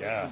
Yeah.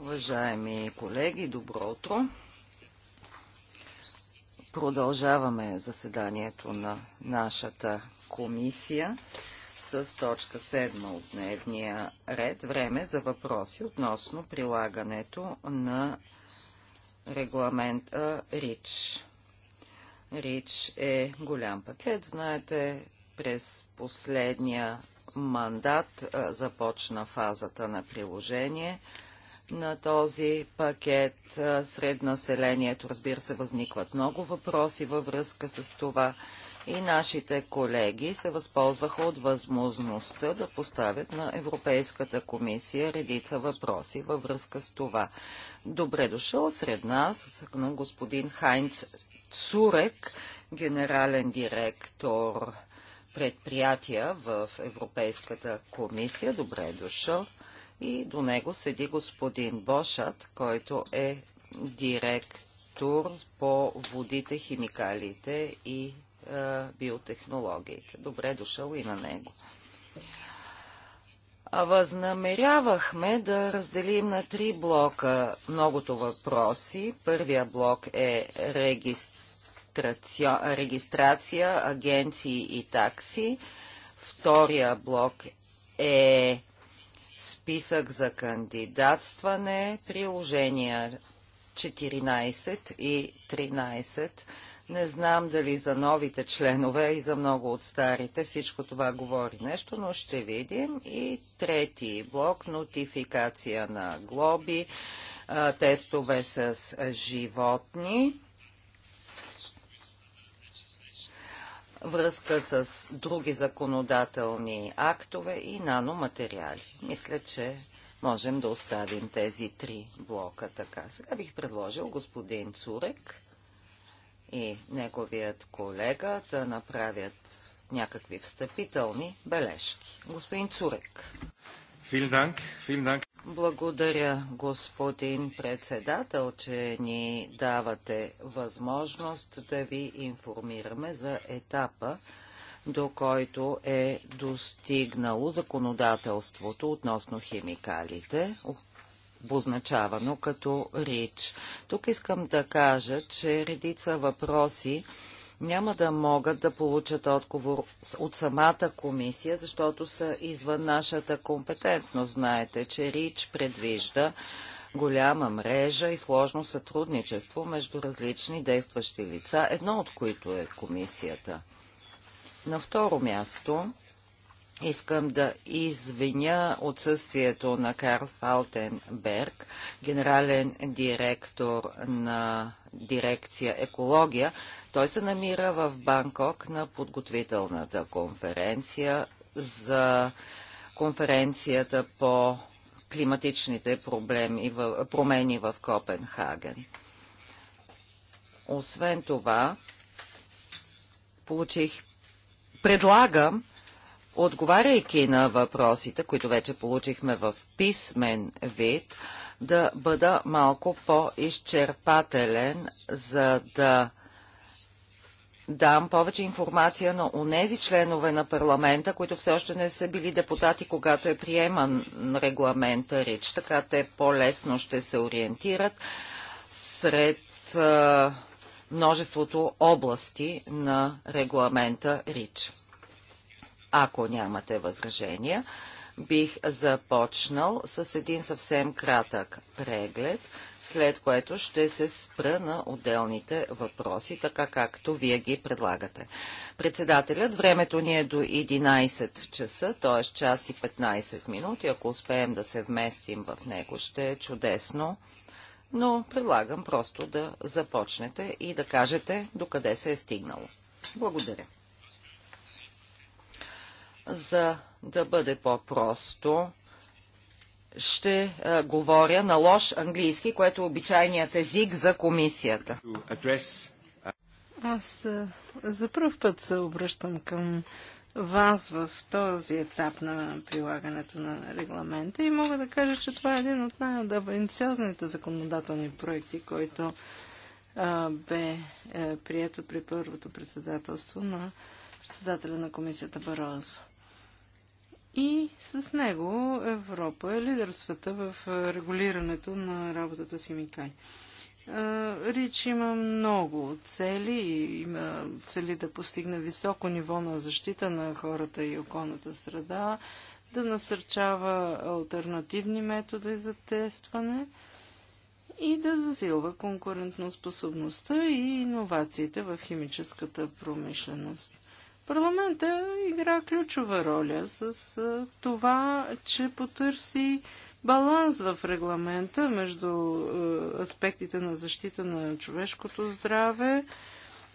Уважаеми колеги, добро утро. Продължаваме заседанието на нашата комисия с точка 7 от дневния ред. Време за въпроси относно прилагането на регламента РИЧ. РИЧ е голям пакет. Знаете, през последния мандат започна фазата на приложение на този пакет сред населението. Разбира се, възникват много въпроси във връзка с това и нашите колеги се възползваха от възможността да поставят на Европейската комисия редица въпроси във връзка с това. Добре дошъл сред нас на господин Хайнц Цурек, генерален директор предприятия в Европейската комисия. Добре е дошъл. И до него седи господин Бошат, който е директор по водите, химикалите и е, биотехнологиите. Добре е дошъл и на него. Възнамерявахме да разделим на три блока многото въпроси. Първия блок е регистрация регистрация, агенции и такси. Втория блок е списък за кандидатстване, приложения 14 и 13. Не знам дали за новите членове и за много от старите всичко това говори нещо, но ще видим. И трети блок нотификация на глоби, тестове с животни връзка с други законодателни актове и наноматериали. Мисля, че можем да оставим тези три блока така. Сега бих предложил господин Цурек и неговият колега да направят някакви встъпителни бележки. Господин Цурек. Vielen Dank, благодаря, господин председател, че ни давате възможност да ви информираме за етапа, до който е достигнало законодателството относно химикалите, обозначавано като РИЧ. Тук искам да кажа, че редица въпроси няма да могат да получат отговор от самата комисия, защото са извън нашата компетентност. Знаете, че РИЧ предвижда голяма мрежа и сложно сътрудничество между различни действащи лица, едно от които е комисията. На второ място искам да извиня отсъствието на Карл Фалтенберг, генерален директор на дирекция екология. Той се намира в Банкок на подготвителната конференция за конференцията по климатичните проблеми, промени в Копенхаген. Освен това, получих, предлагам, отговаряйки на въпросите, които вече получихме в писмен вид, да бъда малко по-изчерпателен, за да дам повече информация на онези членове на парламента, които все още не са били депутати, когато е приеман регламента РИЧ. Така те по-лесно ще се ориентират сред множеството области на регламента РИЧ. Ако нямате възражения, бих започнал с един съвсем кратък преглед, след което ще се спра на отделните въпроси, така както вие ги предлагате. Председателят, времето ни е до 11 часа, т.е. час и 15 минути. Ако успеем да се вместим в него, ще е чудесно. Но предлагам просто да започнете и да кажете докъде се е стигнало. Благодаря. За да бъде по-просто, ще е, говоря на лош английски, което е обичайният език за комисията. Аз е, за първ път се обръщам към вас в този етап на прилагането на регламента и мога да кажа, че това е един от най-амбициозните законодателни проекти, който бе е, прието при първото председателство на председателя на комисията Барозо и с него Европа е лидер в света в регулирането на работата с химикали. Рич има много цели, има цели да постигне високо ниво на защита на хората и околната среда, да насърчава альтернативни методи за тестване и да засилва конкурентоспособността и иновациите в химическата промишленост. Парламента игра ключова роля с това, че потърси баланс в регламента между аспектите на защита на човешкото здраве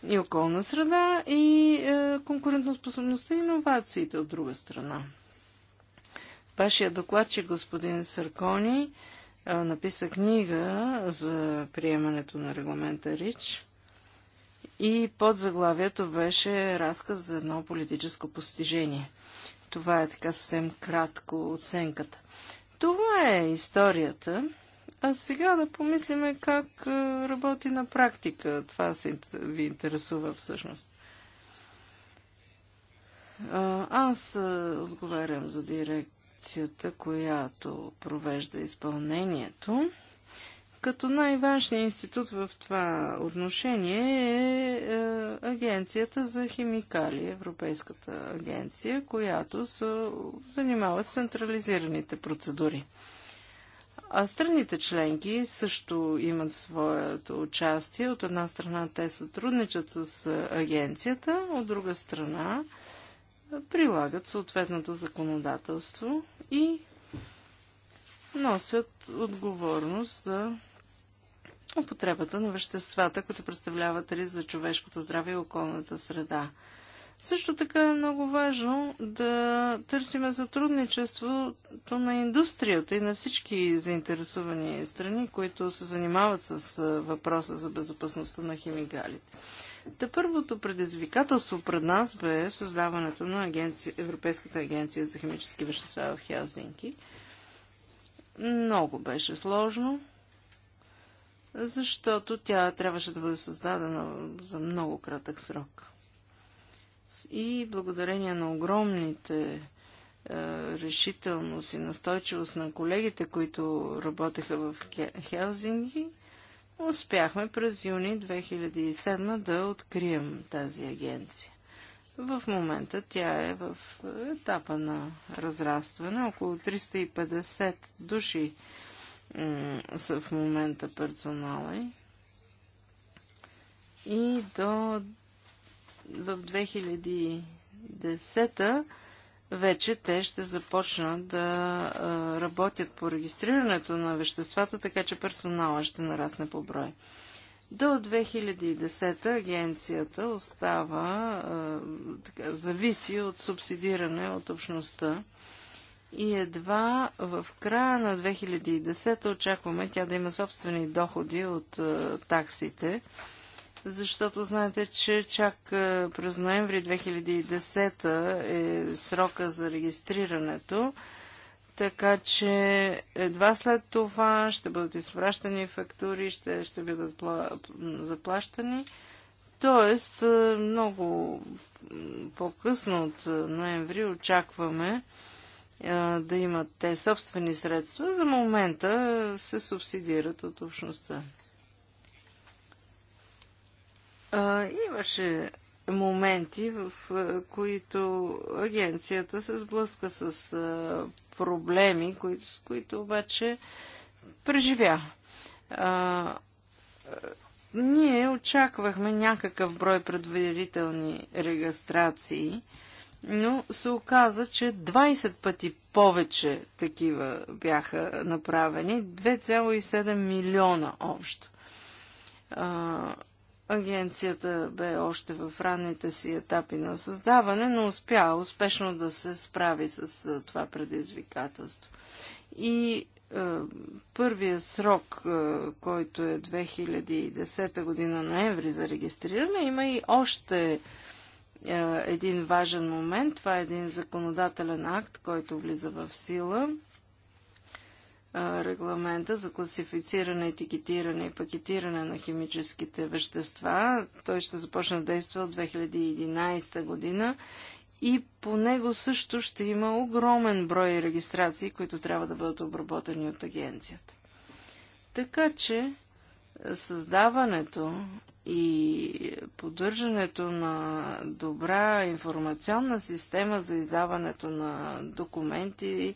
и околна среда и конкурентоспособността и иновациите от друга страна. Вашия докладчик господин Саркони написа книга за приемането на регламента РИЧ и под заглавието беше разказ за едно политическо постижение. Това е така съвсем кратко оценката. Това е историята. А сега да помислиме как работи на практика. Това се ви интересува всъщност. Аз отговарям за дирекцията, която провежда изпълнението. Като най-важният институт в това отношение е, е Агенцията за химикали, Европейската агенция, която се занимава с централизираните процедури. А страните членки също имат своето участие. От една страна те сътрудничат с е, агенцията, от друга страна е, прилагат съответното законодателство и носят отговорност за употребата на веществата, които представляват риск за човешкото здраве и околната среда. Също така е много важно да търсиме сътрудничеството на индустрията и на всички заинтересувани страни, които се занимават с въпроса за безопасността на химикалите. Та първото предизвикателство пред нас бе създаването на агенци... Европейската агенция за химически вещества в Хелзинки. Много беше сложно защото тя трябваше да бъде създадена за много кратък срок. И благодарение на огромните е, решителност и настойчивост на колегите, които работеха в Хелзинги, успяхме през юни 2007 да открием тази агенция. В момента тя е в етапа на разрастване. Около 350 души са в момента персонала. И до в 2010 вече те ще започнат да работят по регистрирането на веществата, така че персонала ще нарасне по брой. До 2010 агенцията остава, а, така, зависи от субсидиране от общността и едва в края на 2010 очакваме тя да има собствени доходи от е, таксите, защото знаете, че чак е, през ноември 2010 е срока за регистрирането, така че едва след това ще бъдат изпращани фактури, ще, ще бъдат пла, заплащани. Тоест, е, много по-късно от ноември очакваме да имат те собствени средства, за момента се субсидират от общността. Имаше моменти, в които агенцията се сблъска с проблеми, които, с които обаче преживя. А, ние очаквахме някакъв брой предварителни регистрации, но се оказа, че 20 пъти повече такива бяха направени, 2,7 милиона общо. А, агенцията бе още в ранните си етапи на създаване, но успя успешно да се справи с а, това предизвикателство. И а, първия срок, който е 2010 година ноември за регистриране, има и още е, един важен момент. Това е един законодателен акт, който влиза в сила. Е, регламента за класифициране, етикетиране и пакетиране на химическите вещества. Той ще започне да действа от 2011 година и по него също ще има огромен брой регистрации, които трябва да бъдат обработени от агенцията. Така че е, създаването и поддържането на добра информационна система за издаването на документи,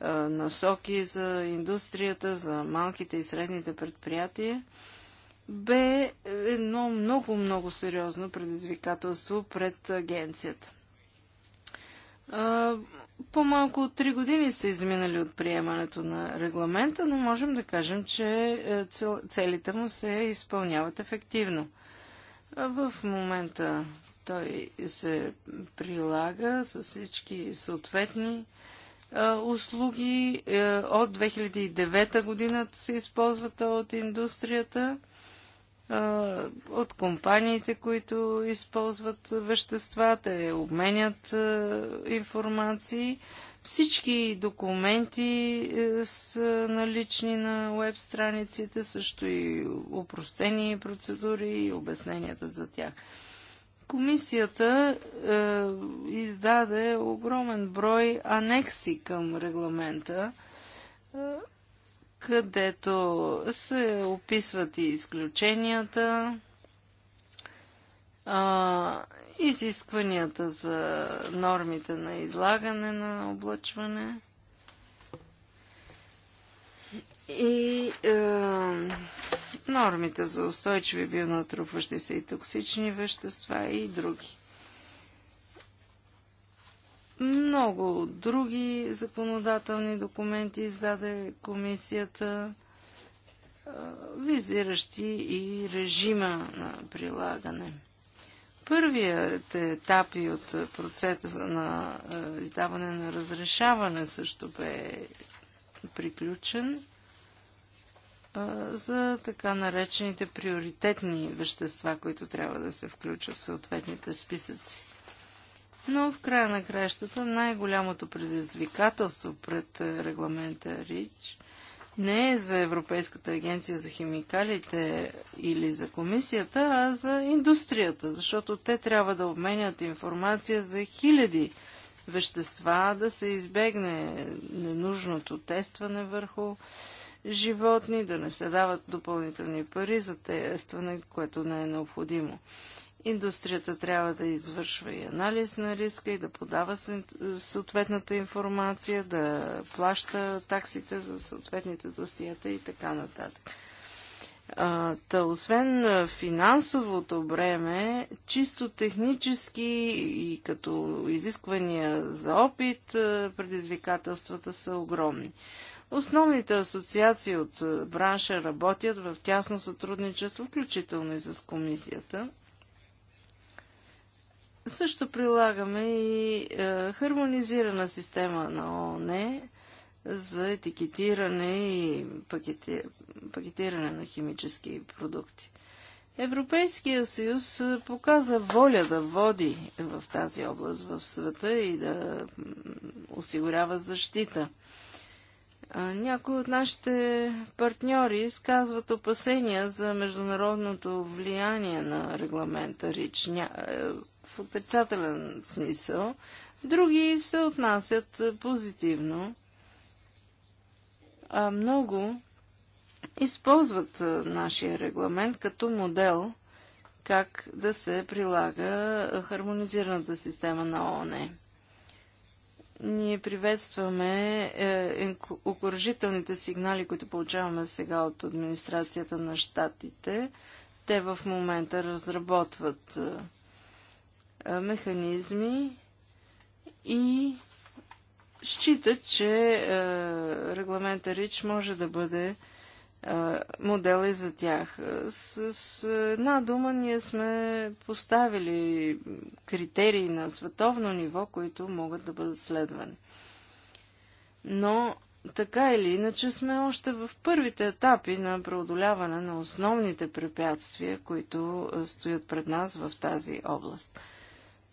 е, насоки за индустрията, за малките и средните предприятия, бе едно много-много сериозно предизвикателство пред агенцията. Е, по-малко от три години са изминали от приемането на регламента, но можем да кажем, че е, целите му се изпълняват ефективно. В момента той се прилага с всички съответни е, услуги. Е, от 2009 година се използват от индустрията от компаниите, които използват вещества, те обменят информации. Всички документи е, са налични на веб страниците, също и упростени процедури и обясненията за тях. Комисията е, издаде огромен брой анекси към регламента, е, където се описват и изключенията, а, изискванията за нормите на излагане на облъчване и а, е, нормите за устойчиви бионатрупващи се и токсични вещества и други. Много други законодателни документи издаде комисията, визиращи и режима на прилагане. Първият етапи от процеса на издаване на разрешаване също бе приключен за така наречените приоритетни вещества, които трябва да се включат в съответните списъци. Но в края на кращата най-голямото предизвикателство пред е, регламента РИЧ не е за Европейската агенция за химикалите или за комисията, а за индустрията, защото те трябва да обменят информация за хиляди вещества, да се избегне ненужното тестване върху животни, да не се дават допълнителни пари за тестване, което не е необходимо. Индустрията трябва да извършва и анализ на риска и да подава съответната информация, да плаща таксите за съответните досията и така нататък. Та, освен финансовото бреме, чисто технически и като изисквания за опит, предизвикателствата са огромни. Основните асоциации от бранша работят в тясно сътрудничество, включително и с комисията. Също прилагаме и е, хармонизирана система на ООН за етикетиране и пакети... пакетиране на химически продукти. Европейския съюз е, показа воля да води в тази област в света и да осигурява защита. Е, някои от нашите партньори изказват опасения за международното влияние на регламента РИЧ. Е, отрицателен смисъл, други се отнасят позитивно. А много използват нашия регламент като модел как да се прилага хармонизираната система на ООН. Ние приветстваме е, окоръжителните сигнали, които получаваме сега от администрацията на щатите. Те в момента разработват е, механизми и считат, че регламента РИЧ може да бъде модели за тях. С, с една дума ние сме поставили критерии на световно ниво, които могат да бъдат следвани. Но така или иначе сме още в първите етапи на преодоляване на основните препятствия, които стоят пред нас в тази област.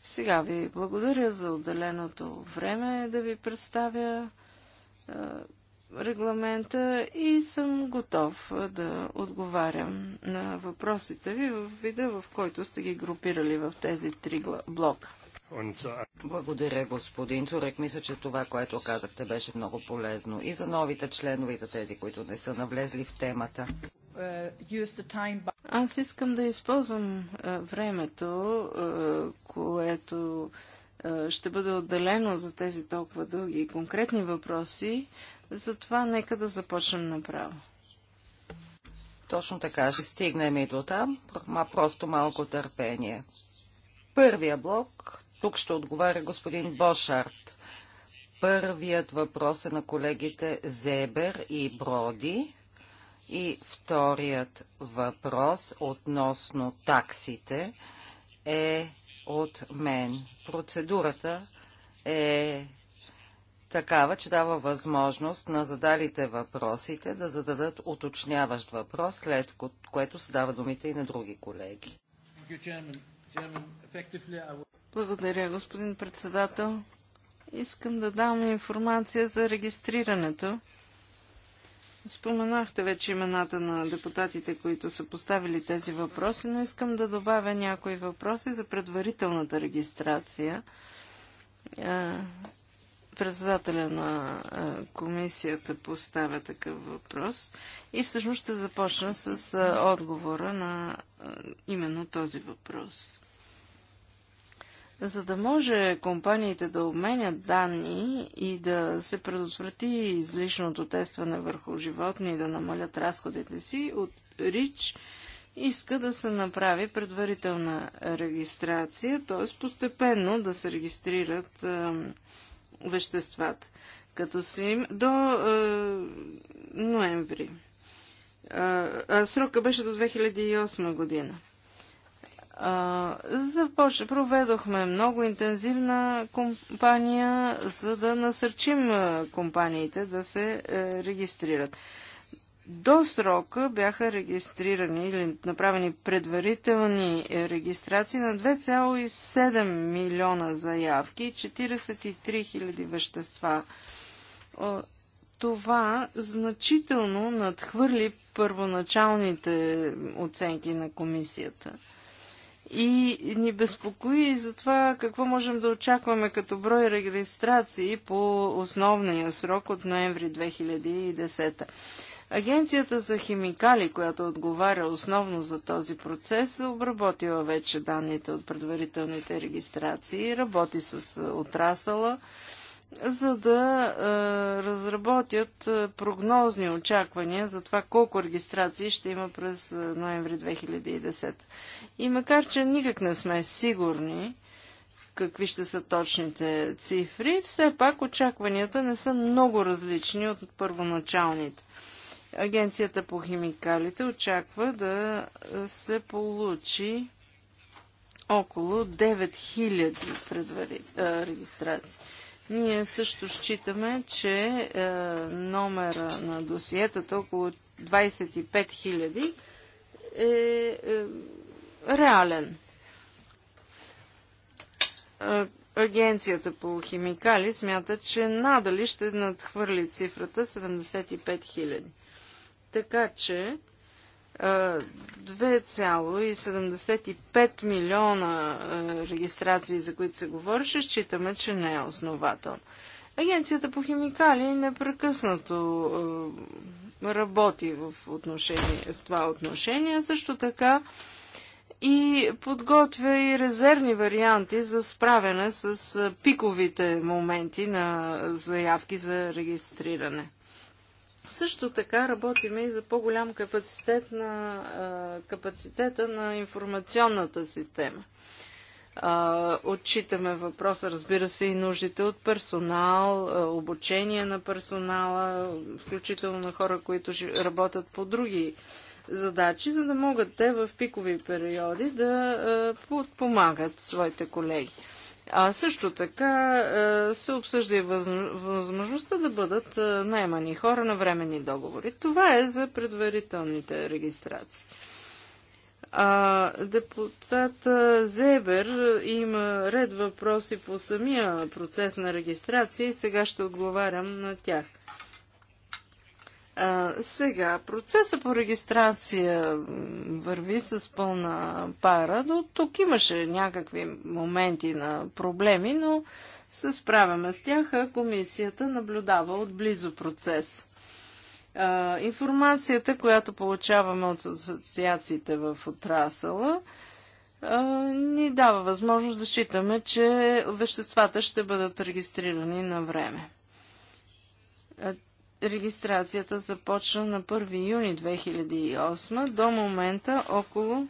Сега ви благодаря за отделеното време да ви представя регламента и съм готов да отговарям на въпросите ви в вида, в който сте ги групирали в тези три блока. Äh, Благодаря, господин Цурек. Мисля, че това, което казахте, беше много полезно и за новите членове, и за тези, които не са навлезли в темата. Uh, Аз искам да използвам е, времето, е, което е, ще бъде отделено за тези толкова дълги и конкретни въпроси, затова нека да започнем направо. Точно така, ще стигнем и до там, просто малко търпение. Първия блок тук ще отговаря господин Бошарт. Първият въпрос е на колегите Зебер и Броди. И вторият въпрос относно таксите е от мен. Процедурата е такава, че дава възможност на задалите въпросите да зададат уточняващ въпрос, след което се дава думите и на други колеги. Благодаря, господин председател. Искам да дам информация за регистрирането. Споменахте вече имената на депутатите, които са поставили тези въпроси, но искам да добавя някои въпроси за предварителната регистрация. Е, председателя на е, комисията поставя такъв въпрос и всъщност ще започна с е, отговора на именно този въпрос. За да може компаниите да обменят данни и да се предотврати излишното тестване върху животни и да намалят разходите си, от РИЧ иска да се направи предварителна регистрация, т.е. постепенно да се регистрират е, веществата, като си им до е, ноември. А, срока беше до 2008 година. Започ... Проведохме много интензивна компания, за да насърчим компаниите да се е, регистрират. До срока бяха регистрирани или направени предварителни е, регистрации на 2,7 милиона заявки, и 43 000 вещества. Това значително надхвърли първоначалните оценки на комисията и ни безпокои за това какво можем да очакваме като брой регистрации по основния срок от ноември 2010. Агенцията за химикали, която отговаря основно за този процес, е обработила вече данните от предварителните регистрации, работи с отрасала, за да е, разработят е, прогнозни очаквания за това колко регистрации ще има през е, ноември 2010. И макар, че никак не сме сигурни какви ще са точните цифри, все пак очакванията не са много различни от първоначалните. Агенцията по химикалите очаква да се получи около 9000 предвари... регистрации. Ние също считаме, че е, номера на досиетата около 25 000 е, е реален. Е, Агенцията по химикали смята, че надали ще надхвърли цифрата 75 000. Така че 2,75 милиона регистрации, за които се говореше, считаме, че не е основателно. Агенцията по химикали непрекъснато работи в, отношение, в това отношение. Също така и подготвя и резервни варианти за справяне с пиковите моменти на заявки за регистриране. Също така работиме и за по-голям капацитет на, капацитета на информационната система. Отчитаме въпроса, разбира се, и нуждите от персонал, обучение на персонала, включително на хора, които работят по други задачи, за да могат те в пикови периоди да подпомагат своите колеги. А също така е, се обсъжда и възможността да бъдат е, наймани хора на временни договори. Това е за предварителните регистрации. А, депутат Зебер е, има ред въпроси по самия процес на регистрация и сега ще отговарям на тях. А, сега, процеса по регистрация върви с пълна пара. До тук имаше някакви моменти на проблеми, но се справяме с тях, а комисията наблюдава отблизо процес. А, информацията, която получаваме от асоциациите в отрасъла, а, ни дава възможност да считаме, че веществата ще бъдат регистрирани на време регистрацията започна на 1 юни 2008. До момента около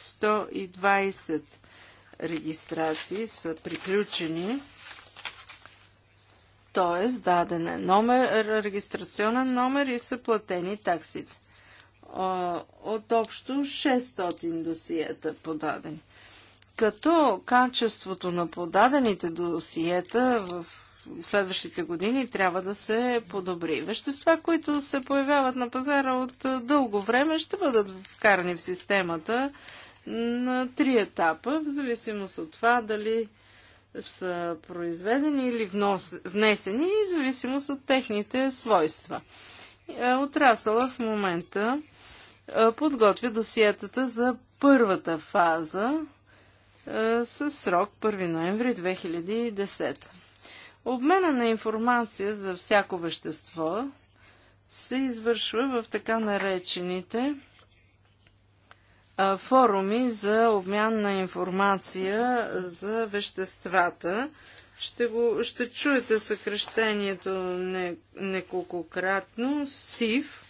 120 регистрации са приключени. Т.е. даден е номер, регистрационен номер и са платени таксите. От общо 600 досиета подадени. Като качеството на подадените досиета в следващите години трябва да се подобри. Вещества, които се появяват на пазара от дълго време, ще бъдат вкарани в системата на три етапа, в зависимост от това дали са произведени или внос, внесени, в зависимост от техните свойства. Е, Отрасъла в момента е, подготвя досиетата за първата фаза е, с срок 1 ноември 2010. Обмена на информация за всяко вещество се извършва в така наречените а, форуми за обмян на информация за веществата. Ще, го, ще чуете съкрещението не, неколкократно СИВ,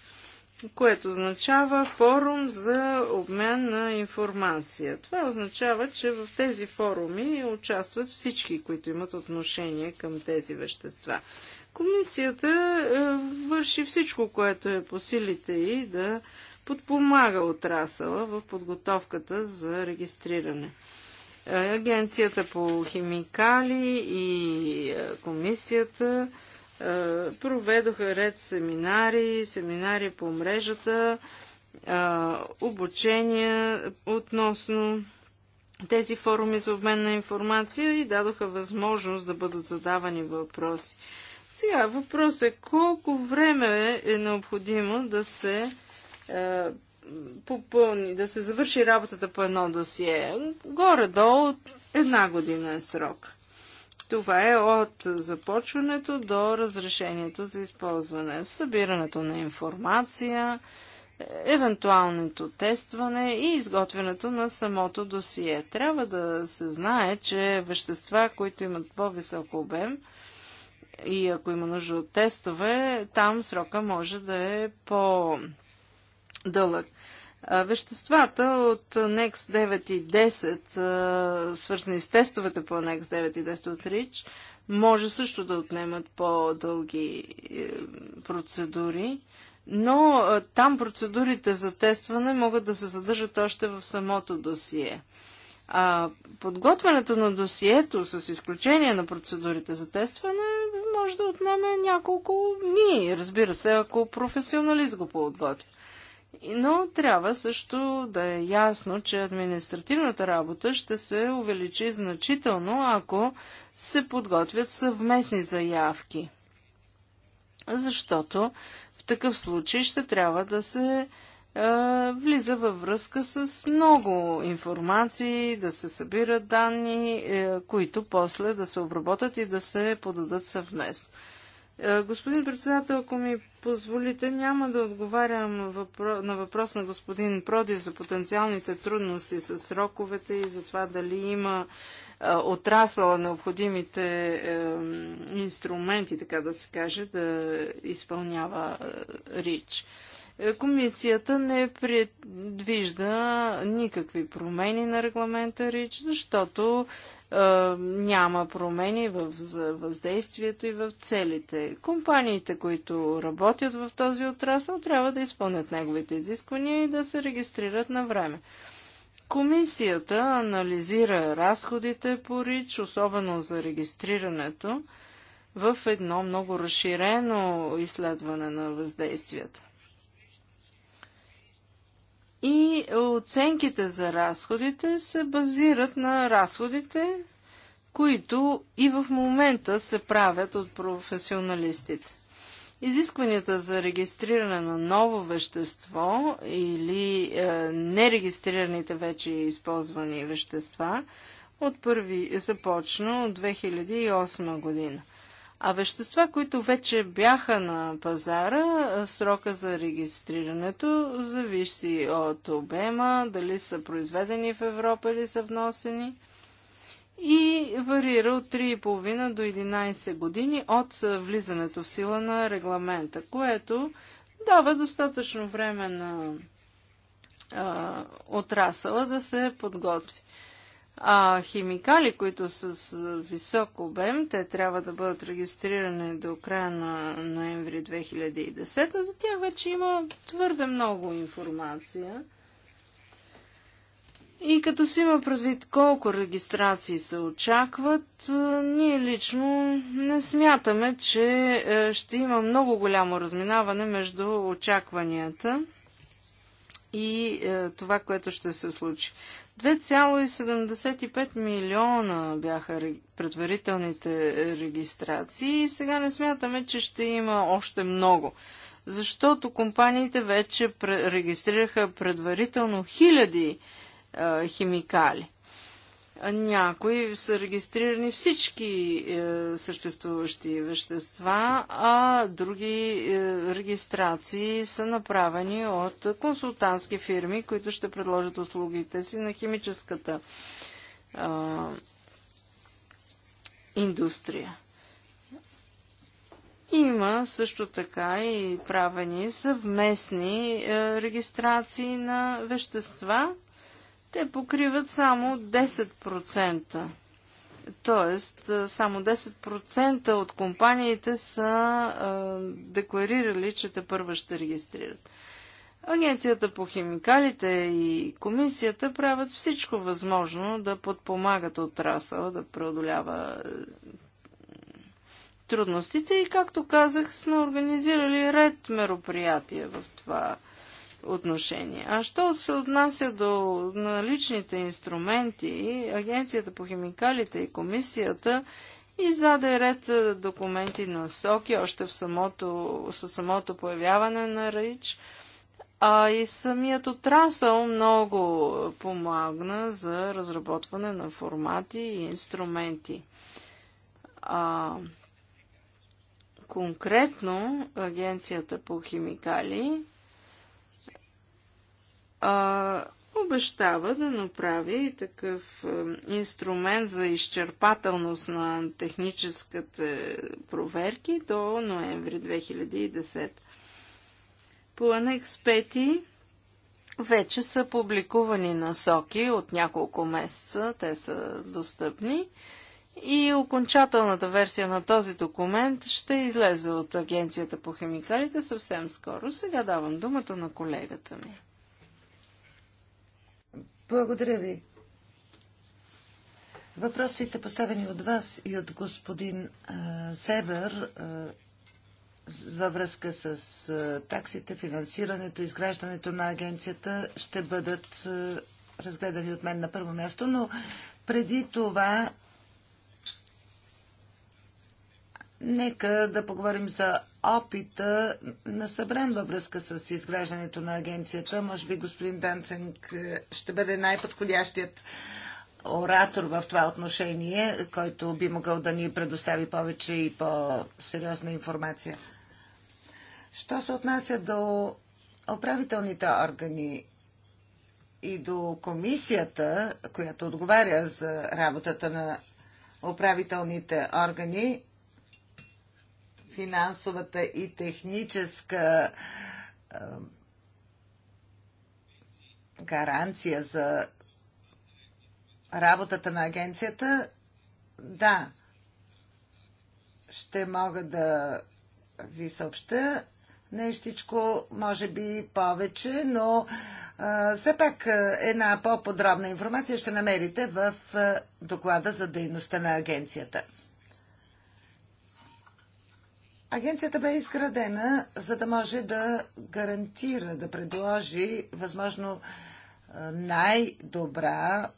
което означава форум за обмен на информация. Това означава, че в тези форуми участват всички, които имат отношение към тези вещества. Комисията е, върши всичко, което е по силите и да подпомага отрасъла в подготовката за регистриране. Е, Агенцията по химикали и е, комисията е, проведоха ред семинари, семинари по мрежата, е, обучения относно тези форуми за обмен на информация и дадоха възможност да бъдат задавани въпроси. Сега въпрос е колко време е необходимо да се е, попълни, да се завърши работата по едно досие. Горе-долу една година е срок. Това е от започването до разрешението за използване, събирането на информация, евентуалното тестване и изготвянето на самото досие. Трябва да се знае, че вещества, които имат по-висок обем и ако има нужда от тестове, там срока може да е по-дълъг. Веществата от NEX 9 и 10, свързани с тестовете по NEX 9 и 10 от РИЧ, може също да отнемат по-дълги е, процедури, но там процедурите за тестване могат да се задържат още в самото досие. А подготвянето на досието, с изключение на процедурите за тестване, може да отнеме няколко дни. Разбира се, ако професионалист го подготвя. Но трябва също да е ясно, че административната работа ще се увеличи значително, ако се подготвят съвместни заявки. Защото в такъв случай ще трябва да се влиза във връзка с много информации, да се събират данни, е, които после да се обработят и да се подадат съвместно. Е, господин председател, ако ми позволите, няма да отговарям на въпрос, на господин Проди за потенциалните трудности с сроковете и за това дали има а, отрасъла необходимите инструменти, така да се каже, да изпълнява РИЧ. Е, комисията не предвижда никакви промени на регламента РИЧ, защото е, няма промени в въздействието и в целите. Компаниите, които работят в този отрасъл, трябва да изпълнят неговите изисквания и да се регистрират на време. Комисията анализира разходите по РИЧ, особено за регистрирането, в едно много разширено изследване на въздействията. И оценките за разходите се базират на разходите, които и в момента се правят от професионалистите. Изискванията за регистриране на ново вещество или е, нерегистрираните вече използвани вещества от първи започна от 2008 година. А вещества, които вече бяха на пазара, срока за регистрирането зависи от обема, дали са произведени в Европа или са вносени и варира от 3,5 до 11 години от влизането в сила на регламента, което дава достатъчно време на а, отрасъла да се подготви. А химикали, които са с висок обем, те трябва да бъдат регистрирани до края на ноември 2010. За тях вече има твърде много информация. И като си има предвид колко регистрации се очакват, ние лично не смятаме, че е, ще има много голямо разминаване между очакванията и е, това, което ще се случи. 2,75 милиона бяха предварителните регистрации и сега не смятаме, че ще има още много, защото компаниите вече регистрираха предварително хиляди химикали някои са регистрирани всички е, съществуващи вещества, а други е, регистрации са направени от консултантски фирми, които ще предложат услугите си на химическата е, индустрия. Има също така и правени съвместни е, регистрации на вещества – те покриват само 10%. Тоест, само 10% от компаниите са а, декларирали, че те първа ще регистрират. Агенцията по химикалите и комисията правят всичко възможно да подпомагат отрасъла, да преодолява трудностите и, както казах, сме организирали ред мероприятия в това отношение. А що се отнася до наличните инструменти, Агенцията по химикалите и комисията издаде ред документи на СОКИ още в самото, със самото появяване на РАИЧ. а и самият отрасъл много помагна за разработване на формати и инструменти. А, конкретно агенцията по химикали а, обещава да направи такъв инструмент за изчерпателност на техническите проверки до ноември 2010. По анекс 5 вече са публикувани насоки от няколко месеца, те са достъпни и окончателната версия на този документ ще излезе от Агенцията по химикалите съвсем скоро. Сега давам думата на колегата ми. Благодаря ви. Въпросите, поставени от вас и от господин а, Север а, във връзка с а, таксите, финансирането, изграждането на агенцията, ще бъдат а, разгледани от мен на първо място, но преди това Нека да поговорим за опита на Събран във връзка с изграждането на агенцията. Може би господин Данцинг е, ще бъде най-подходящият оратор в това отношение, който би могъл да ни предостави повече и по-сериозна информация. Що се отнася до управителните органи и до комисията, която отговаря за работата на управителните органи, финансовата и техническа гаранция за работата на агенцията, да, ще мога да ви съобща нещичко, може би повече, но а, все пак една по-подробна информация ще намерите в а, доклада за дейността на агенцията. Агенцията бе изградена, за да може да гарантира, да предложи възможно най-добра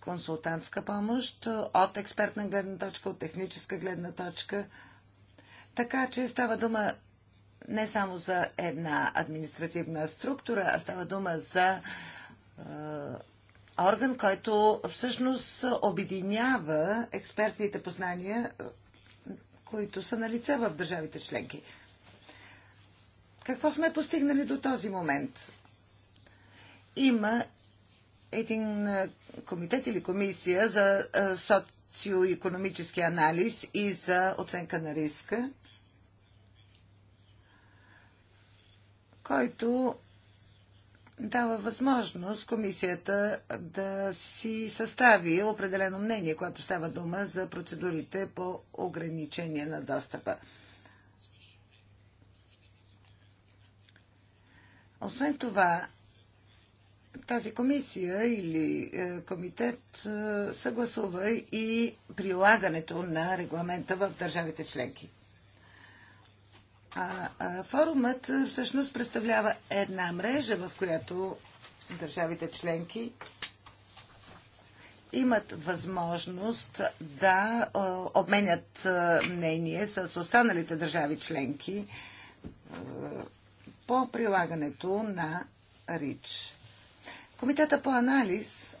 консултантска помощ от експертна гледна точка, от техническа гледна точка. Така че става дума не само за една административна структура, а става дума за е, орган, който всъщност обединява експертните познания които са на лице в държавите членки. Какво сме постигнали до този момент? Има един комитет или комисия за социоекономически анализ и за оценка на риска, който дава възможност комисията да си състави определено мнение, което става дума за процедурите по ограничение на достъпа. Освен това, тази комисия или е, комитет е, съгласува и прилагането на регламента в държавите членки. А, а форумът всъщност представлява една мрежа, в която държавите членки имат възможност да обменят мнение с останалите държави членки по прилагането на РИЧ. Комитета по анализ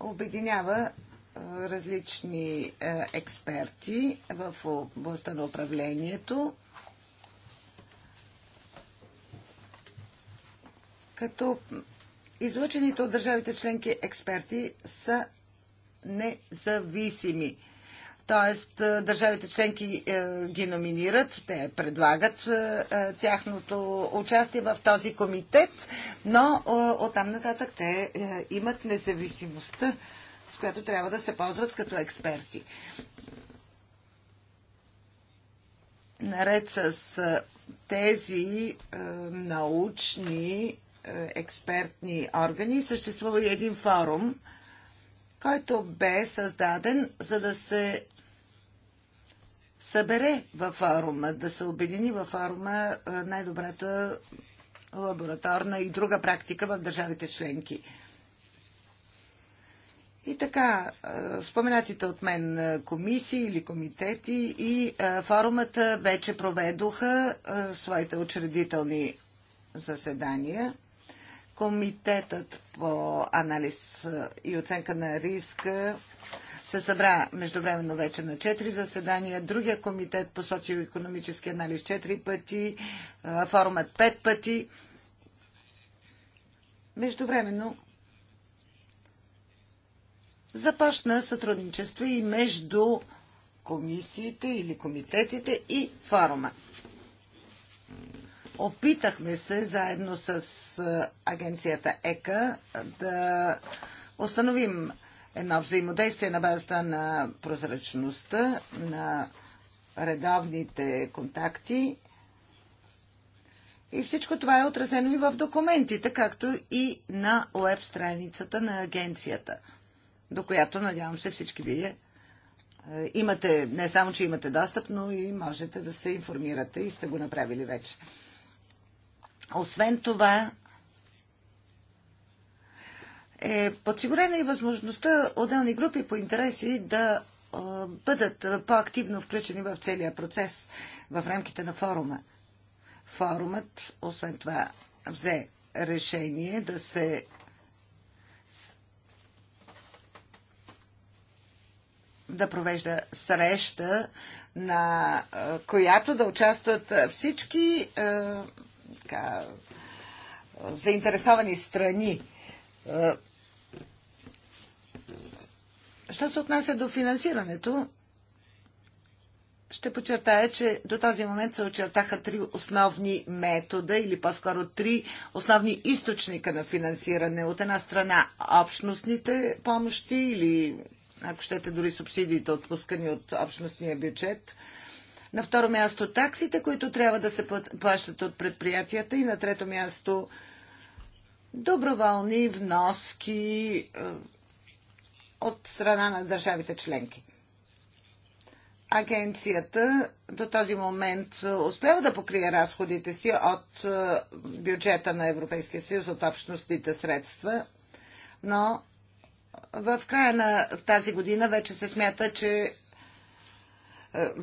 обединява различни е, експерти в областта на управлението, като излъчените от държавите членки експерти са независими. Тоест, е, държавите членки е, ги номинират, те предлагат тяхното участие в този комитет, но оттам нататък те имат независимостта с която трябва да се ползват като експерти. Наред с тези научни експертни органи съществува и един форум, който бе създаден, за да се събере във форума, да се обедини във форума най-добрата лабораторна и друга практика в държавите членки. И така, споменатите от мен комисии или комитети и форумата вече проведоха своите учредителни заседания. Комитетът по анализ и оценка на риска се събра междувременно вече на 4 заседания, другия комитет по социо-економически анализ 4 пъти, форумът 5 пъти. Междувременно започна сътрудничество и между комисиите или комитетите и форума. Опитахме се заедно с агенцията ЕКА да установим едно взаимодействие на базата на прозрачността, на редовните контакти. И всичко това е отразено и в документите, както и на уеб страницата на агенцията до която, надявам се, всички вие е, имате, не само, че имате достъп, но и можете да се информирате и сте го направили вече. Освен това, е подсигурена е и възможността отделни групи по интереси да е, бъдат по-активно включени в целия процес в рамките на форума. Форумът, освен това, взе решение да се да провежда среща, на която да участват всички така, заинтересовани страни. Що се отнася до финансирането, ще подчертая, че до този момент се очертаха три основни метода или по-скоро три основни източника на финансиране. От една страна общностните помощи или ако щете дори субсидиите, отпускани от общностния бюджет. На второ място таксите, които трябва да се плащат от предприятията и на трето място доброволни вноски е, от страна на държавите членки. Агенцията до този момент е, успява да покрие разходите си от е, бюджета на Европейския съюз, от общностите средства, но в края на тази година вече се смята, че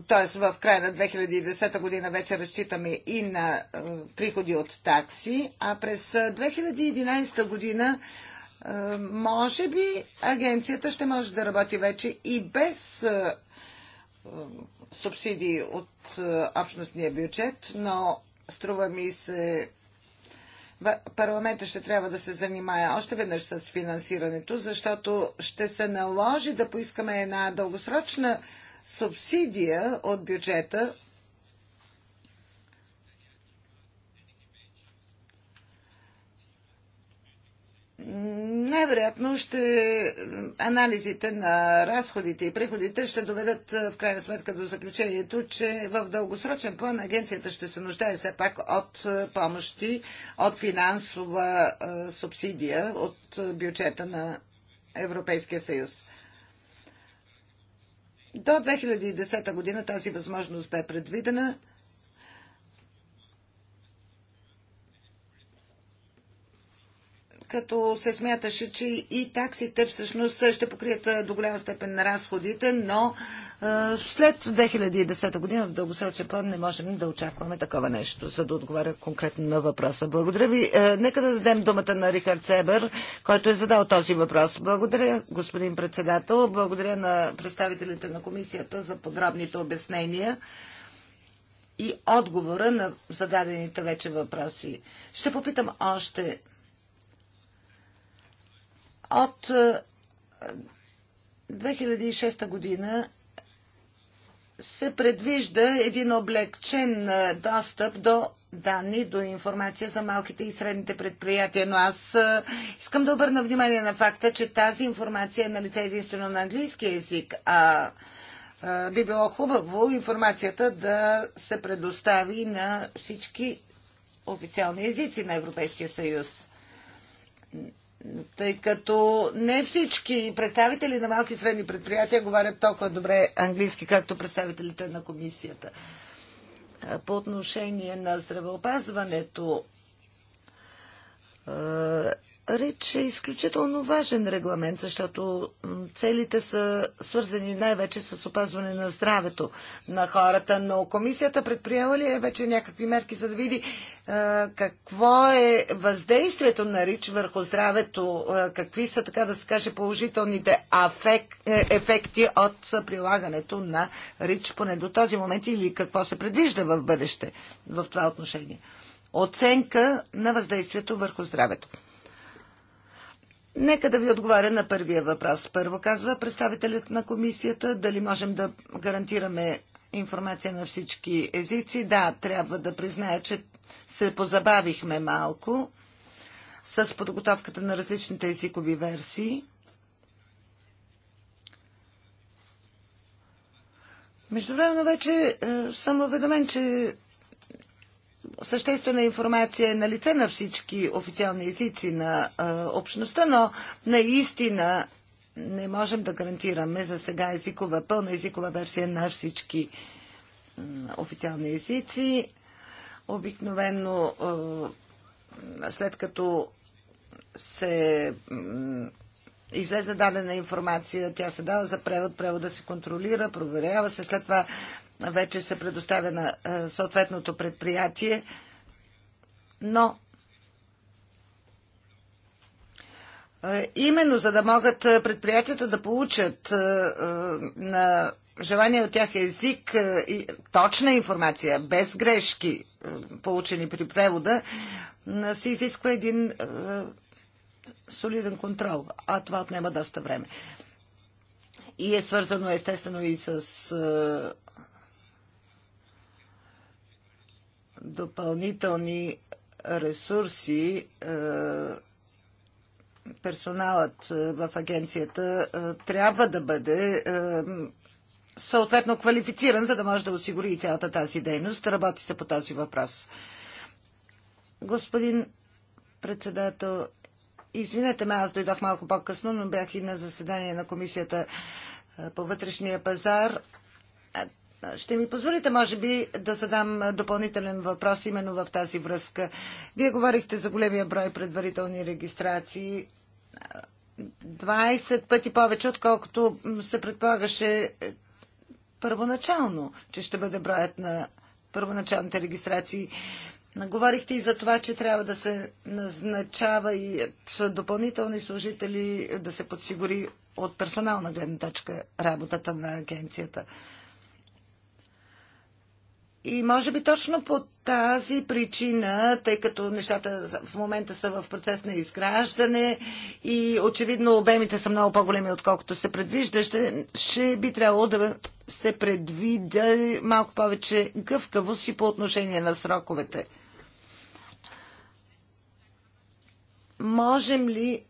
т.е. в края на 2010 година вече разчитаме и на е, приходи от такси, а през 2011 е, година е, може би агенцията ще може да работи вече и без субсидии от общностния бюджет, но струва ми се парламента ще трябва да се занимае още веднъж с финансирането, защото ще се наложи да поискаме една дългосрочна субсидия от бюджета най-вероятно ще анализите на разходите и приходите ще доведат в крайна сметка до заключението, че в дългосрочен план агенцията ще се нуждае все пак от помощи, от финансова субсидия от бюджета на Европейския съюз. До 2010 година тази възможност бе предвидена като се смяташе, че и таксите всъщност ще покрият до голяма степен на разходите, но след 2010 година в дългосрочен план не можем да очакваме такова нещо, за да отговаря конкретно на въпроса. Благодаря ви. Нека да дадем думата на Рихард Себер, който е задал този въпрос. Благодаря, господин председател. Благодаря на представителите на комисията за подробните обяснения и отговора на зададените вече въпроси. Ще попитам още от 2006 е, година се предвижда един облегчен е, достъп до данни, до информация за малките и средните предприятия, но аз е, искам да обърна внимание на факта, че тази информация е на лице единствено на английски язик, а би било хубаво информацията да се предостави на всички официални езици на Европейския съюз тъй като не всички представители на малки и средни предприятия говорят толкова добре английски, както представителите на комисията. По отношение на здравеопазването реч е изключително важен регламент, защото целите са свързани най-вече с опазване на здравето на хората, но комисията предприела ли е вече някакви мерки, за да види какво е въздействието на РИЧ върху здравето, какви са, така да се каже, положителните е, ефекти от прилагането на РИЧ поне до този момент или какво се предвижда в бъдеще в това отношение? Оценка на въздействието върху здравето. Нека да ви отговаря на първия въпрос. Първо казва представителят на комисията дали можем да гарантираме информация на всички езици. Да, трябва да призная, че се позабавихме малко с подготовката на различните езикови версии. Междувременно вече е, съм уведомен, че съществена информация е на лице на всички официални езици на общността, но наистина не можем да гарантираме за сега езикова, пълна езикова версия на всички официални езици. Обикновено след като се излезе дадена информация, тя се дава за превод, превода се контролира, проверява се, след това вече се предоставя на съответното предприятие, но именно за да могат предприятията да получат на желание от тях език и точна информация, без грешки, получени при превода, се изисква един солиден контрол, а това отнема доста време. И е свързано естествено и с допълнителни ресурси е, персоналът е, в агенцията е, трябва да бъде съответно квалифициран, за да може да осигури и цялата тази дейност. Работи се по този въпрос. Господин председател, извинете ме, аз дойдох малко по-късно, но бях и на заседание на комисията по вътрешния пазар. Ще ми позволите, може би, да задам допълнителен въпрос именно в тази връзка. Вие говорихте за големия брой предварителни регистрации. 20 пъти повече, отколкото се предполагаше първоначално, че ще бъде броят на първоначалните регистрации. Говорихте и за това, че трябва да се назначава и допълнителни служители, да се подсигури от персонална гледна точка работата на агенцията. И може би точно по тази причина, тъй като нещата в момента са в процес на изграждане и очевидно обемите са много по-големи, отколкото се предвижда, ще, ще би трябвало да се предвида малко повече гъвкавост и по отношение на сроковете. Можем ли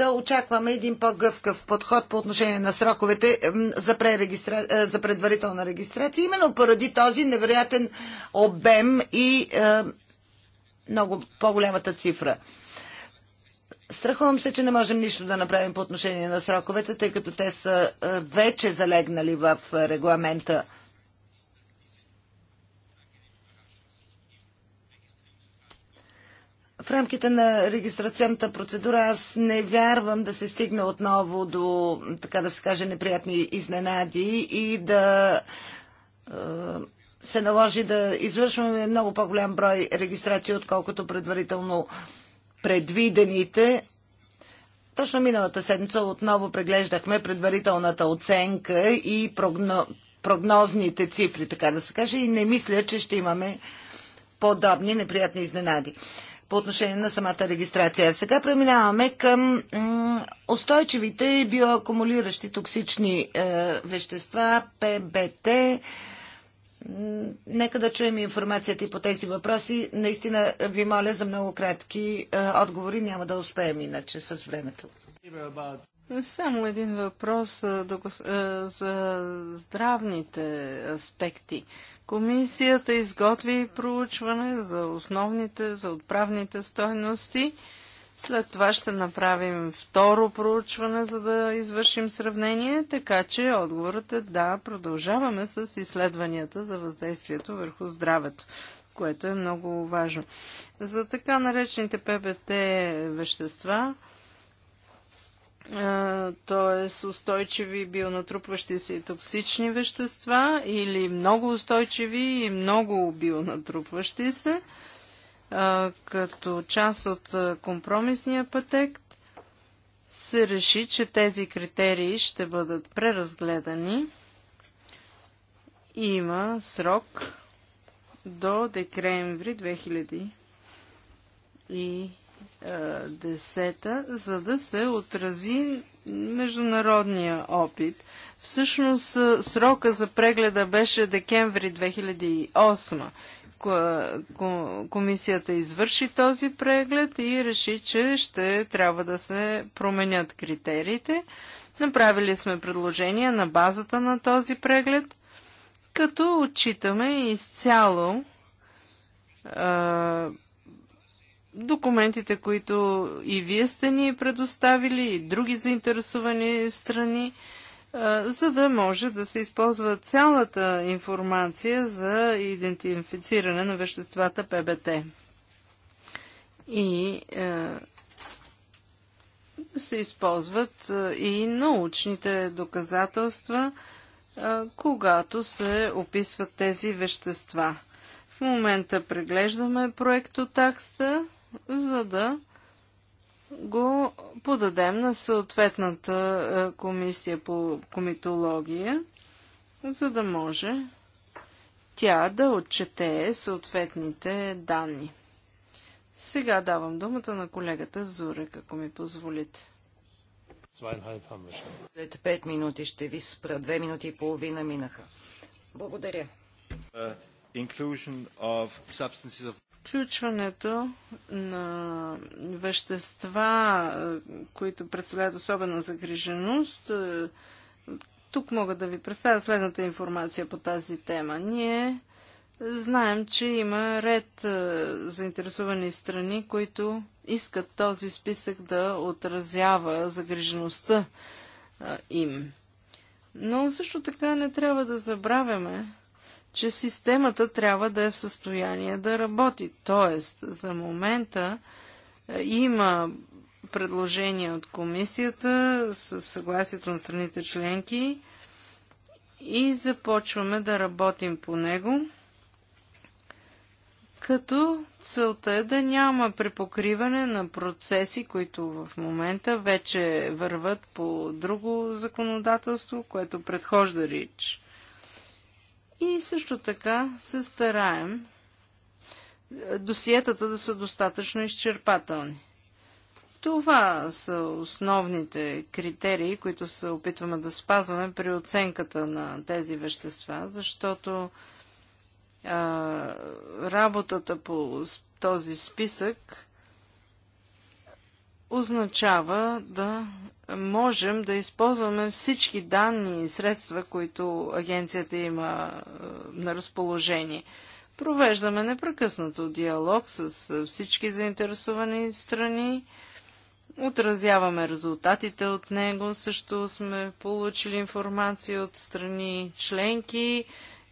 да очакваме един по-гъвкав подход по отношение на сроковете за, пререгистра... Е, за предварителна регистрация, именно поради този невероятен обем и е, много по-голямата цифра. Страхувам се, че не можем нищо да направим по отношение на сроковете, тъй като те са е, вече залегнали в регламента В рамките на регистрационната процедура аз не вярвам да се стигне отново до, така да се каже, неприятни изненади и да е, се наложи да извършваме много по-голям брой регистрации, отколкото предварително предвидените. Точно миналата седмица отново преглеждахме предварителната оценка и прогно... прогнозните цифри, така да се каже, и не мисля, че ще имаме подобни неприятни изненади по отношение на самата регистрация. Сега преминаваме към устойчивите и биоакумулиращи токсични е, вещества, ПБТ. Нека да чуем информацията и по тези въпроси. Наистина ви моля за много кратки е, отговори. Няма да успеем иначе с времето. Само един въпрос е, за здравните аспекти. Комисията изготви проучване за основните, за отправните стойности. След това ще направим второ проучване, за да извършим сравнение, така че отговорът е да, продължаваме с изследванията за въздействието върху здравето, което е много важно. За така наречените ПБТ вещества, т.е. устойчиви бионатрупващи се и токсични вещества или много устойчиви и много бионатрупващи се, като част от компромисния пътек се реши, че тези критерии ще бъдат преразгледани. Има срок до декември 2000 и 2010, за да се отрази международния опит. Всъщност срока за прегледа беше декември 2008 комисията извърши този преглед и реши, че ще трябва да се променят критериите. Направили сме предложения на базата на този преглед, като отчитаме изцяло документите, които и вие сте ни предоставили, и други заинтересовани страни, за да може да се използва цялата информация за идентифициране на веществата ПБТ. И да се използват и научните доказателства, когато се описват тези вещества. В момента преглеждаме проекто такста за да го подадем на съответната е, комисия по комитология, за да може тя да отчете съответните данни. Сега давам думата на колегата Зурек, ако ми позволите. След пет минути ще ви спра. Две минути и половина минаха. Благодаря. Uh, of of... Включването на вещества, е, които представляват особена загриженост, е, тук мога да ви представя следната информация по тази тема. Ние знаем, че има ред е, заинтересовани страни, които искат този списък да отразява загрижеността им. Но също така не трябва да забравяме, че системата трябва да е в състояние да работи. Тоест, за момента е, има предложение от комисията с съгласието на страните членки и започваме да работим по него, като целта е да няма препокриване на процеси, които в момента вече върват по друго законодателство, което предхожда РИЧ. И също така се стараем е, досиетата да са достатъчно изчерпателни. Това са основните критерии, които се опитваме да спазваме при оценката на тези вещества, защото а, работата по този списък означава да можем да използваме всички данни и средства, които агенцията има е, на разположение. Провеждаме непрекъснато диалог с е, всички заинтересовани страни, отразяваме резултатите от него, също сме получили информация от страни членки,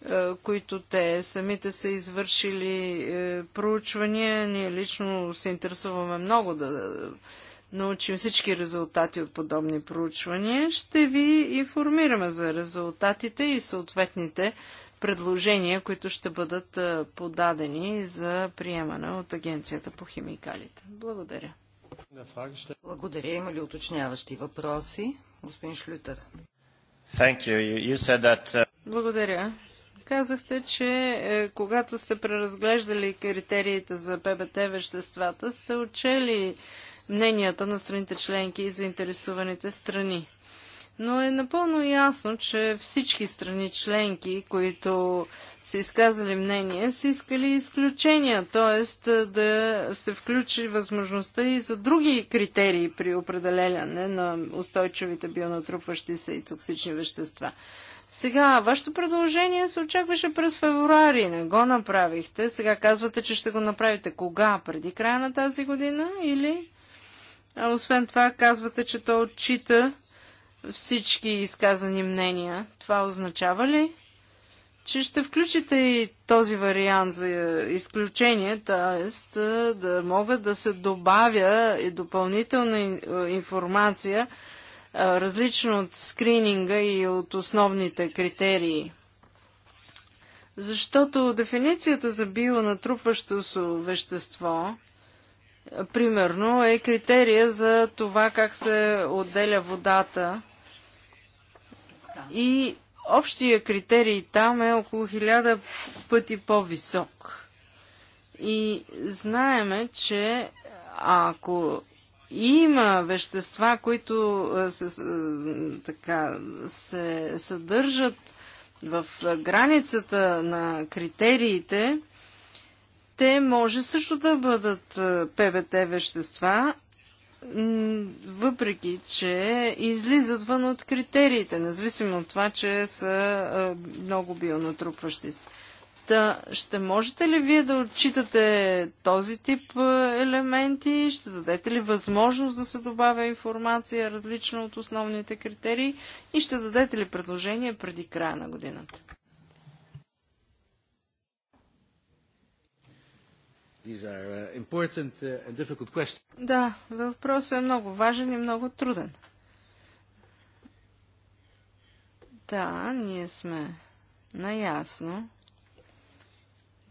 е, които те самите са извършили проучвания. Ние лично се интересуваме много да научим всички резултати от подобни проучвания, ще ви информираме за резултатите и съответните предложения, които ще бъдат подадени за приемане от Агенцията по химикалите. Благодаря. Благодаря. Има ли уточняващи въпроси? Господин Шлютер. You. You that... Uh, Благодаря. Казахте, че е, когато сте преразглеждали критериите за ПБТ веществата, сте учели мненията на страните членки и заинтересованите страни. Но е напълно ясно, че всички страни членки, които са изказали мнение, са искали изключения, т.е. да се включи възможността и за други критерии при определяне на устойчивите бионатрупващи се и токсични вещества. Сега, вашето предложение се очакваше през февруари, не го направихте. Сега казвате, че ще го направите кога? Преди края на тази година или а освен това, казвате, че то отчита всички изказани мнения. Това означава ли, че ще включите и този вариант за изключение, т.е. да могат да се добавя и допълнителна информация, различно от скрининга и от основните критерии? Защото дефиницията за бионатрупващо вещество примерно, е критерия за това как се отделя водата. И общия критерий там е около хиляда пъти по-висок. И знаеме, че ако има вещества, които се, е, така, се съдържат в границата на критериите, те може също да бъдат е, ПВТ вещества, въпреки че излизат вън от критериите, независимо от това, че са е, много бионатрупващи. Та, ще можете ли вие да отчитате този тип е, елементи? Ще дадете ли възможност да се добавя информация различна от основните критерии? И ще дадете ли предложение преди края на годината? Uh, uh, да, въпросът е много важен и много труден. Да, ние сме наясно,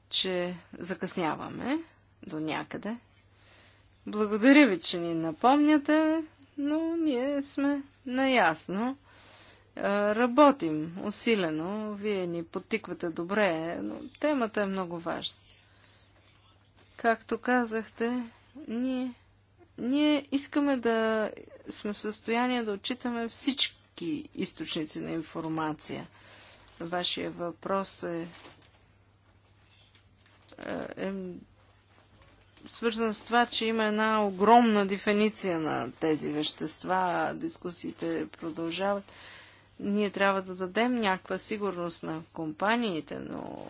че закъсняваме до някъде. Благодаря ви, че ни напомняте, но ние сме наясно. Е, работим усилено, вие ни подтиквате добре, но темата е много важна. Както казахте, ние, ние искаме да сме в състояние да отчитаме всички източници на информация. Вашия въпрос е, е, е свързан с това, че има една огромна дефиниция на тези вещества. Дискусиите продължават. Ние трябва да дадем някаква сигурност на компаниите, но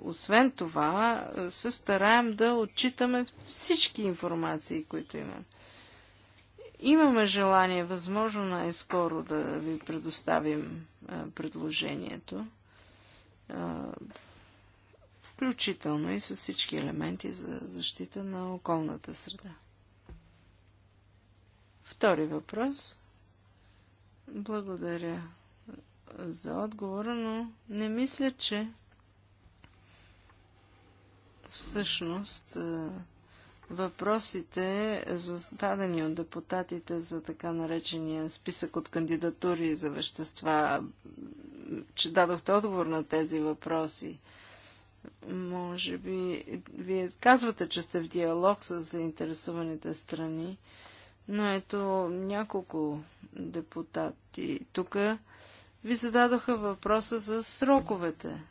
освен това е, се стараем да отчитаме всички информации, които имаме. Имаме желание, възможно най-скоро да ви предоставим а, е, предложението, а, е, включително и с всички елементи за защита на околната среда. Втори въпрос – благодаря за отговора, но не мисля, че всъщност е, въпросите, зададени от депутатите за така наречения списък от кандидатури за вещества, че дадохте отговор на тези въпроси. Може би, вие казвате, че сте в диалог с заинтересованите страни. Но ето няколко депутати тук ви зададоха въпроса за сроковете.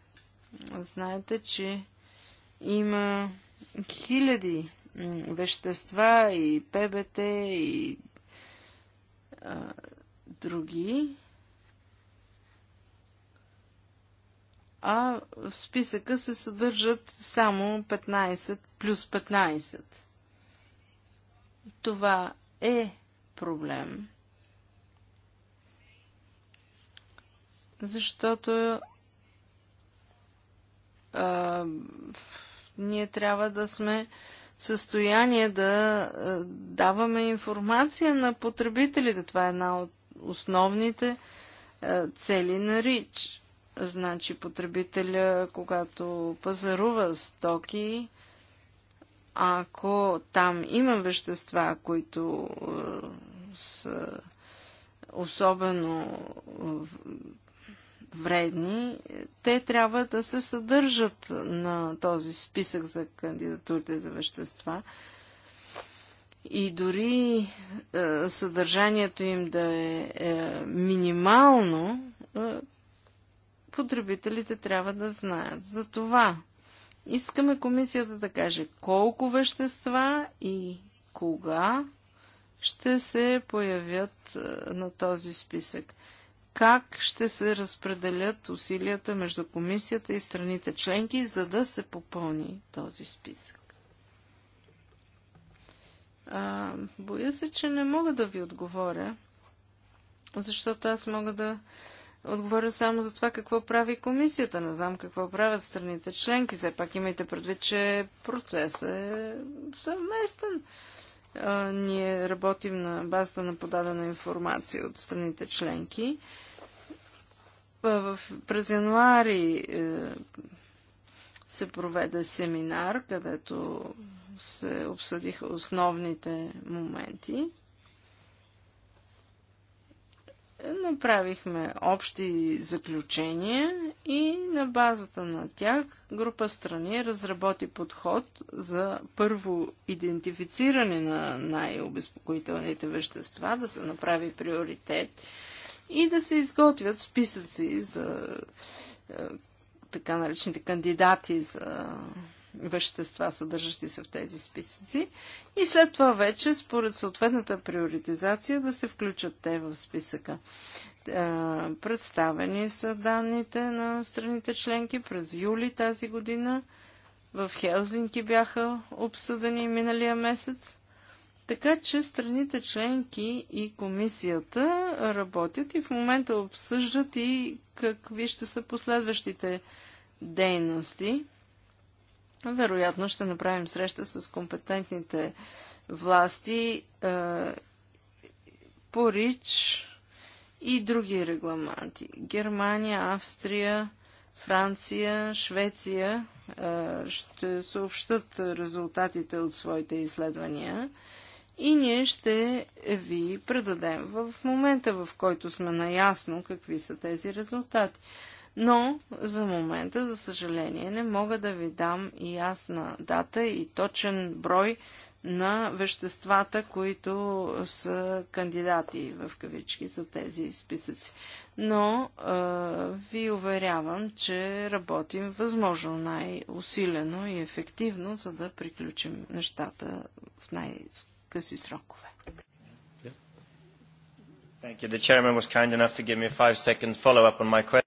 Знаете, че има хиляди вещества и ПБТ и а, други. А в списъка се съдържат само 15 плюс 15. Това е проблем. Защото а, ние трябва да сме в състояние да даваме информация на потребителите. Това е една от основните цели на РИЧ. Значи потребителя, когато пазарува стоки, ако там има вещества, които е, са особено е, вредни, те трябва да се съдържат на този списък за кандидатурите за вещества. И дори е, съдържанието им да е, е минимално, е, потребителите трябва да знаят. За това Искаме комисията да каже колко вещества и кога ще се появят е, на този списък. Как ще се разпределят усилията между комисията и страните членки, за да се попълни този списък? А, боя се, че не мога да ви отговоря, защото аз мога да отговоря само за това какво прави комисията. Не знам какво правят страните членки. Все пак имайте предвид, че процесът е съвместен. ние работим на базата на подадена информация от страните членки. през януари е, се проведе семинар, където се обсъдиха основните моменти направихме общи заключения и на базата на тях група страни разработи подход за първо идентифициране на най-обезпокоителните вещества, да се направи приоритет и да се изготвят списъци за е, така наречените кандидати за вещества, съдържащи се в тези списъци. И след това вече, според съответната приоритизация, да се включат те в списъка. Е, представени са данните на страните членки през юли тази година. В Хелзинки бяха обсъдени миналия месец. Така че страните членки и комисията работят и в момента обсъждат и какви ще са последващите дейности. Вероятно ще направим среща с компетентните власти е, по РИЧ и други регламенти. Германия, Австрия, Франция, Швеция е, ще съобщат резултатите от своите изследвания и ние ще ви предадем в момента, в който сме наясно какви са тези резултати. Но за момента, за съжаление, не мога да ви дам и ясна дата и точен брой на веществата, които са кандидати в кавички за тези списъци. Но е, ви уверявам, че работим възможно най-усилено и ефективно, за да приключим нещата в най-къси срокове.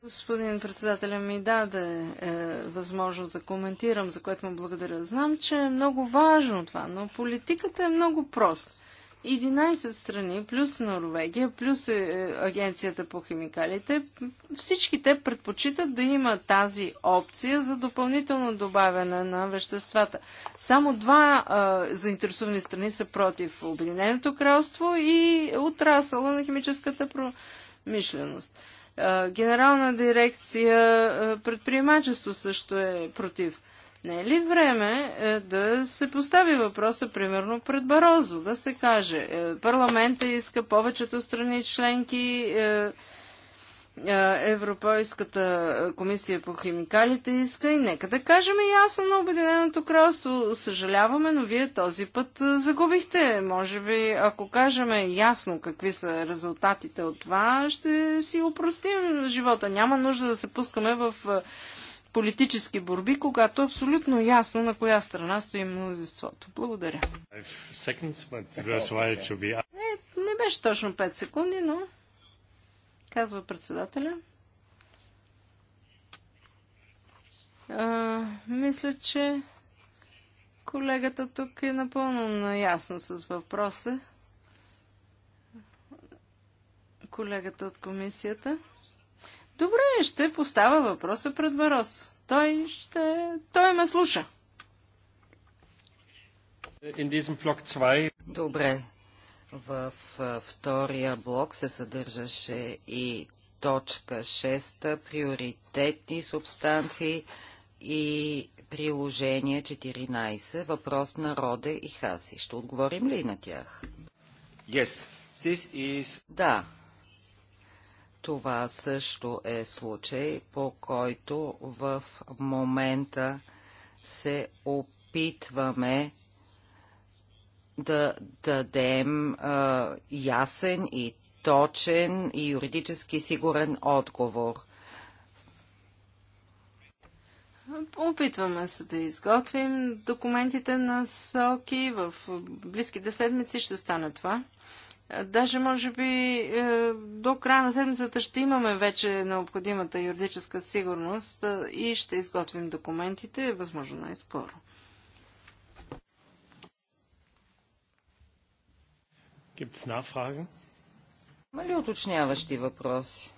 Господин председателя ми даде е, възможност да коментирам, за което му благодаря. Знам, че е много важно това, но политиката е много проста. 11 страни, плюс Норвегия, плюс е, Агенцията по химикалите, всички те предпочитат да има тази опция за допълнително добавяне на веществата. Само два а, заинтересовани страни са против Обединеното кралство и отрасъла на химическата промишленост. А, генерална дирекция а, предприемачество също е против. Не е ли време е, да се постави въпроса, примерно, пред Барозо, да се каже, е, парламента иска повечето страни членки, е, е Европейската комисия по химикалите иска и нека да кажем ясно на Обединеното кралство. Съжаляваме, но вие този път е, загубихте. Може би, ако кажем ясно какви са резултатите от това, ще си упростим живота. Няма нужда да се пускаме в е, политически борби, когато е абсолютно ясно на коя страна стои мнозинството. Благодаря. Не, не беше точно 5 секунди, но казва председателя. А, мисля, че колегата тук е напълно наясно с въпроса. Колегата от комисията. Добре, ще поставя въпроса пред Барос. Той ще... Той ме слуша. Добре. В втория блок се съдържаше и точка 6, приоритетни субстанции и приложение 14, въпрос на Роде и Хаси. Ще отговорим ли на тях? Yes. This is... Да, това също е случай, по който в момента се опитваме да дадем а, ясен и точен и юридически сигурен отговор. Опитваме се да изготвим документите на СОКИ. В близките седмици ще стане това. Даже може би е, до края на седмицата ще имаме вече необходимата юридическа сигурност е, и ще изготвим документите, възможно най-скоро. Има ли уточняващи въпроси?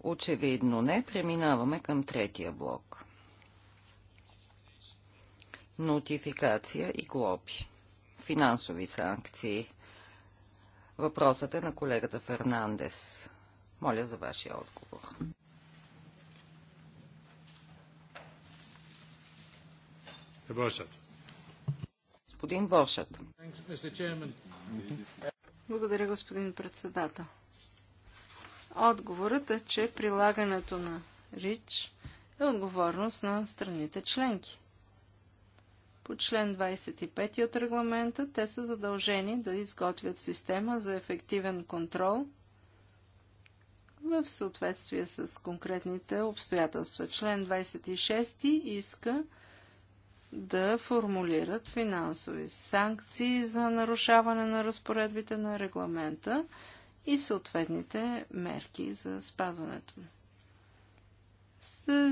Очевидно не. Преминаваме към третия блок. Нотификация и глоби. Финансови санкции. Въпросът е на колегата Фернандес. Моля за вашия отговор. Е, господин Боршат. Благодаря, господин председател. Отговорът е, че прилагането на РИЧ е отговорност на страните членки по член 25 от регламента, те са задължени да изготвят система за ефективен контрол в съответствие с конкретните обстоятелства. Член 26 иска да формулират финансови санкции за нарушаване на разпоредбите на регламента и съответните мерки за спазването.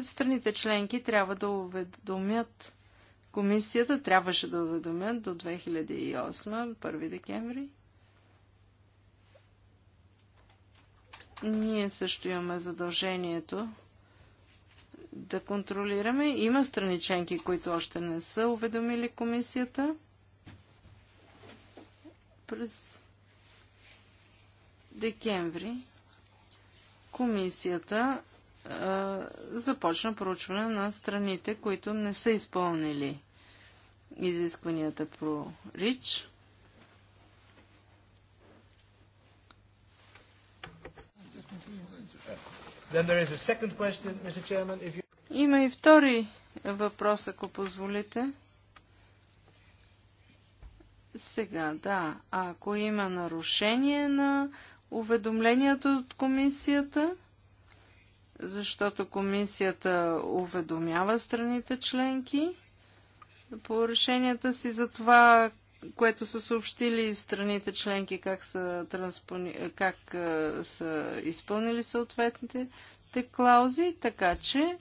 Страните членки трябва да уведомят Комисията трябваше да уведомят до 2008, 1 декември. Ние също имаме задължението да контролираме. Има страниченки, които още не са уведомили комисията. През декември комисията започна проучване на страните, които не са изпълнили изискванията про РИЧ. Има и втори въпрос, ако позволите. Сега, да, ако има нарушение на уведомлението от комисията, защото комисията уведомява страните членки по решенията си за това, което са съобщили страните членки, как са, транспони... как са изпълнили съответните те клаузи, така че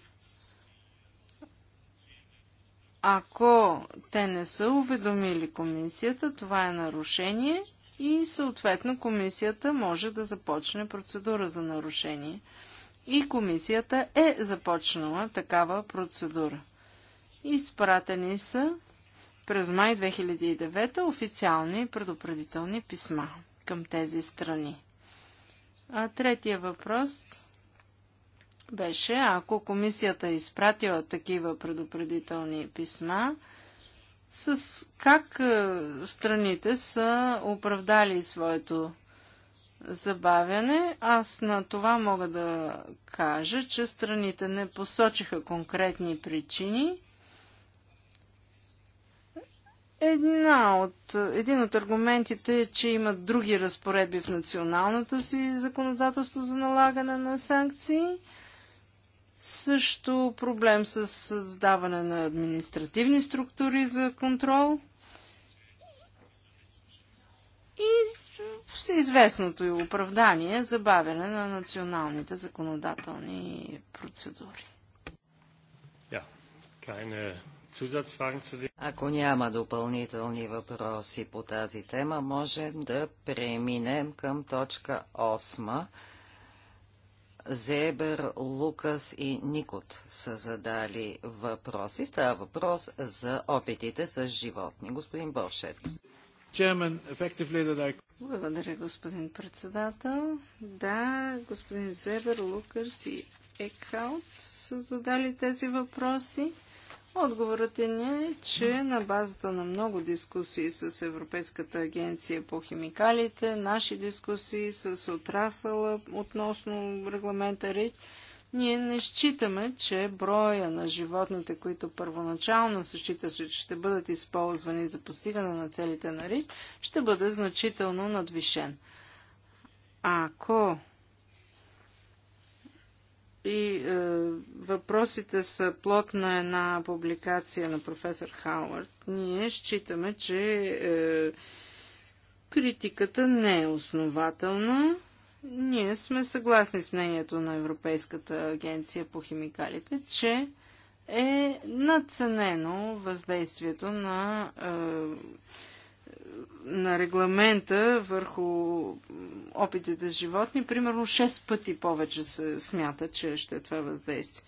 ако те не са уведомили комисията, това е нарушение и съответно комисията може да започне процедура за нарушение и комисията е започнала такава процедура. Изпратени са през май 2009 официални предупредителни писма към тези страни. А третия въпрос беше, ако комисията е изпратила такива предупредителни писма, с как е, страните са оправдали своето забавяне. Аз на това мога да кажа, че страните не посочиха конкретни причини. Една от, един от аргументите е, че имат други разпоредби в националното си законодателство за налагане на санкции. Също проблем с създаване на административни структури за контрол – и всеизвестното и оправдание забавяне на националните законодателни процедури. Ако няма допълнителни въпроси по тази тема, можем да преминем към точка 8. Зебер, Лукас и Никот са задали въпроси. Става въпрос за опитите с животни. Господин Боршет. Благодаря, господин председател. Да, господин Зебер, Лукърс и Екхаут са задали тези въпроси. Отговорът е ни е, че на базата на много дискусии с Европейската агенция по химикалите, наши дискусии с отрасъла относно регламента РИЧ, ние не считаме, че броя на животните, които първоначално се считаше, че ще бъдат използвани за постигане на целите на РИЧ, ще бъде значително надвишен. Ако и е, въпросите са плод на една публикация на професор Хауърд, ние считаме, че е, критиката не е основателна ние сме съгласни с мнението на Европейската агенция по химикалите, че е надценено въздействието на, е, на регламента върху опитите с животни. Примерно 6 пъти повече се смята, че ще е това въздействие.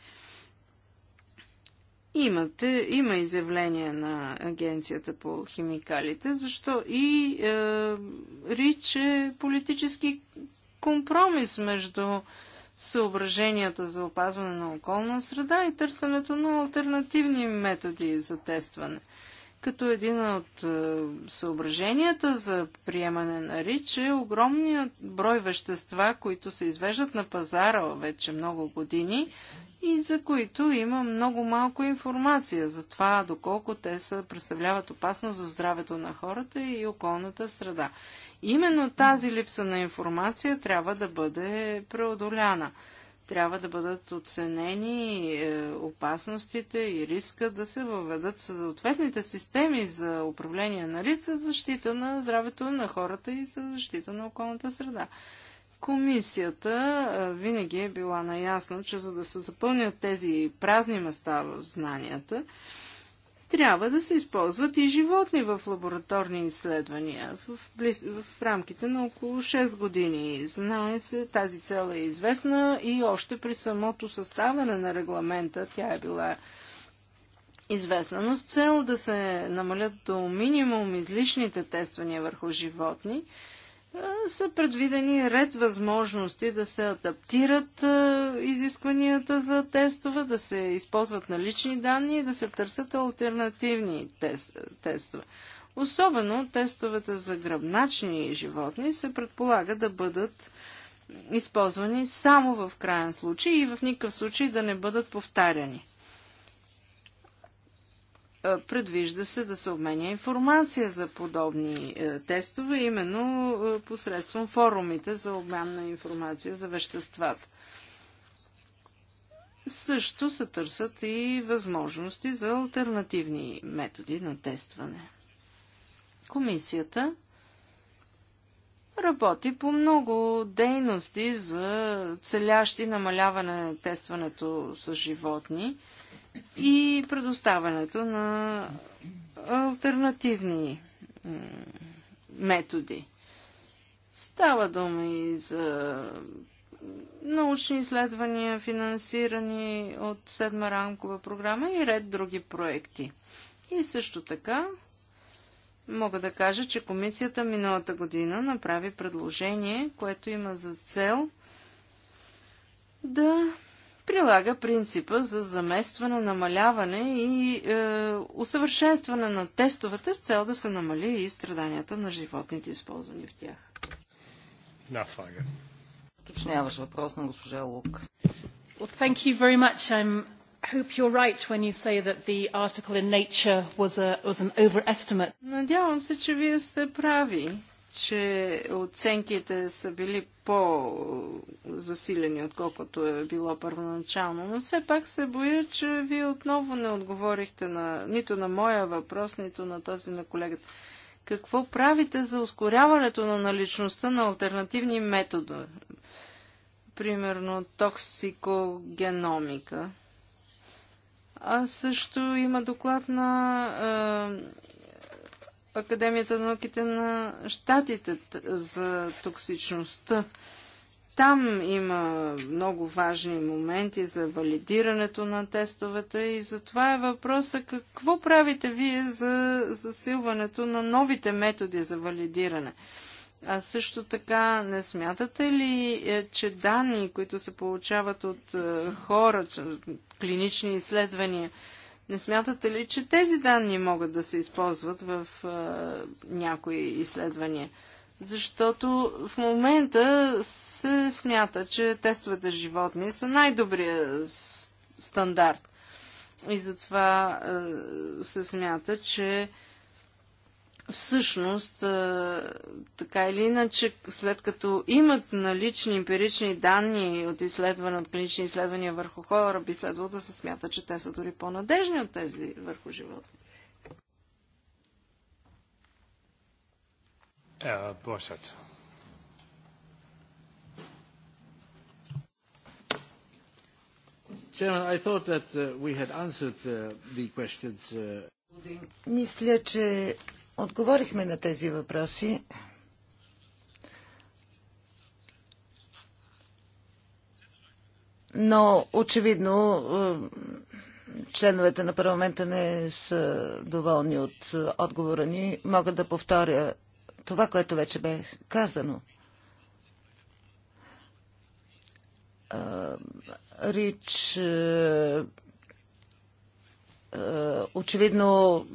Имате, има изявление на Агенцията по химикалите, защо и е, Рич е политически компромис между съображенията за опазване на околна среда и търсенето на альтернативни методи за тестване. Като един от е, съображенията за приемане на РИЧ е огромният брой вещества, които се извеждат на пазара вече много години и за които има много малко информация за това, доколко те са, представляват опасност за здравето на хората и околната среда. Именно тази липса на информация трябва да бъде преодоляна. Трябва да бъдат оценени е, опасностите и риска да се въведат съответните системи за управление на риска, за защита на здравето на хората и за защита на околната среда. Комисията е, винаги е била наясно, че за да се запълнят тези празни места в знанията, трябва да се използват и животни в лабораторни изследвания в, близ... в рамките на около 6 години. Знае се, тази цел е известна и още при самото съставане на регламента тя е била известна, но с цел да се намалят до минимум излишните тествания върху животни – са предвидени ред възможности да се адаптират изискванията за тестове, да се използват налични данни и да се търсят альтернативни тест, тестове. Особено тестовете за гръбначни животни се предполага да бъдат използвани само в крайен случай и в никакъв случай да не бъдат повтаряни. Е, предвижда се да се обменя информация за подобни е, тестове, именно е, посредством форумите за обмен на информация за веществата. Също се търсят и възможности за альтернативни методи на тестване. Комисията работи по много дейности за целящи намаляване на тестването с животни – и предоставянето на альтернативни методи. Става дума и за научни изследвания, финансирани от седма рамкова програма и ред други проекти. И също така мога да кажа, че комисията миналата година направи предложение, което има за цел да прилага принципа за заместване, намаляване и е, усъвършенстване на тестовете с цел да се намали и страданията на животните, използвани в тях. фага. Уточняваш въпрос на госпожа Лук. Well, thank you very much. I'm hope you're right when you say that the article in Nature was, a, was an overestimate. Надявам се, че вие сте прави че оценките са били по-засилени, отколкото е било първоначално. Но все пак се боя, че вие отново не отговорихте на, нито на моя въпрос, нито на този на колегата. Какво правите за ускоряването на наличността на альтернативни методи? Примерно токсикогеномика. А също има доклад на Академията на науките на щатите за токсичността. Там има много важни моменти за валидирането на тестовете и затова е въпроса какво правите вие за засилването на новите методи за валидиране. А също така не смятате ли, е, че данни, които се получават от е, хора, клинични изследвания, не смятате ли, че тези данни могат да се използват в някои изследвания? Защото в момента се смята, че тестовете животни са най-добрия стандарт. И затова се смята, че всъщност, така или иначе, след като имат налични емпирични данни от изследване, от клинични изследвания върху хора, би следвало да се смята, че те са дори по-надежни от тези върху живота. Е, Борсът. Uh, uh, uh, Мисля, че отговорихме на тези въпроси. Но очевидно е, членовете на парламента не са доволни от е, отговора ни. Мога да повторя това, което вече бе казано. Е, Рич е, очевидно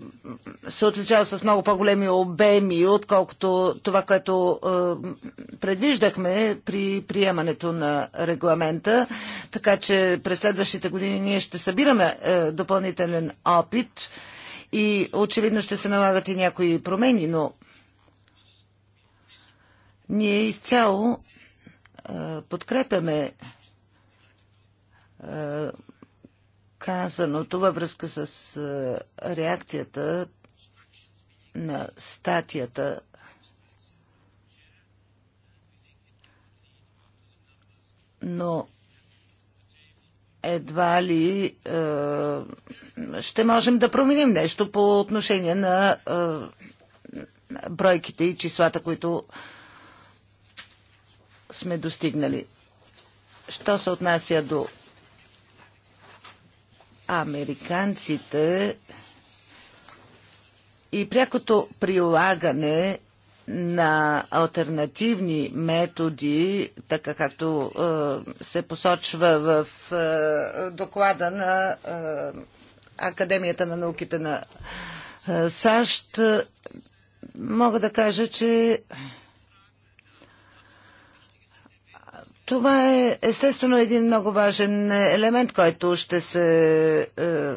се отличава с много по-големи обеми, отколкото това, което е, предвиждахме при приемането на регламента. Така че през следващите години ние ще събираме е, допълнителен опит и очевидно ще се налагат и някои промени, но ние изцяло подкрепяме казаното във връзка с реакцията на статията но едва ли е, ще можем да променим нещо по отношение на е, бройките и числата, които сме достигнали. Що се отнася до американците и прякото прилагане на альтернативни методи, така както е, се посочва в е, доклада на е, Академията на науките на е, САЩ, мога да кажа, че Това е естествено един много важен елемент, който ще се е,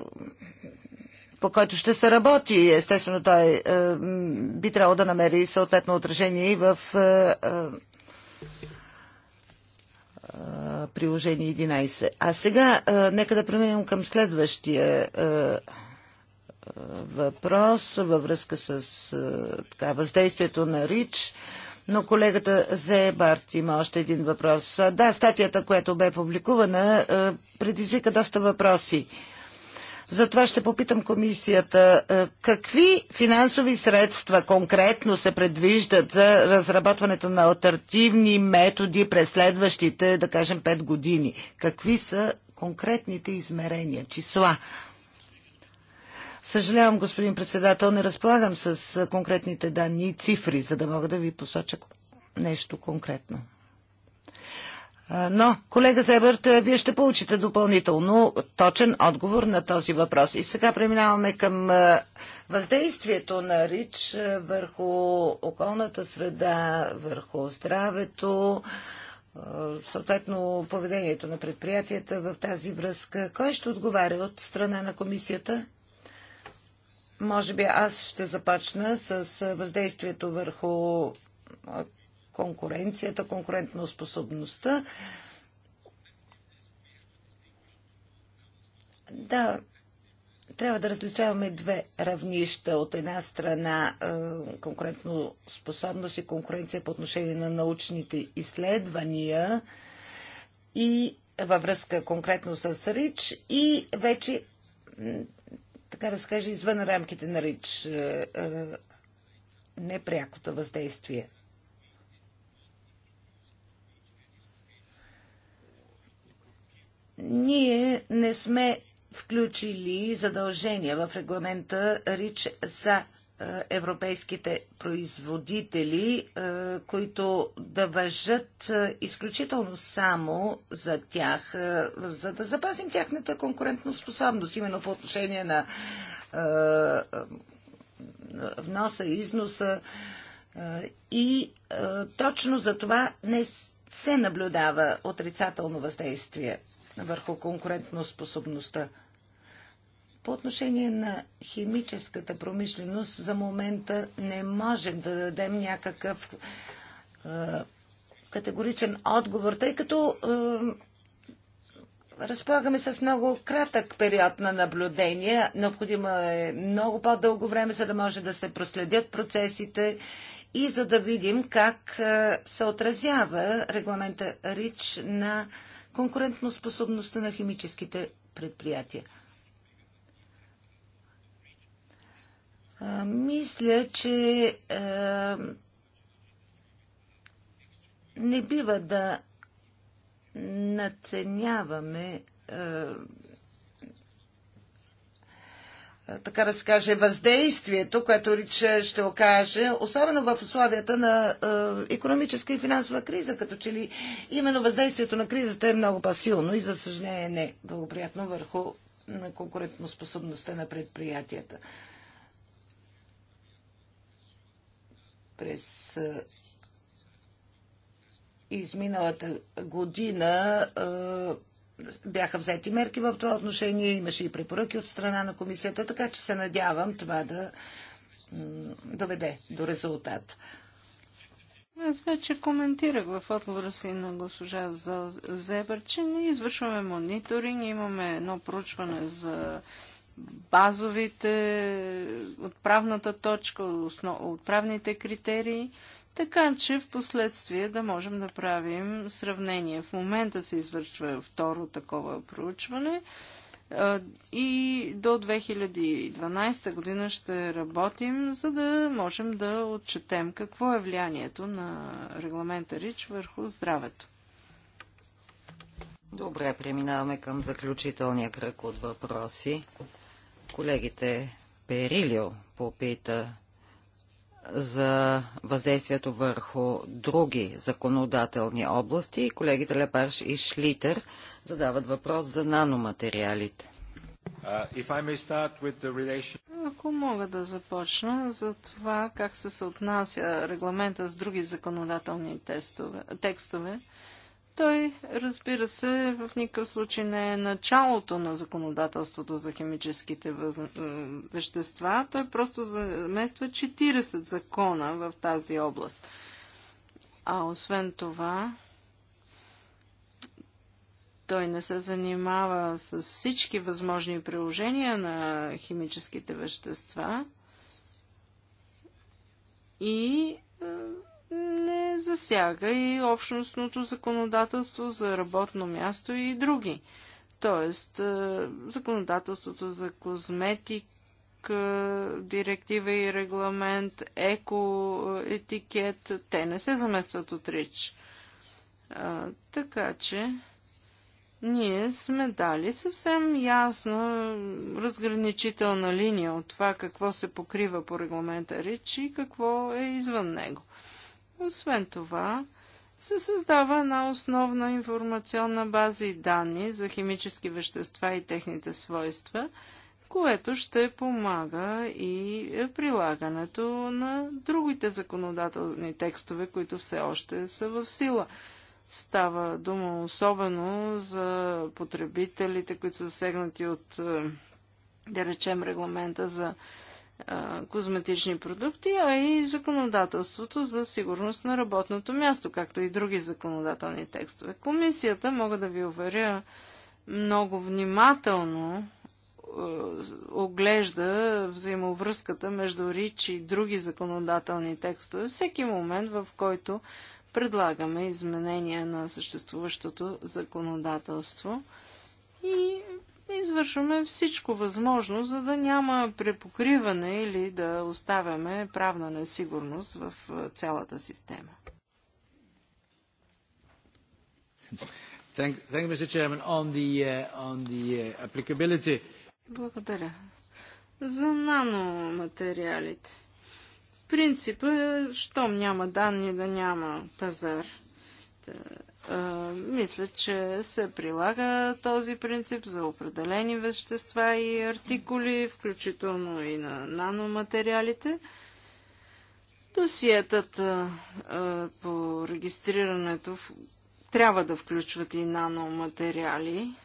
по който ще се работи. Естествено, той е, би трябвало да намери съответно отражение и в е, приложение 11. А сега, нека да преминем към следващия въпрос във връзка с така, въздействието на РИЧ. Но колегата Зебарт има още един въпрос. Да, статията, която бе публикувана, предизвика доста въпроси. Затова ще попитам комисията какви финансови средства конкретно се предвиждат за разработването на альтернативни методи през следващите, да кажем, 5 години. Какви са конкретните измерения, числа? Съжалявам, господин председател, не разполагам с конкретните данни и цифри, за да мога да ви посоча нещо конкретно. Но, колега Зебърт, вие ще получите допълнително точен отговор на този въпрос. И сега преминаваме към въздействието на РИЧ върху околната среда, върху здравето, съответно поведението на предприятията в тази връзка. Кой ще отговаря от страна на комисията? Може би аз ще започна с въздействието върху конкуренцията, способността. Да, трябва да различаваме две равнища. От една страна конкурентно способност и конкуренция по отношение на научните изследвания и във връзка конкретно с РИЧ и вече така да се каже, извън рамките на рич е, е, непрякото въздействие. Ние не сме включили задължения в регламента РИЧ за е, европейските производители, е, които да въжат е, изключително само за тях, за да запазим тяхната конкурентоспособност, именно по отношение на вноса и износа. И точно за това не се наблюдава отрицателно въздействие върху конкурентоспособността. способността. По отношение на химическата промишленост, за момента не можем да дадем някакъв е, категоричен отговор, тъй като е, разполагаме с много кратък период на наблюдение. Необходимо е много по-дълго време, за да може да се проследят процесите и за да видим как е, се отразява регламента РИЧ на конкурентноспособността на химическите предприятия. мисля, че не бива да наценяваме така да се каже, въздействието, което Рича ще окаже, особено в условията на економическа и финансова криза, като че ли именно въздействието на кризата е много по-силно и за съжаление е не благоприятно върху на конкурентоспособността на предприятията. През изминалата година бяха взети мерки в това отношение, имаше и препоръки от страна на комисията, така че се надявам това да доведе до резултат. Аз вече коментирах в отговора си на госпожа Зебър, че ние извършваме мониторинг, имаме едно проучване за базовите, отправната точка, основ, отправните критерии, така че в последствие да можем да правим сравнение. В момента се извършва второ такова проучване и до 2012 година ще работим, за да можем да отчетем какво е влиянието на регламента РИЧ върху здравето. Добре, преминаваме към заключителния кръг от въпроси. Колегите Перилио попита за въздействието върху други законодателни области и колегите Лепарш и Шлитер задават въпрос за наноматериалите. Uh, Ако мога да започна за това как се съотнася регламента с други законодателни текстове, той, разбира се, в никакъв случай не е началото на законодателството за химическите въз... вещества. Той просто замества 40 закона в тази област. А освен това, той не се занимава с всички възможни приложения на химическите вещества и не засяга и общностното законодателство за работно място и други. Тоест, е, законодателството за козметик, директива и регламент, еко е, етикет, те не се заместват от РИЧ. А, е, така че ние сме дали съвсем ясна разграничителна линия от това какво се покрива по регламента РИЧ и какво е извън него. Освен това, се създава една основна информационна база и данни за химически вещества и техните свойства, което ще помага и прилагането на другите законодателни текстове, които все още са в сила. Става дума особено за потребителите, които са засегнати от, е, да речем, регламента за козметични продукти, а и законодателството за сигурност на работното място, както и други законодателни текстове. Комисията, мога да ви уверя, много внимателно оглежда взаимовръзката между РИЧ и други законодателни текстове, всеки момент, в който предлагаме изменения на съществуващото законодателство и извършваме всичко възможно, за да няма препокриване или да оставяме правна несигурност в цялата система. Thank, thank you, Mr. Chairman. On the, uh, on the uh, applicability. Благодаря. За наноматериалите. Принципът е, щом няма данни, да няма пазар мисля, че се прилага този принцип за определени вещества и артикули, включително и на наноматериалите. Досиетата по регистрирането трябва да включват и наноматериали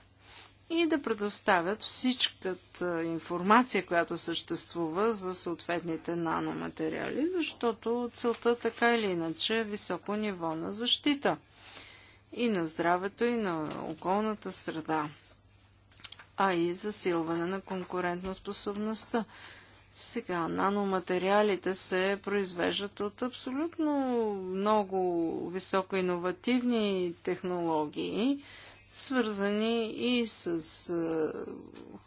и да предоставят всичката информация, която съществува за съответните наноматериали, защото целта така или иначе е високо ниво на защита – и на здравето, и на околната среда, а и засилване на конкурентоспособността. Сега наноматериалите се произвеждат от абсолютно много високо иновативни технологии, свързани и с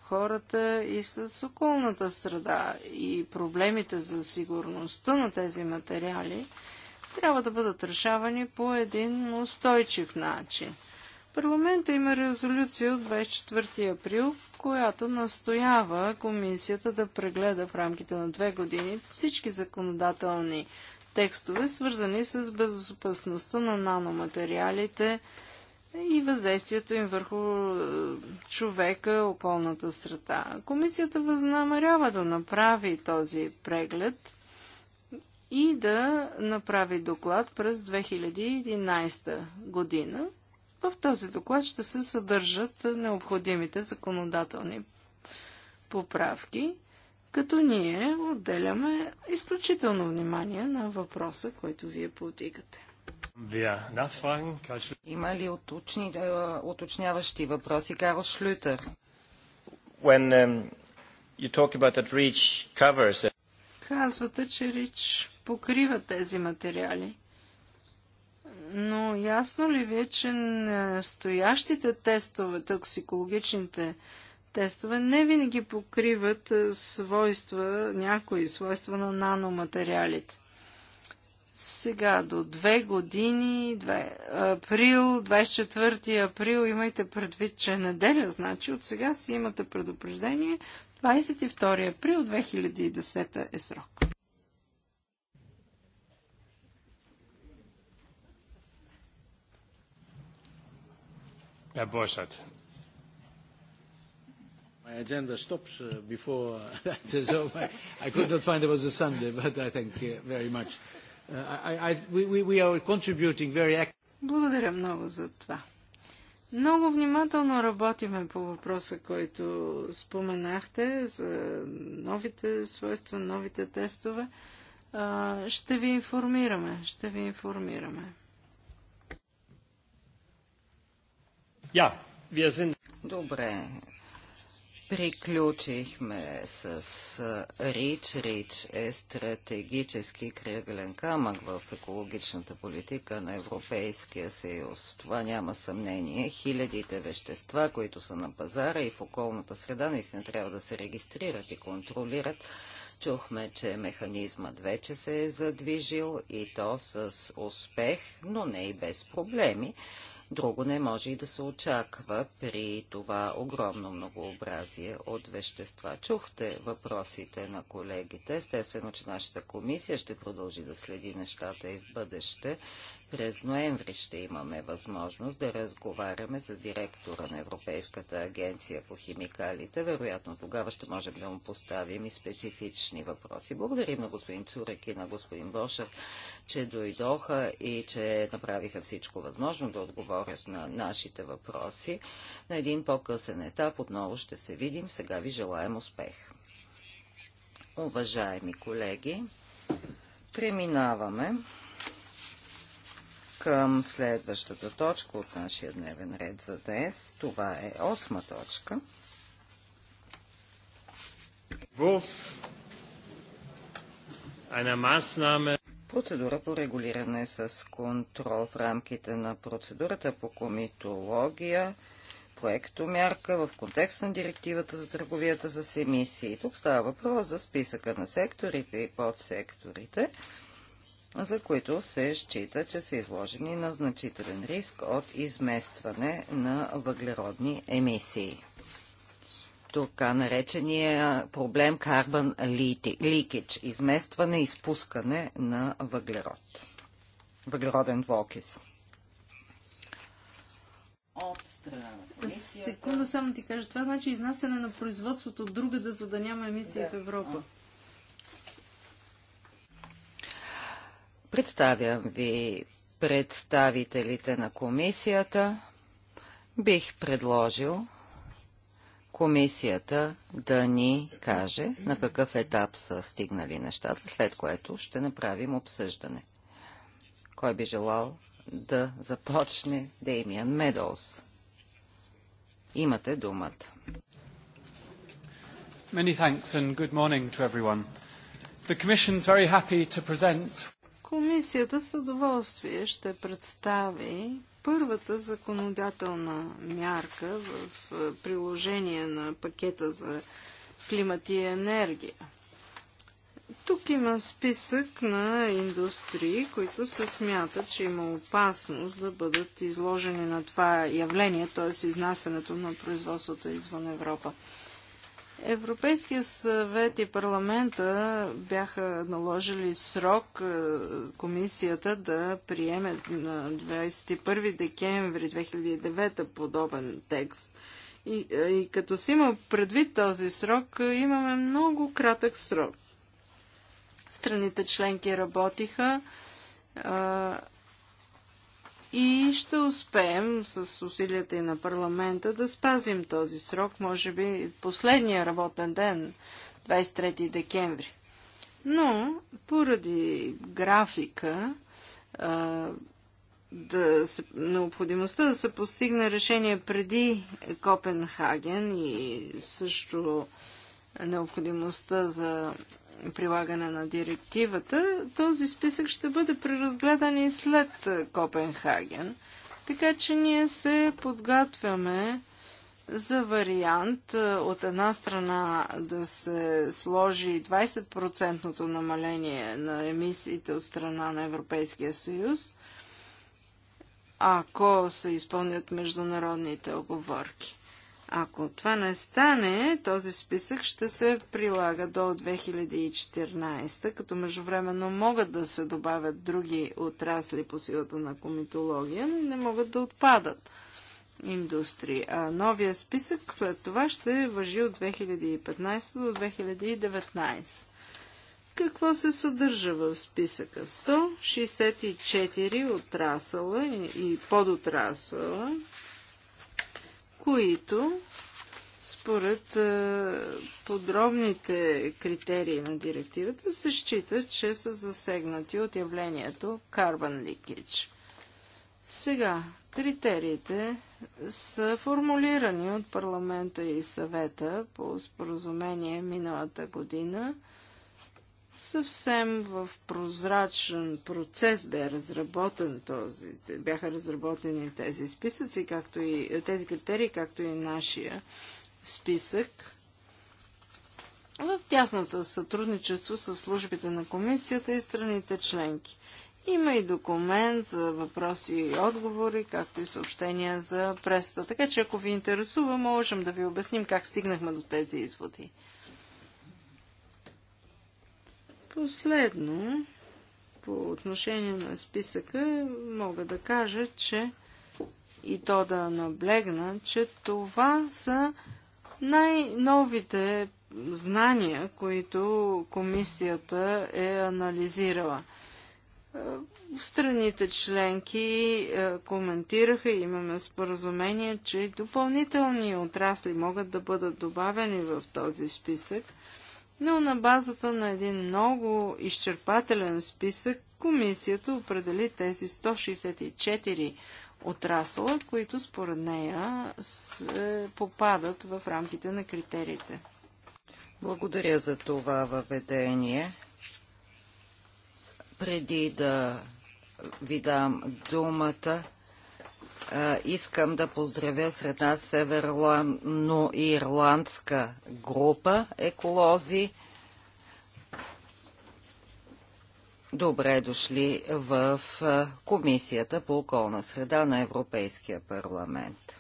хората, и с околната среда. И проблемите за сигурността на тези материали трябва да бъдат решавани по един устойчив начин. Парламента има резолюция от 24 април, която настоява комисията да прегледа в рамките на две години всички законодателни текстове, свързани с безопасността на наноматериалите и въздействието им върху е, човека, околната среда. Комисията възнамерява да направи този преглед и да направи доклад през 2011 година. В този доклад ще се съдържат необходимите законодателни поправки, като ние отделяме изключително внимание на въпроса, който вие повдигате. Има ли уточни, е, уточняващи въпроси, Карл Шлютер? When, um, you talk about that reach covers... Казвате, че Рич покрива тези материали. Но ясно ли ви е, че настоящите тестове, токсикологичните тестове, не винаги покриват е, свойства, някои свойства на наноматериалите? Сега до две години, 2, април, 24 април, имайте предвид, че е неделя, значи от сега си имате предупреждение. 22 април 2010 е срок. Herr Borchert. My agenda stops uh, before that is over. I could not find it was a Sunday, but I thank you very much. Uh, I, I, we, we are contributing very Благодаря много за това. Много внимателно работиме по въпроса, който споменахте за новите свойства, новите тестове. Ще ви информираме, ще ви информираме. Добре, приключихме с РИЧ. РИЧ е стратегически кръглен камък в екологичната политика на Европейския съюз. Това няма съмнение. Хилядите вещества, които са на пазара и в околната среда, наистина трябва да се регистрират и контролират. Чухме, че механизмът вече се е задвижил и то с успех, но не и без проблеми. Друго не може и да се очаква при това огромно многообразие от вещества. Чухте въпросите на колегите. Естествено, че нашата комисия ще продължи да следи нещата и в бъдеще. През ноември ще имаме възможност да разговаряме с директора на Европейската агенция по химикалите. Вероятно тогава ще можем да му поставим и специфични въпроси. Благодарим на господин Цурек и на господин Бошев, че дойдоха и че направиха всичко възможно да отговорят на нашите въпроси. На един по-късен етап отново ще се видим. Сега ви желаем успех. Уважаеми колеги, преминаваме към следващата точка от нашия дневен ред за днес. Това е осма точка. Процедура по регулиране с контрол в рамките на процедурата по комитология проектомярка в контекст на директивата за търговията с емисии. Тук става въпрос за списъка на секторите и подсекторите, за които се счита, че са изложени на значителен риск от изместване на въглеродни емисии. Така наречения проблем carbon leakage – изместване и изпускане на въглерод. Въглероден двокис. От страна. Секунда само ти кажа. Това значи изнасяне на производството от другата, за да няма емисия да. в Европа. Представям ви представителите на комисията. Бих предложил комисията да ни каже на какъв етап са стигнали нещата, след което ще направим обсъждане. Кой би желал да започне Деймиан Медоуз? Имате думата. Many thanks and good morning to everyone. The Commission's very happy to present Комисията с удоволствие ще представи първата законодателна мярка в приложение на пакета за климат и енергия. Тук има списък на индустрии, които се смятат, че има опасност да бъдат изложени на това явление, т.е. изнасянето на производството извън Европа. Европейския съвет и парламента бяха наложили срок е, комисията да приеме на 21 декември 2009 подобен текст. И, е, и като си има предвид този срок, е, имаме много кратък срок. Страните членки работиха и ще успеем с усилията и на парламента да спазим този срок, може би последния работен ден, 23 декември. Но поради графика, да се, необходимостта да се постигне решение преди Копенхаген и също необходимостта за прилагане на директивата, този списък ще бъде преразгледан и след е, Копенхаген. Така че ние се подготвяме за вариант е, от една страна да се сложи 20 намаление на емисиите от страна на Европейския съюз, ако се изпълнят международните оговорки. Ако това не стане, този списък ще се прилага до 2014, като междувременно могат да се добавят други отрасли по силата на комитология, но не могат да отпадат индустрии. А новия списък след това ще въжи от 2015 до 2019. Какво се съдържа в списъка? 164 отрасъла и подотрасъла които според е, подробните критерии на директивата се считат, че са засегнати от явлението Carbon Leakage. Сега, критериите са формулирани от парламента и съвета по споразумение миналата година – Съвсем в прозрачен процес бе разработен този, бяха разработени тези списъци, както и тези критерии, както и нашия списък. В тясното сътрудничество с службите на комисията и страните членки. Има и документ за въпроси и отговори, както и съобщения за пресата. Така че ако ви интересува, можем да ви обясним как стигнахме до тези изводи. Последно, по отношение на списъка, мога да кажа, че и то да наблегна, че това са най-новите знания, които комисията е анализирала. Страните членки е, коментираха, имаме споразумение, че допълнителни отрасли могат да бъдат добавени в този списък – но на базата на един много изчерпателен списък комисията определи тези 164 отрасла, които според нея се попадат в рамките на критериите. Благодаря за това въведение. Преди да ви дам думата, искам да поздравя сред нас северно-ирландска група еколози. Добре дошли в Комисията по околна среда на Европейския парламент.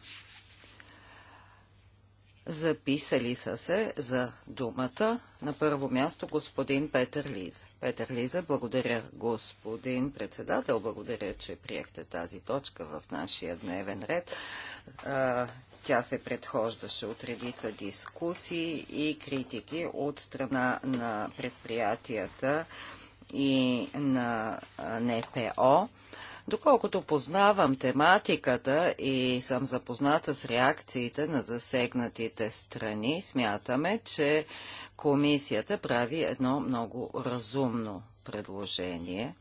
Записали са се за думата на първо място господин Петър Лиза. Петър Лиза, благодаря господин председател, благодаря, че приехте тази точка в нашия дневен ред. Тя се предхождаше от редица дискусии и критики от страна на предприятията и на НПО. Доколкото познавам тематиката и съм запозната с реакциите на засегнатите страни, смятаме, че комисията прави едно много разумно предложение.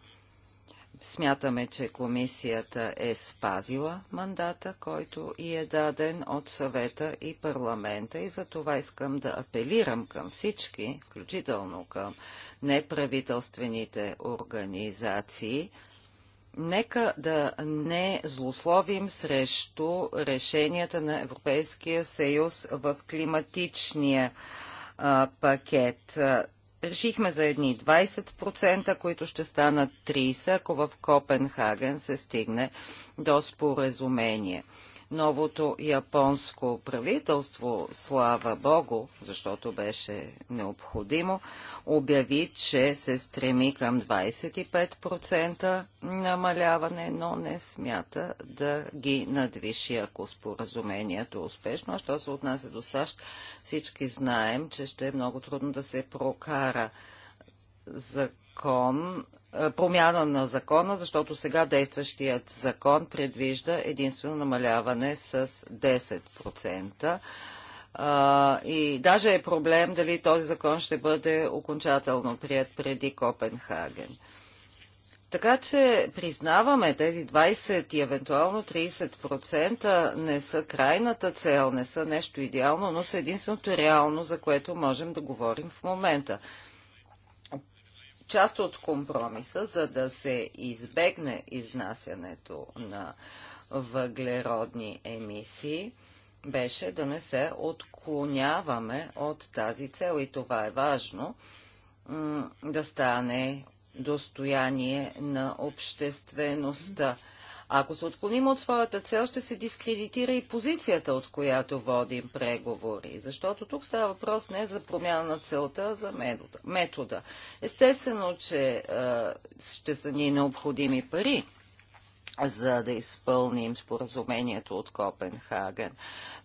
Смятаме, че комисията е спазила мандата, който и е даден от съвета и парламента и за това искам да апелирам към всички, включително към неправителствените организации – Нека да не злословим срещу решенията на Европейския съюз в климатичния а, пакет. Решихме за едни 20%, които ще станат 30%, ако в Копенхаген се стигне до споразумение новото японско правителство, слава Богу, защото беше необходимо, обяви, че се стреми към 25% намаляване, но не смята да ги надвиши, ако споразумението е успешно. А що се отнася до САЩ, всички знаем, че ще е много трудно да се прокара закон е, промяна на закона, защото сега действащият закон предвижда единствено намаляване с 10%. И даже е проблем дали този закон ще бъде окончателно прият преди Копенхаген. Така че признаваме тези 20 и евентуално 30% не са крайната цел, не са нещо идеално, но са единственото реално, за което можем да говорим в момента част от компромиса, за да се избегне изнасянето на въглеродни емисии, беше да не се отклоняваме от тази цел и това е важно да стане достояние на обществеността. Ако се отклоним от своята цел, ще се дискредитира и позицията, от която водим преговори. Защото тук става въпрос не за промяна на целта, а за метода. Естествено, че ще са ни необходими пари за да изпълним споразумението от Копенхаген.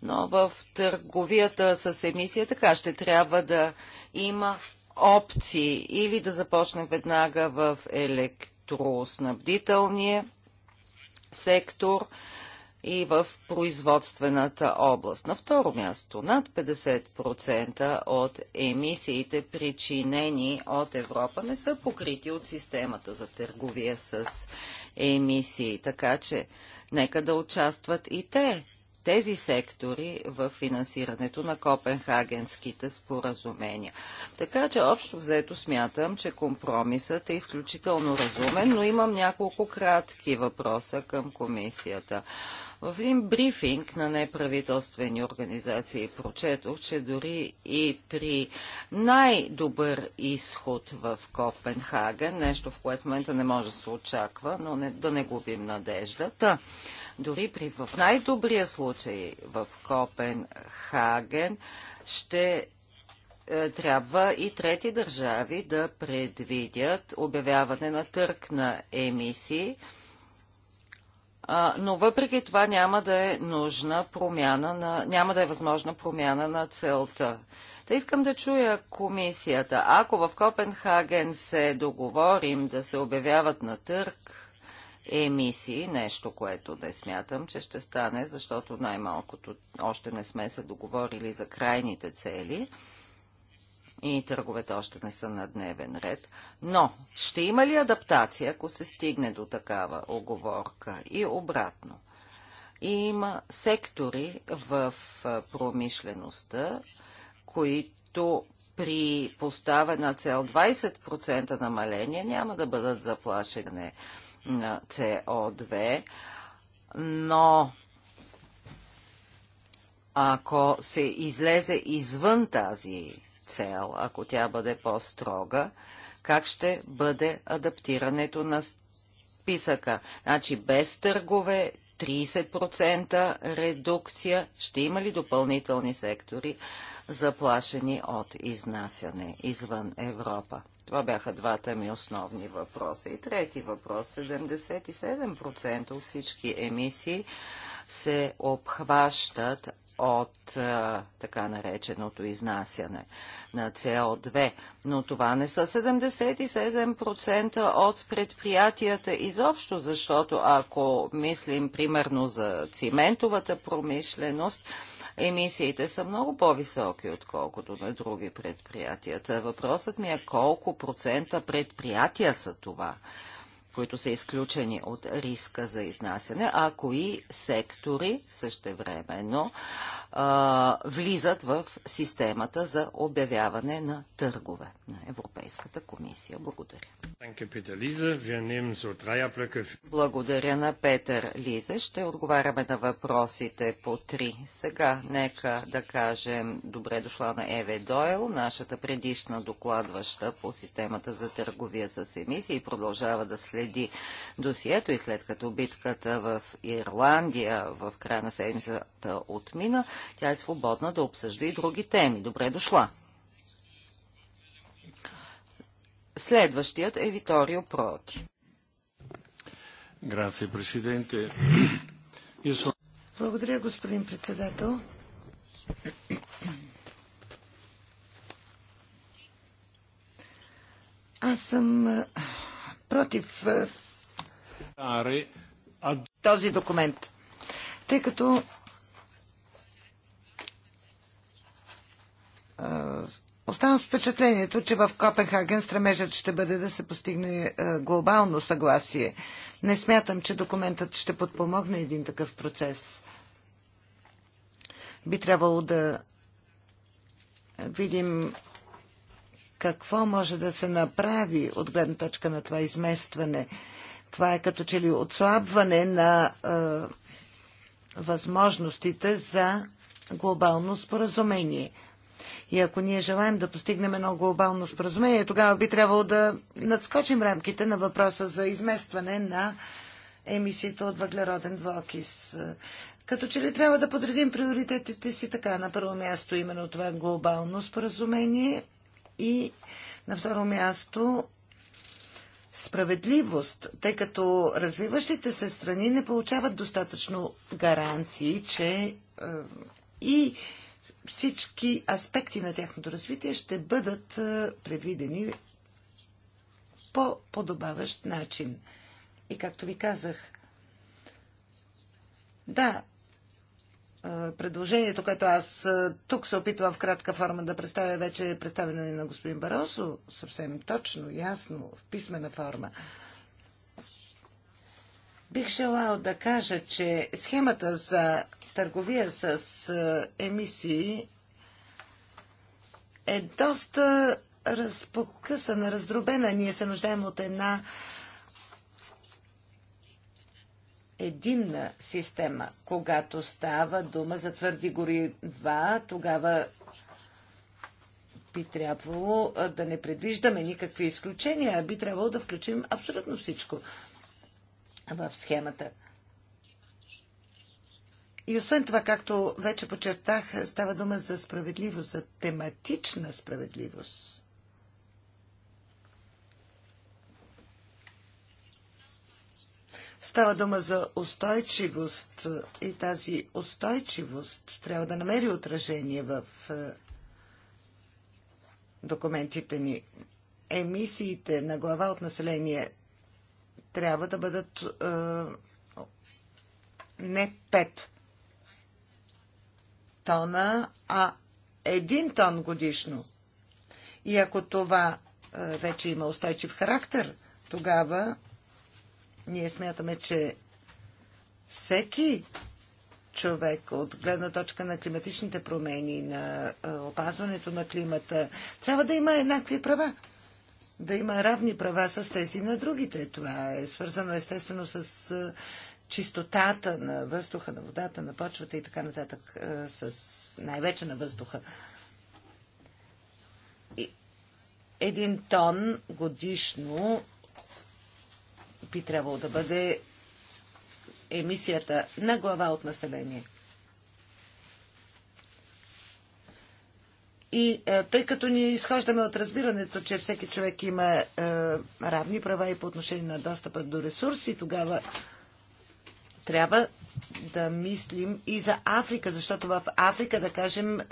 Но в търговията с емисия така ще трябва да има опции или да започнем веднага в електроснабдителния сектор и в производствената област. На второ място, над 50% от емисиите, причинени от Европа, не са покрити от системата за търговия с емисии, така че нека да участват и те тези сектори в финансирането на Копенхагенските споразумения. Така че общо взето смятам, че компромисът е изключително разумен, но имам няколко кратки въпроса към комисията. В един брифинг на неправителствени организации прочетох, че дори и при най-добър изход в Копенхаген, нещо в което в момента не може да се очаква, но не, да не губим надеждата, дори при, в най-добрия случай в Копенхаген ще е, трябва и трети държави да предвидят обявяване на търк на емисии, но въпреки това няма да е нужна промяна на, няма да е възможна промяна на целта. Та искам да чуя комисията. Ако в Копенхаген се договорим да се обявяват на търк емисии, нещо, което не смятам, че ще стане, защото най-малкото още не сме се договорили за крайните цели, и търговете още не са на дневен ред. Но ще има ли адаптация, ако се стигне до такава оговорка и обратно? И има сектори в промишлеността, които при поставена цел 20% намаление няма да бъдат заплашени на CO2, но ако се излезе извън тази цел, ако тя бъде по-строга, как ще бъде адаптирането на списъка. Значи без търгове 30% редукция. Ще има ли допълнителни сектори заплашени от изнасяне извън Европа? Това бяха двата ми основни въпроса. И трети въпрос. 77% от всички емисии се обхващат от а, е, така нареченото изнасяне на CO2. Но това не са 77% от предприятията изобщо, защото ако мислим примерно за циментовата промишленост, емисиите са много по-високи, отколкото на други предприятията. Въпросът ми е колко процента предприятия са това които са изключени от риска за изнасяне, а кои сектори също а, влизат в системата за обявяване на търгове на Европейската комисия. Благодаря. Благодаря на Петър Лизе. Ще отговаряме на въпросите по три. Сега нека да кажем добре дошла на Еве Дойл, нашата предишна докладваща по системата за търговия с емисии и продължава да следи следи досието и след като битката в Ирландия в края на седмицата отмина, тя е свободна да обсъжда и други теми. Добре дошла! Следващият е Виторио Проти. Грация, президенте. Благодаря, господин председател. Аз съм против е, този документ, тъй като е, Оставам с впечатлението, че в Копенхаген стремежът ще бъде да се постигне е, глобално съгласие. Не смятам, че документът ще подпомогне един такъв процес. Би трябвало да видим какво може да се направи от гледна точка на това изместване. Това е като че ли отслабване на е, възможностите за глобално споразумение. И ако ние желаем да постигнем едно глобално споразумение, тогава би трябвало да надскочим рамките на въпроса за изместване на емисиите от въглероден двуокис. Като че ли трябва да подредим приоритетите си така? На първо място именно това глобално споразумение, и на второ място справедливост, тъй като развиващите се страни не получават достатъчно гаранции, че е, и всички аспекти на тяхното развитие ще бъдат е, предвидени по подобаващ начин. И както ви казах, да, предложението, което аз тук се опитвам в кратка форма да представя, вече е представено и на господин Баросо, съвсем точно, ясно, в писмена форма. Бих желал да кажа, че схемата за търговия с емисии е доста разпокъсана, раздробена. Ние се нуждаем от една единна система. Когато става дума за твърди горива, тогава би трябвало да не предвиждаме никакви изключения, а би трябвало да включим абсолютно всичко в схемата. И освен това, както вече почертах, става дума за справедливост, за тематична справедливост. Става дума за устойчивост и тази устойчивост трябва да намери отражение в е, документите ни. Емисиите на глава от население трябва да бъдат е, не 5 тона, а 1 тон годишно. И ако това е, вече има устойчив характер, тогава ние смятаме, че всеки човек от гледна точка на климатичните промени, на опазването на климата, трябва да има еднакви права. Да има равни права с тези на другите. Това е свързано естествено с чистотата на въздуха, на водата, на почвата и така нататък, с най-вече на въздуха. Един тон годишно би трябвало да бъде емисията на глава от население. И е, тъй като ние изхождаме от разбирането, че всеки човек има е, равни права и по отношение на достъпа до ресурси, тогава трябва да мислим и за Африка, защото в Африка, да кажем, е,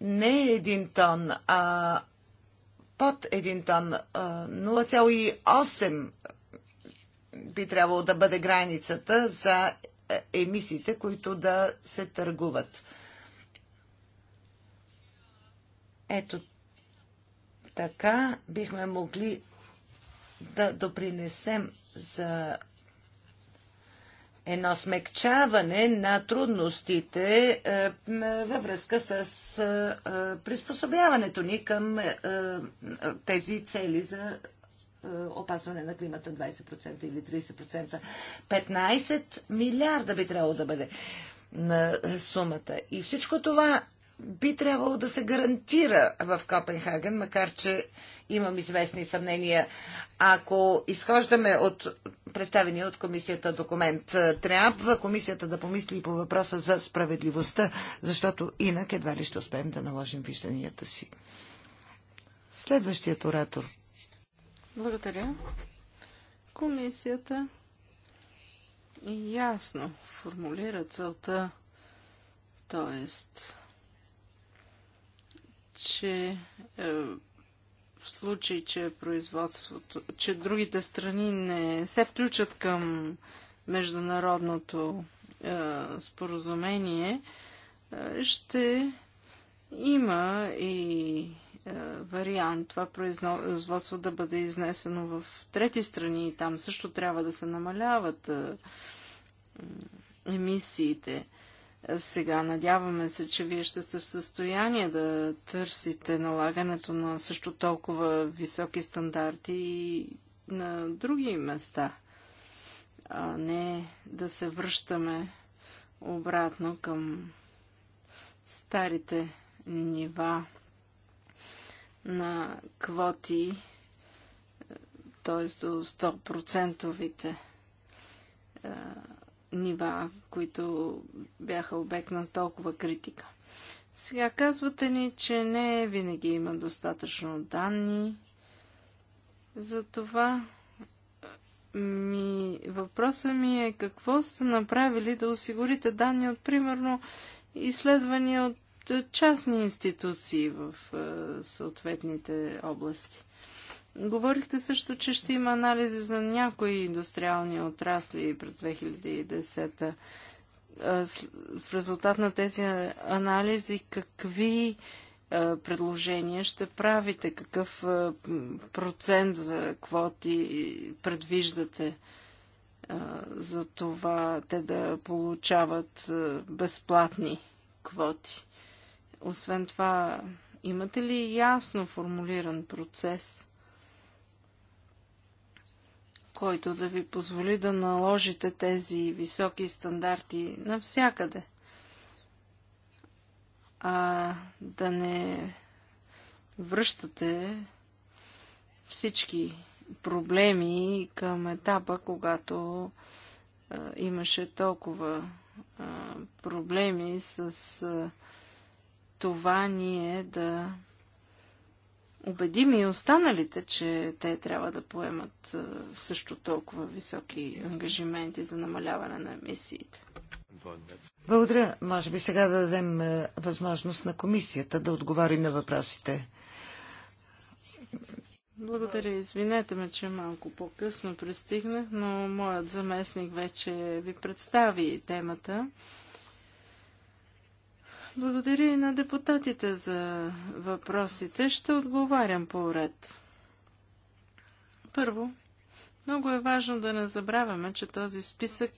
не е един тон, а под 1 тон. 0,8 би трябвало да бъде границата за е, емисиите, които да се търгуват. Ето така бихме могли да допринесем за едно смекчаване на трудностите е, във връзка с е, е, приспособяването ни към тези цели за опазване на климата 20% или 30%. 15 милиарда би трябвало да бъде на сумата. И всичко това би трябвало да се гарантира в Копенхаген, макар че имам известни съмнения. Ако изхождаме от представения от комисията документ, е, трябва комисията да помисли и по въпроса за справедливостта, защото инак едва ли ще успеем да наложим вижданията си. Следващият оратор. Благодаря. Комисията ясно формулира целта, т.е че е, в случай, че производството, че другите страни не се включат към международното е, споразумение, е, ще има и вариант това производство да бъде изнесено в трети страни и там също трябва да се намаляват емисиите. Сега надяваме се, че вие ще сте в състояние да търсите налагането на също толкова високи стандарти и на други места, а не да се връщаме обратно към старите нива на квоти, т.е. до 100%-овите нива, които бяха обект на толкова критика. Сега казвате ни, че не винаги има достатъчно данни. Затова е, ми, въпросът ми е какво сте направили да осигурите данни от, примерно, изследвания от е, частни институции в е, съответните области. Говорихте също, че ще има анализи за някои индустриални отрасли през 2010 В резултат на тези анализи, какви предложения ще правите? Какъв процент за квоти предвиждате за това те да получават безплатни квоти? Освен това, имате ли ясно формулиран процес? който да ви позволи да наложите тези високи стандарти навсякъде. А да не връщате всички проблеми към етапа, когато а, имаше толкова а, проблеми с а, това ние да убедим и останалите, че те трябва да поемат също толкова високи ангажименти за намаляване на емисиите. Благодаря. Може би сега да дадем възможност на комисията да отговори на въпросите. Благодаря. Извинете ме, че малко по-късно пристигнах, но моят заместник вече ви представи темата. Благодаря и на депутатите за въпросите. Ще отговарям по ред. Първо, много е важно да не забравяме, че този списък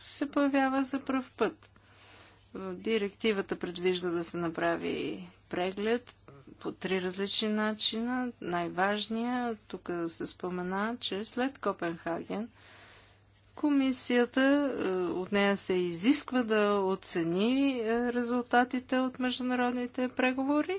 се появява за пръв път. Директивата предвижда да се направи преглед по три различни начина. Най-важният, тук да се спомена, че след Копенхаген – Комисията е, от нея се изисква да оцени е, резултатите от международните преговори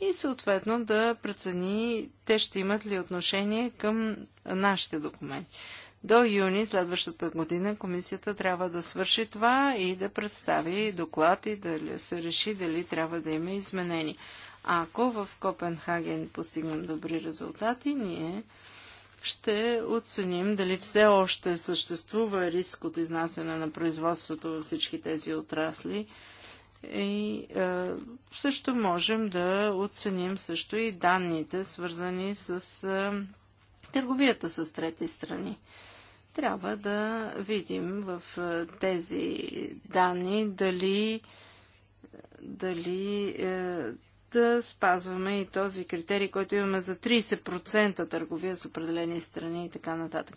и съответно да прецени те ще имат ли отношение към нашите документи. До юни следващата година комисията трябва да свърши това и да представи доклад и да се реши дали трябва да има изменения. Ако в Копенхаген постигнем добри резултати, ние ще оценим дали все още съществува риск от изнасяне на производството във всички тези отрасли. И е, също можем да оценим също и данните, свързани с е, търговията с трети страни. Трябва да видим в е, тези данни дали дали е, да спазваме и този критерий, който имаме за 30% търговия с определени страни и така нататък.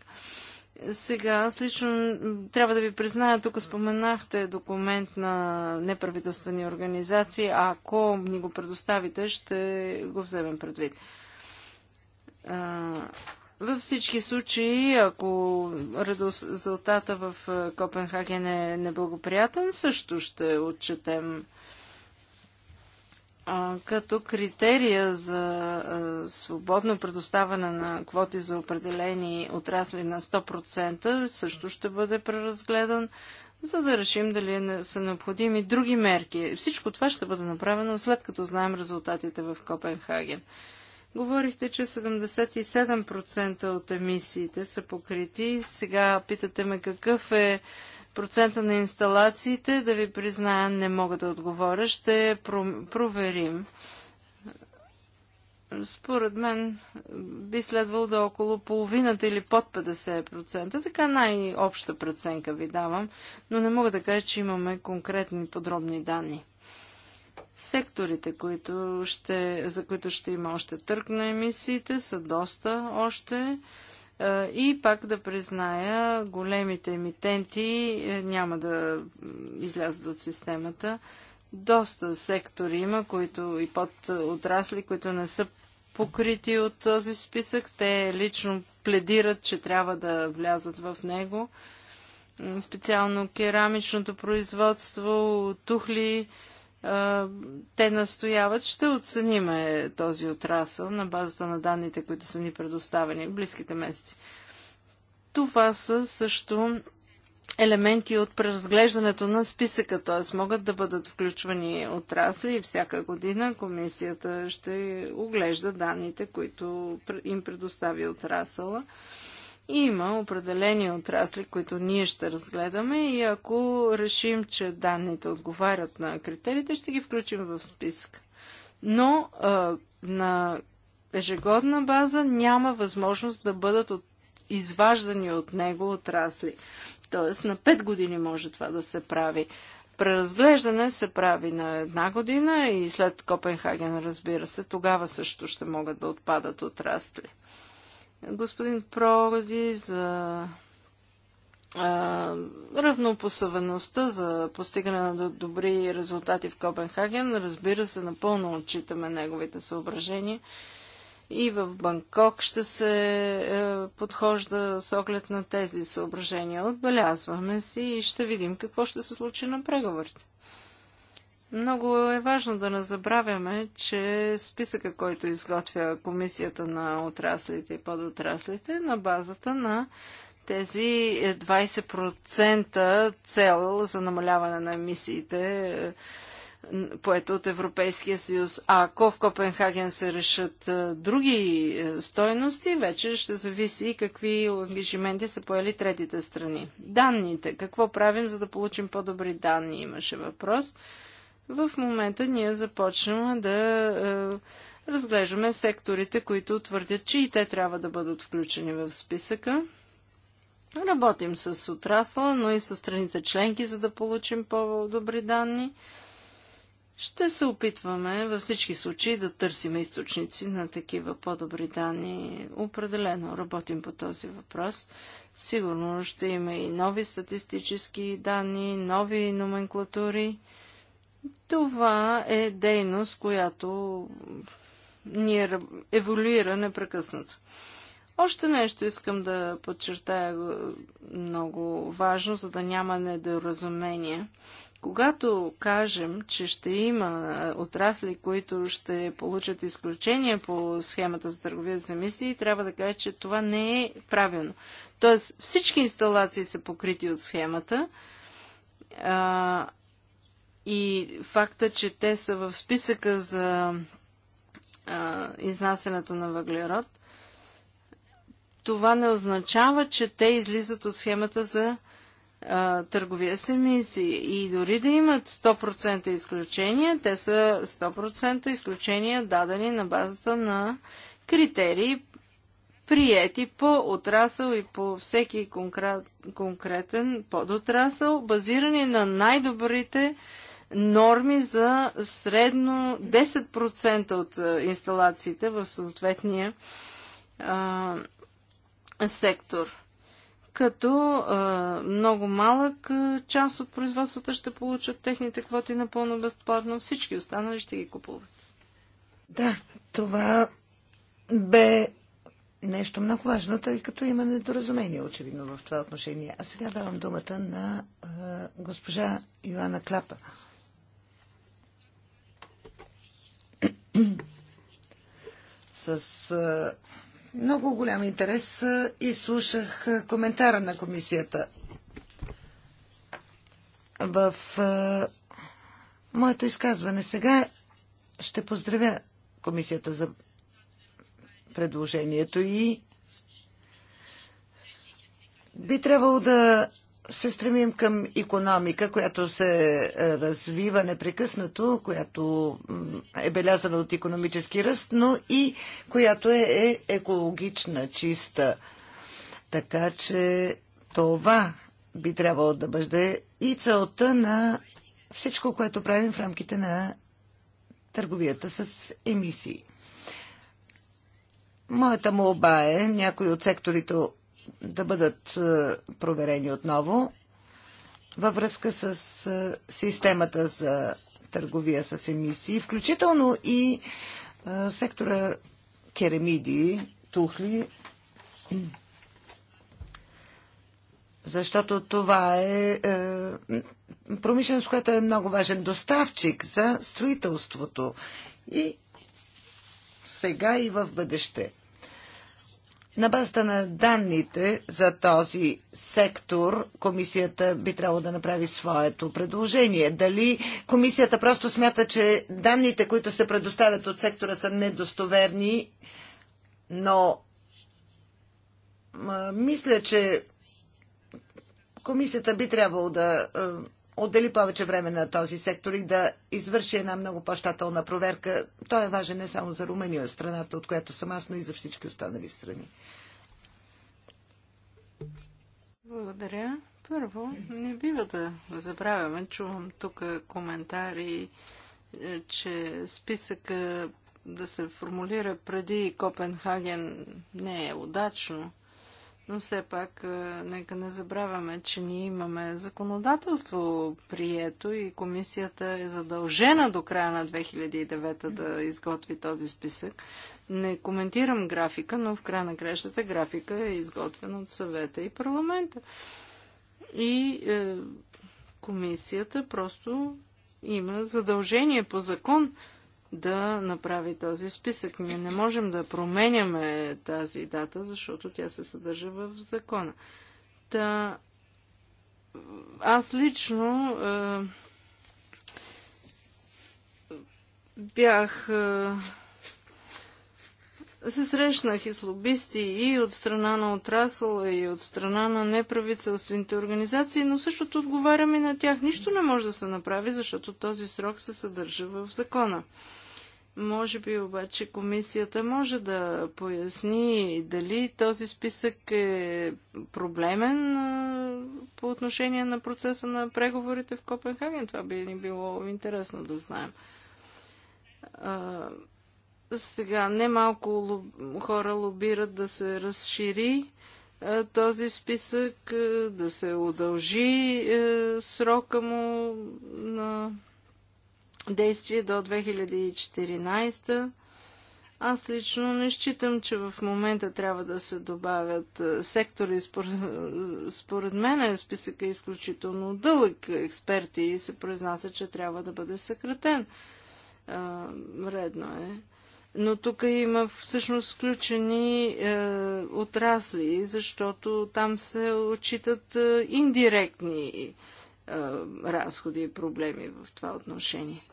Сега, аз лично трябва да ви призная, тук споменахте документ на неправителствени организации, а ако ни го предоставите, ще го вземем предвид. Във всички случаи, ако резултата в Копенхаген е неблагоприятен, също ще отчетем като критерия за свободно предоставяне на квоти за определени отрасли на 100% също ще бъде преразгледан, за да решим дали е са необходими други мерки. Всичко това ще бъде направено след като знаем резултатите в Копенхаген. Говорихте, че 77% от емисиите са покрити. Сега питате ме какъв е процента на инсталациите, да ви призная, не мога да отговоря. Ще проверим. Според мен би следвало да е около половината или под 50%. Така най-обща преценка ви давам, но не мога да кажа, че имаме конкретни подробни данни. Секторите, които ще, за които ще има още търг на емисиите, са доста още. И пак да призная, големите емитенти е, няма да излязат от системата. Доста сектори има, които и под отрасли, които не са покрити от този списък. Те лично пледират, че трябва да влязат в него. Специално керамичното производство, тухли, те настояват, ще оцениме този отрасъл на базата на данните, които са ни предоставени в близките месеци. Това са също елементи от преразглеждането на списъка, т.е. могат да бъдат включвани отрасли и всяка година комисията ще оглежда данните, които им предостави отрасъла има определени отрасли, които ние ще разгледаме и ако решим, че данните отговарят на критериите, ще ги включим в списък. Но а, на ежегодна база няма възможност да бъдат от, изваждани от него отрасли. Тоест на 5 години може това да се прави. Преразглеждане се прави на една година и след Копенхаген, разбира се, тогава също ще могат да отпадат отрасли господин Проводи, за равнопосъвеността за постигане на добри резултати в Копенхаген. Разбира се, напълно отчитаме неговите съображения. И в Банкок ще се е, подхожда с оглед на тези съображения. Отбелязваме си и ще видим какво ще се случи на преговорите. Много е важно да не забравяме, че списъка, който изготвя Комисията на отраслите и подотраслите, е на базата на тези 20% цел за намаляване на емисиите, е, поето от Европейския съюз. А ако в Копенхаген се решат е, други стойности, вече ще зависи какви ангажименти са поели третите страни. Данните. Какво правим, за да получим по-добри данни, имаше въпрос. В момента ние започваме да е, разглеждаме секторите, които твърдят, че и те трябва да бъдат включени в списъка. Работим с отрасла, но и с страните членки, за да получим по-добри данни. Ще се опитваме във всички случаи да търсим източници на такива по-добри данни. Определено работим по този въпрос. Сигурно ще има и нови статистически данни, нови номенклатури. Това е дейност, която ни е еволюира непрекъснато. Още нещо искам да подчертая много важно, за да няма недоразумение. Когато кажем, че ще има отрасли, които ще получат изключение по схемата за търговия за емисии, трябва да кажа, че това не е правилно. Тоест всички инсталации са покрити от схемата, и факта, че те са в списъка за а, изнасянето на въглерод, това не означава, че те излизат от схемата за а, търговия с емисии. И дори да имат 100% изключения, те са 100% изключения дадени на базата на критерии, приети по отрасъл и по всеки конкрет, конкретен подотрасъл, базирани на най-добрите норми за средно 10% от е, инсталациите в съответния а, е, сектор. Като а, е, много малък а, част от производствата ще получат техните квоти напълно безплатно, всички останали ще ги купуват. Да, това бе нещо много важно, тъй като има недоразумение, очевидно, в това отношение. А сега давам думата на а, госпожа Йоанна Клапа. С много голям интерес и слушах коментара на комисията. В моето изказване сега ще поздравя комисията за предложението и би трябвало да се стремим към економика, която се е, развива непрекъснато, която е белязана от економически ръст, но и която е, е екологична, чиста. Така че това би трябвало да бъде и целта на всичко, което правим в рамките на търговията с емисии. Моята молба е някои от секторите да бъдат е, проверени отново във връзка с е, системата за търговия с емисии, включително и е, сектора керамиди, тухли, защото това е, промишленост, която е много важен доставчик за строителството и сега и в бъдеще. На базата на данните за този сектор, комисията би трябвало да направи своето предложение. Дали комисията просто смята, че данните, които се предоставят от сектора са недостоверни, но мисля, че комисията би трябвало да отдели повече време на този сектор и да извърши една много по-щателна проверка. Той е важен не само за Румъния, страната, от която съм аз, но и за всички останали страни. Благодаря. Първо, не бива да забравяме, чувам тук коментари, е, че списъка да се формулира преди Копенхаген не е удачно но все пак нека не забравяме, че ние имаме законодателство прието и комисията е задължена до края на 2009 да изготви този списък. Не коментирам графика, но в края на крещата графика е изготвен от съвета и парламента. И е, комисията просто има задължение по закон да направи този списък. Ние не можем да променяме тази дата, защото тя се съдържа в закона. Та, аз лично е, бях. Е, се срещнах и с лобисти и от страна на отрасъла, и от страна на неправителствените организации, но същото отговарям и на тях. Нищо не може да се направи, защото този срок се съдържа в закона. Може би обаче комисията може да поясни дали този списък е проблемен по отношение на процеса на преговорите в Копенхаген. Това би ни било интересно да знаем. Сега, немалко хора лобират да се разшири този списък, да се удължи е, срока му на действие до 2014. Аз лично не считам, че в момента трябва да се добавят е, сектори. Според, е, според мен е списъка изключително дълъг. Експерти и се произнасят, че трябва да бъде съкратен. Е, редно е. Но тук има всъщност включени е, отрасли, защото там се отчитат е, индиректни е, разходи и проблеми в това отношение.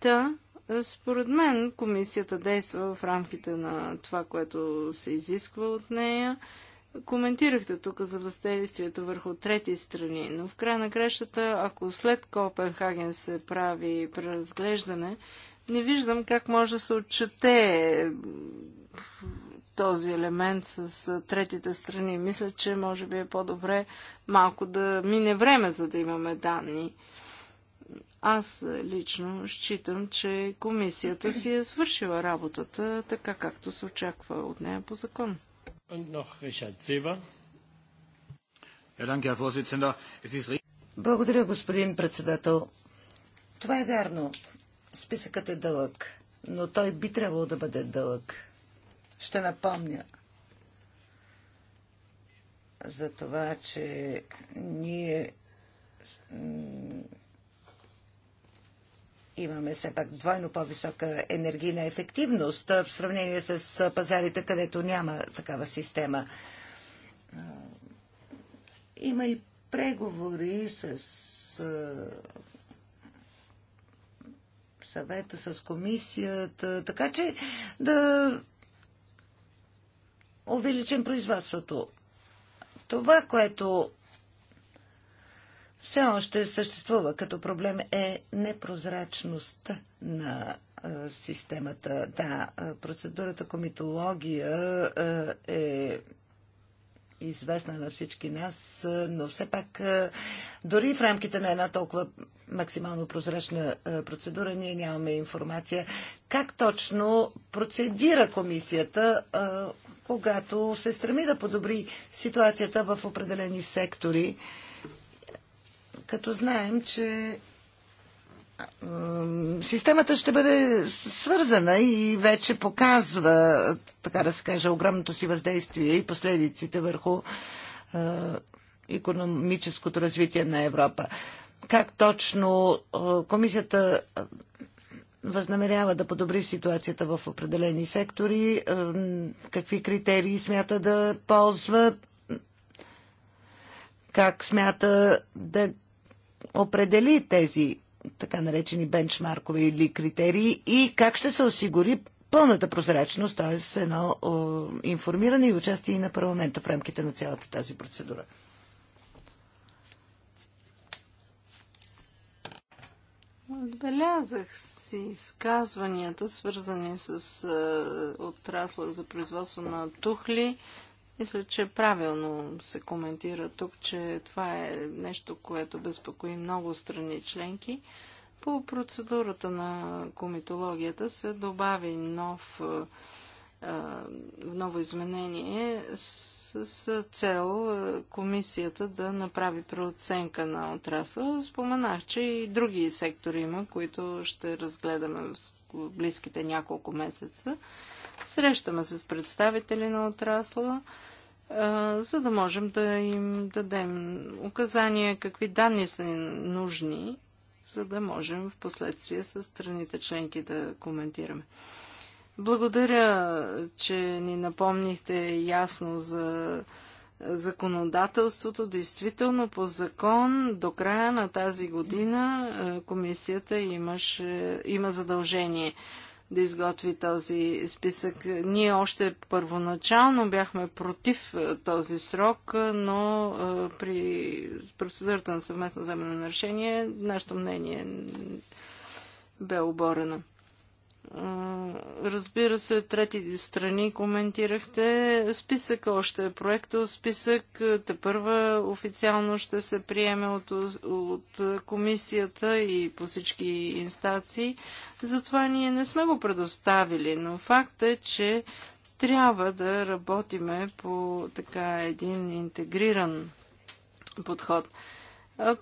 Та, според мен, комисията действа в рамките на това, което се изисква от нея. Коментирахте тук за въздействието върху трети страни, но в края на кращата, ако след Копенхаген се прави преразглеждане, не виждам как може да се отчете този елемент с третите страни. Мисля, че може би е по-добре малко да мине време, за да имаме данни. Аз лично считам, че комисията си е свършила работата така, както се очаква от нея по закон. Благодаря, господин председател. Това е вярно. Списъкът е дълъг, но той би трябвало да бъде дълъг. Ще напомня за това, че ние имаме все пак двойно по-висока енергийна ефективност в сравнение с пазарите, където няма такава система. Има и преговори с съвета, с комисията, така че да увеличим производството. Това, което все още съществува като проблем е непрозрачността на системата. Да, процедурата комитология е известна на всички нас, но все пак дори в рамките на една толкова максимално прозрачна процедура ние нямаме информация как точно процедира комисията, когато се стреми да подобри ситуацията в определени сектори като знаем, че системата ще бъде свързана и вече показва, така да се каже, огромното си въздействие и последиците върху економическото развитие на Европа. Как точно комисията възнамерява да подобри ситуацията в определени сектори, какви критерии смята да ползва, как смята да определи тези така наречени бенчмаркове или критерии и как ще се осигури пълната прозрачност, т.е. едно о, информиране и участие и на парламента в рамките на цялата тази процедура. Отбелязах си изказванията, свързани с е, отрасла за производство на тухли, мисля, че правилно се коментира тук, че това е нещо, което безпокои много страни членки. По процедурата на комитологията се добави нов, ново изменение с, с цел комисията да направи преоценка на отрасъл. Споменах, че и други сектори има, които ще разгледаме в близките няколко месеца. Срещаме се с представители на отрасла, за да можем да им дадем указания какви данни са нужни, за да можем в последствие с страните членки да коментираме. Благодаря, че ни напомнихте ясно за законодателството. Действително по закон до края на тази година комисията имаш, има задължение да изготви този списък. Ние още първоначално бяхме против е, този срок, е, но е, при процедурата на съвместно вземане на решение нашето мнение бе оборено. Разбира се, трети страни коментирахте. Списък още е проекто. Списък те първа официално ще се приеме от, от комисията и по всички инстанции. Затова ние не сме го предоставили, но факт е, че трябва да работиме по така един интегриран подход.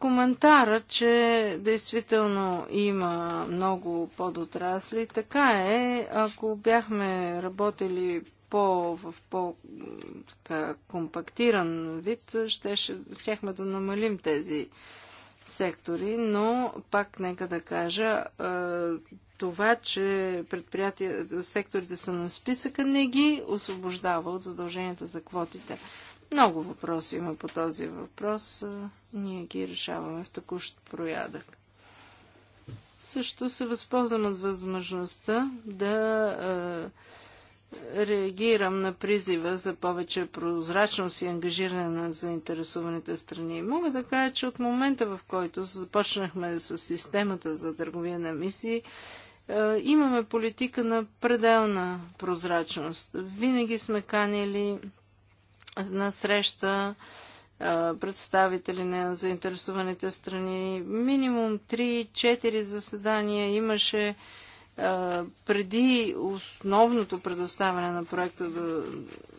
Коментара, че действително има много подотрасли, така е, ако бяхме работили по, в по-компактиран вид, щеше, щяхме да намалим тези сектори, но пак нека да кажа, това, че предприятия, секторите са на списъка, не ги освобождава от задълженията за квотите. Много въпроси има по този въпрос. Ние ги решаваме в такущ проядък. Също се възползвам от възможността да е, реагирам на призива за повече прозрачност и ангажиране на заинтересованите страни. Мога да кажа, че от момента в който започнахме с системата за търговия на мисии, е, имаме политика на пределна прозрачност. Винаги сме канили на среща представители на заинтересованите страни. Минимум 3-4 заседания имаше преди основното предоставяне на проекта до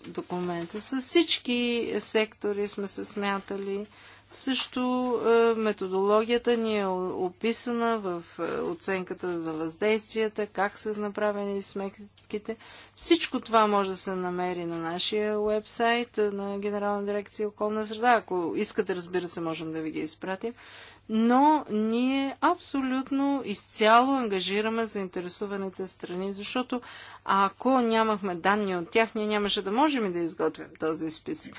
документа. С всички сектори сме се смятали, също е, методологията ни е описана в е, оценката на въздействията, как са направени сметките. Всичко това може да се намери на нашия вебсайт е, на Генерална дирекция околна среда. Ако искате, разбира се, можем да ви ги изпратим но ние абсолютно изцяло ангажираме заинтересуваните страни, защото ако нямахме данни от тях, ние нямаше да можем да изготвим този списък.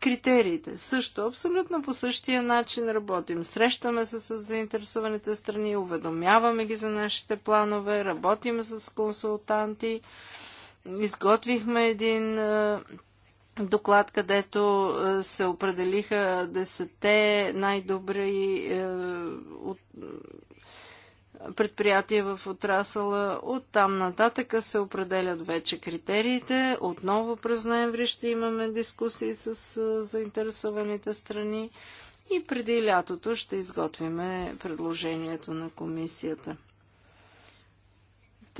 Критериите също абсолютно по същия начин работим. Срещаме се с заинтересуваните страни, уведомяваме ги за нашите планове, работим с консултанти, изготвихме един е, доклад, където е, се определиха десетте най-добри е, от, предприятия в отрасъла. От там нататъка се определят вече критериите. Отново през ноември ще имаме дискусии с е, заинтересованите страни и преди лятото ще изготвиме предложението на комисията.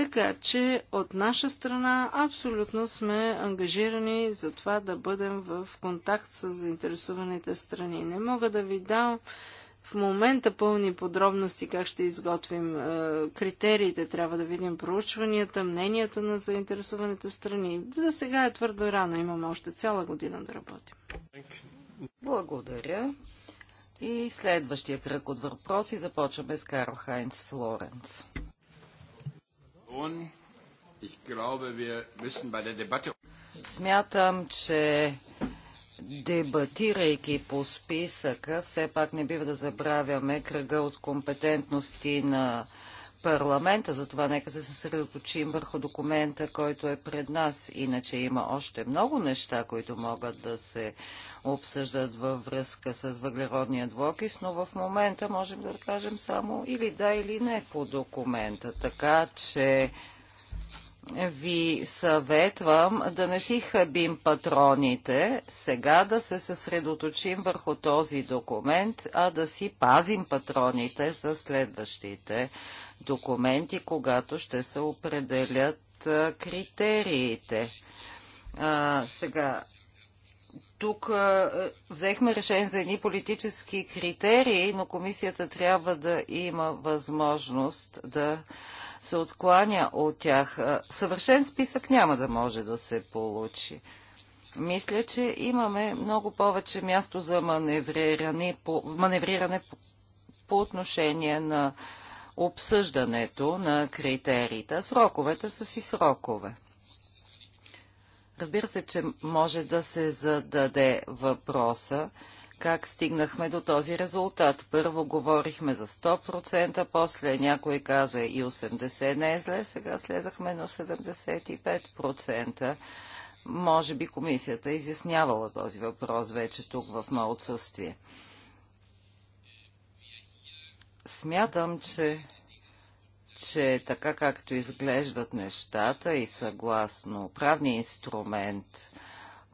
Така че от наша страна абсолютно сме ангажирани за това да бъдем в контакт с заинтересованите страни. Не мога да ви дам в момента пълни подробности как ще изготвим е, критериите. Трябва да видим проучванията, мненията на заинтересованите страни. За сега е твърдо рано. Имаме още цяла година да работим. Благодаря. И следващия кръг от въпроси започваме с Карл Хайнц Флоренц. Смятам, че дебатирайки по списъка, все пак не бива да забравяме кръга от компетентности на парламента, затова нека се съсредоточим върху документа, който е пред нас. Иначе има още много неща, които могат да се обсъждат във връзка с въглеродния двокис, но в момента можем да кажем само или да, или не по документа. Така че ви съветвам да не си хабим патроните, сега да се съсредоточим върху този документ, а да си пазим патроните за следващите документи, когато ще се определят критериите. А, сега, тук а, взехме решение за едни политически критерии, но комисията трябва да има възможност да а, се отклоня от тях. Съвършен списък няма да може да се получи. Мисля, че имаме много повече място за маневриране по, маневриране по, по отношение на обсъждането на критериите. Сроковете са си срокове. Разбира се, че може да се зададе въпроса как стигнахме до този резултат. Първо говорихме за 100%, после някой каза и 80% не е зле, сега слезахме на 75%. Може би комисията е изяснявала този въпрос вече тук в мое отсъствие. Смятам, че че така както изглеждат нещата и съгласно правния инструмент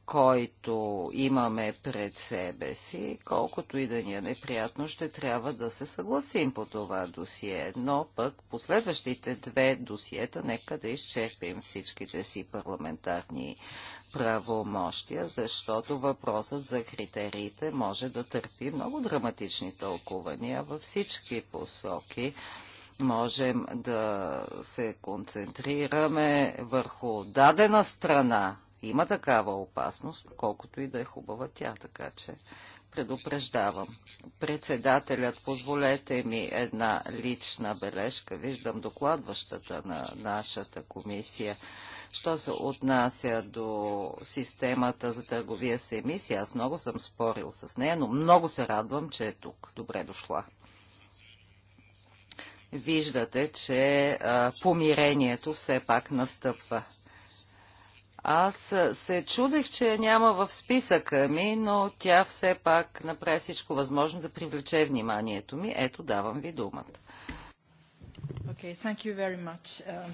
който имаме пред себе си, колкото и да ни е неприятно, ще трябва да се съгласим по това досие. Но пък последващите две досиета нека да изчерпим всичките си парламентарни правомощия, защото въпросът за критериите може да търпи много драматични тълкувания във всички посоки можем да се концентрираме върху дадена страна има такава опасност, колкото и да е хубава тя, така че предупреждавам. Председателят, позволете ми една лична бележка. Виждам докладващата на нашата комисия. Що се отнася до системата за търговия с емисия? аз много съм спорил с нея, но много се радвам, че е тук. Добре дошла. Виждате, че а, помирението все пак настъпва. Аз се чудех, че няма в списъка ми, но тя все пак направи всичко възможно да привлече вниманието ми. Ето, давам ви думата. Okay, thank you very much, um,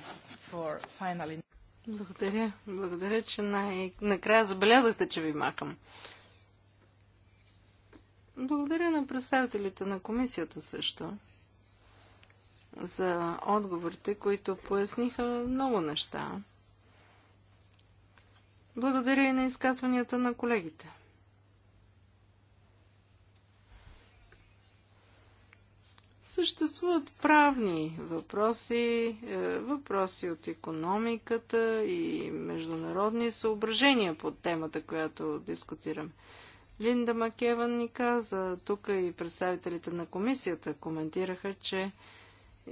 for finally... Благодаря. Благодаря, че най-накрая забелязахте, че ви макам. Благодаря на представителите на комисията също за отговорите, които поясниха много неща. Благодаря и на изказванията на колегите. Съществуват правни въпроси, е, въпроси от економиката и международни съображения по темата, която дискутираме. Линда Макеван ни каза, тук и представителите на комисията коментираха, че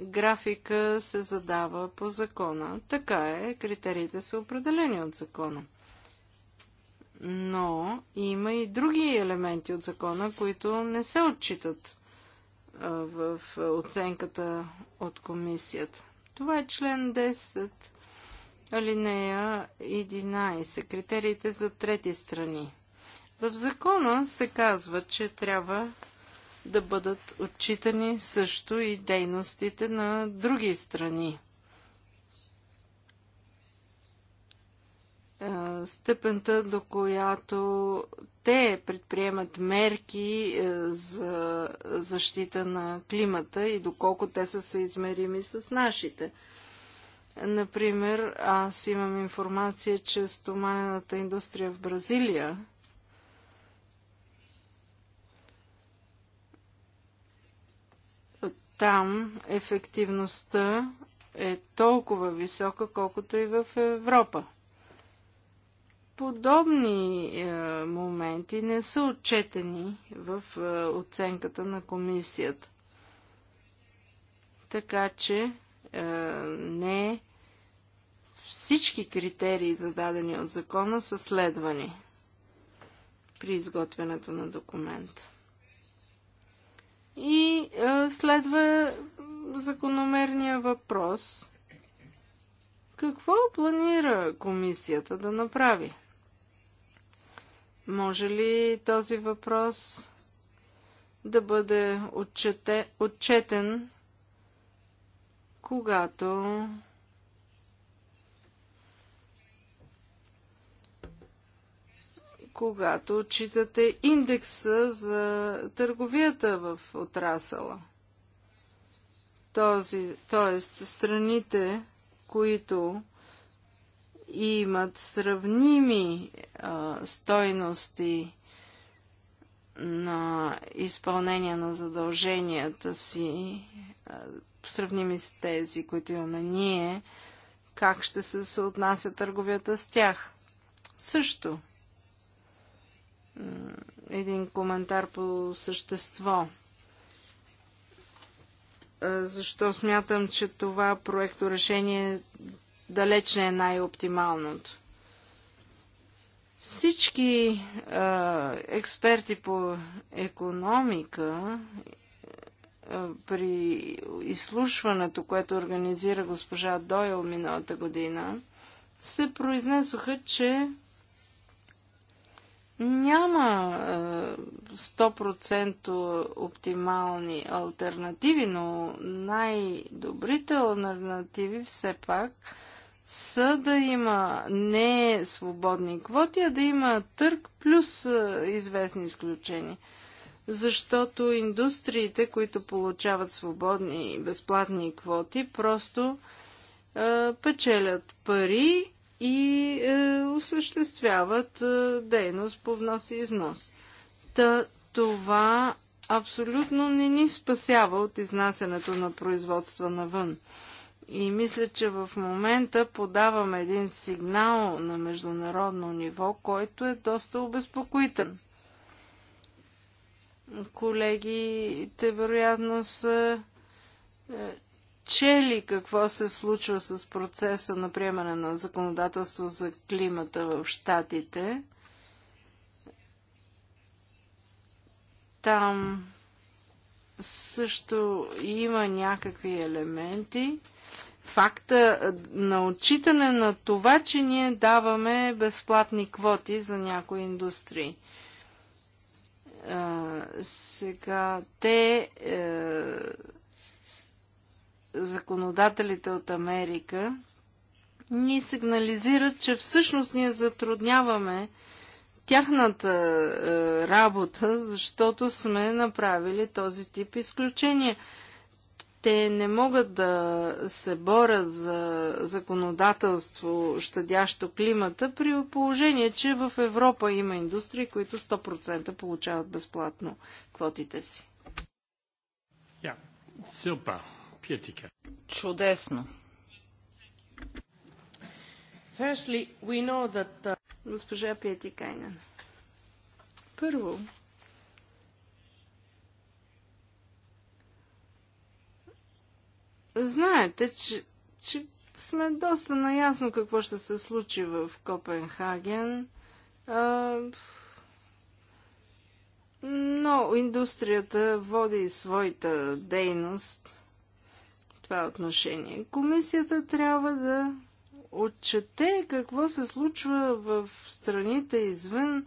графика се задава по закона. Така е, критериите са определени от закона но има и други елементи от закона, които не се отчитат в оценката от комисията. Това е член 10, алинея 11, критериите за трети страни. В закона се казва, че трябва да бъдат отчитани също и дейностите на други страни. степента, до която те предприемат мерки за защита на климата и доколко те са съизмерими с нашите. Например, аз имам информация, че стоманената индустрия в Бразилия там ефективността е толкова висока, колкото и в Европа подобни е, моменти не са отчетени в е, оценката на комисията. Така че е, не всички критерии, зададени от закона, са следвани при изготвянето на документ. И е, следва закономерния въпрос. Какво планира комисията да направи? Може ли този въпрос да бъде отчете, отчетен, когато когато отчитате индекса за търговията в отрасъла. Този, тоест, страните, които имат сравними а, стойности на изпълнение на задълженията си, а, сравними с тези, които имаме ние, как ще се съотнася търговията с тях. Също един коментар по същество. Защо смятам, че това проекто решение далеч не е най-оптималното. Всички а, експерти по економика а, при изслушването, което организира госпожа Дойл миналата година, се произнесоха, че няма 100% оптимални альтернативи, но най-добрите альтернативи все пак са да има не свободни квоти, а да има търг плюс известни изключения. Защото индустриите, които получават свободни и безплатни квоти, просто е, печелят пари и е, осъществяват е, дейност по внос и износ. Та, това абсолютно не ни спасява от изнасянето на производства навън. И мисля, че в момента подавам един сигнал на международно ниво, който е доста обезпокоителен. Колегите вероятно са е, чели какво се случва с процеса на приемане на законодателство за климата в Штатите. Там също има някакви елементи факта е, на отчитане на това, че ние даваме безплатни квоти за някои индустрии. Е, сега те, е, законодателите от Америка, ни сигнализират, че всъщност ние затрудняваме тяхната работа, защото сме направили този тип изключения. Те не могат да се борят за законодателство, щадящо климата, при положение, че в Европа има индустрии, които 100% получават безплатно квотите си. Чудесно. Uh, Госпожа Пиети Кайнен. Първо, Знаете, че, че сме доста наясно какво ще се случи в Копенхаген. А, но индустрията води своята дейност в това е отношение. Комисията трябва да отчете какво се случва в страните извън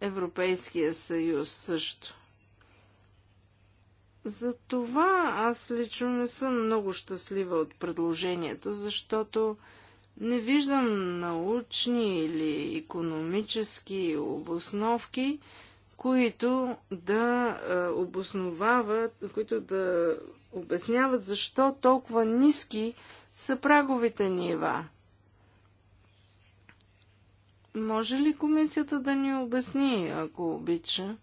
Европейския съюз също. За това аз лично не съм много щастлива от предложението, защото не виждам научни или економически обосновки, които да е, обосновават, които да обясняват защо толкова ниски са праговите нива. Може ли комисията да ни обясни, ако обича?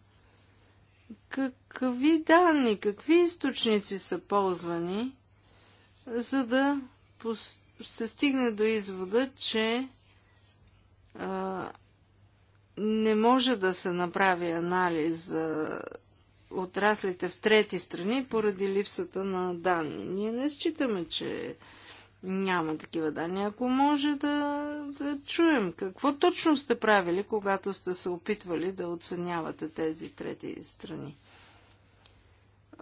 какви данни, какви източници са ползвани, за да се стигне до извода, че а, не може да се направи анализ за отраслите в трети страни поради липсата на данни. Ние не считаме, че няма такива данни. Ако може да, да чуем какво точно сте правили, когато сте се опитвали да оценявате тези трети страни.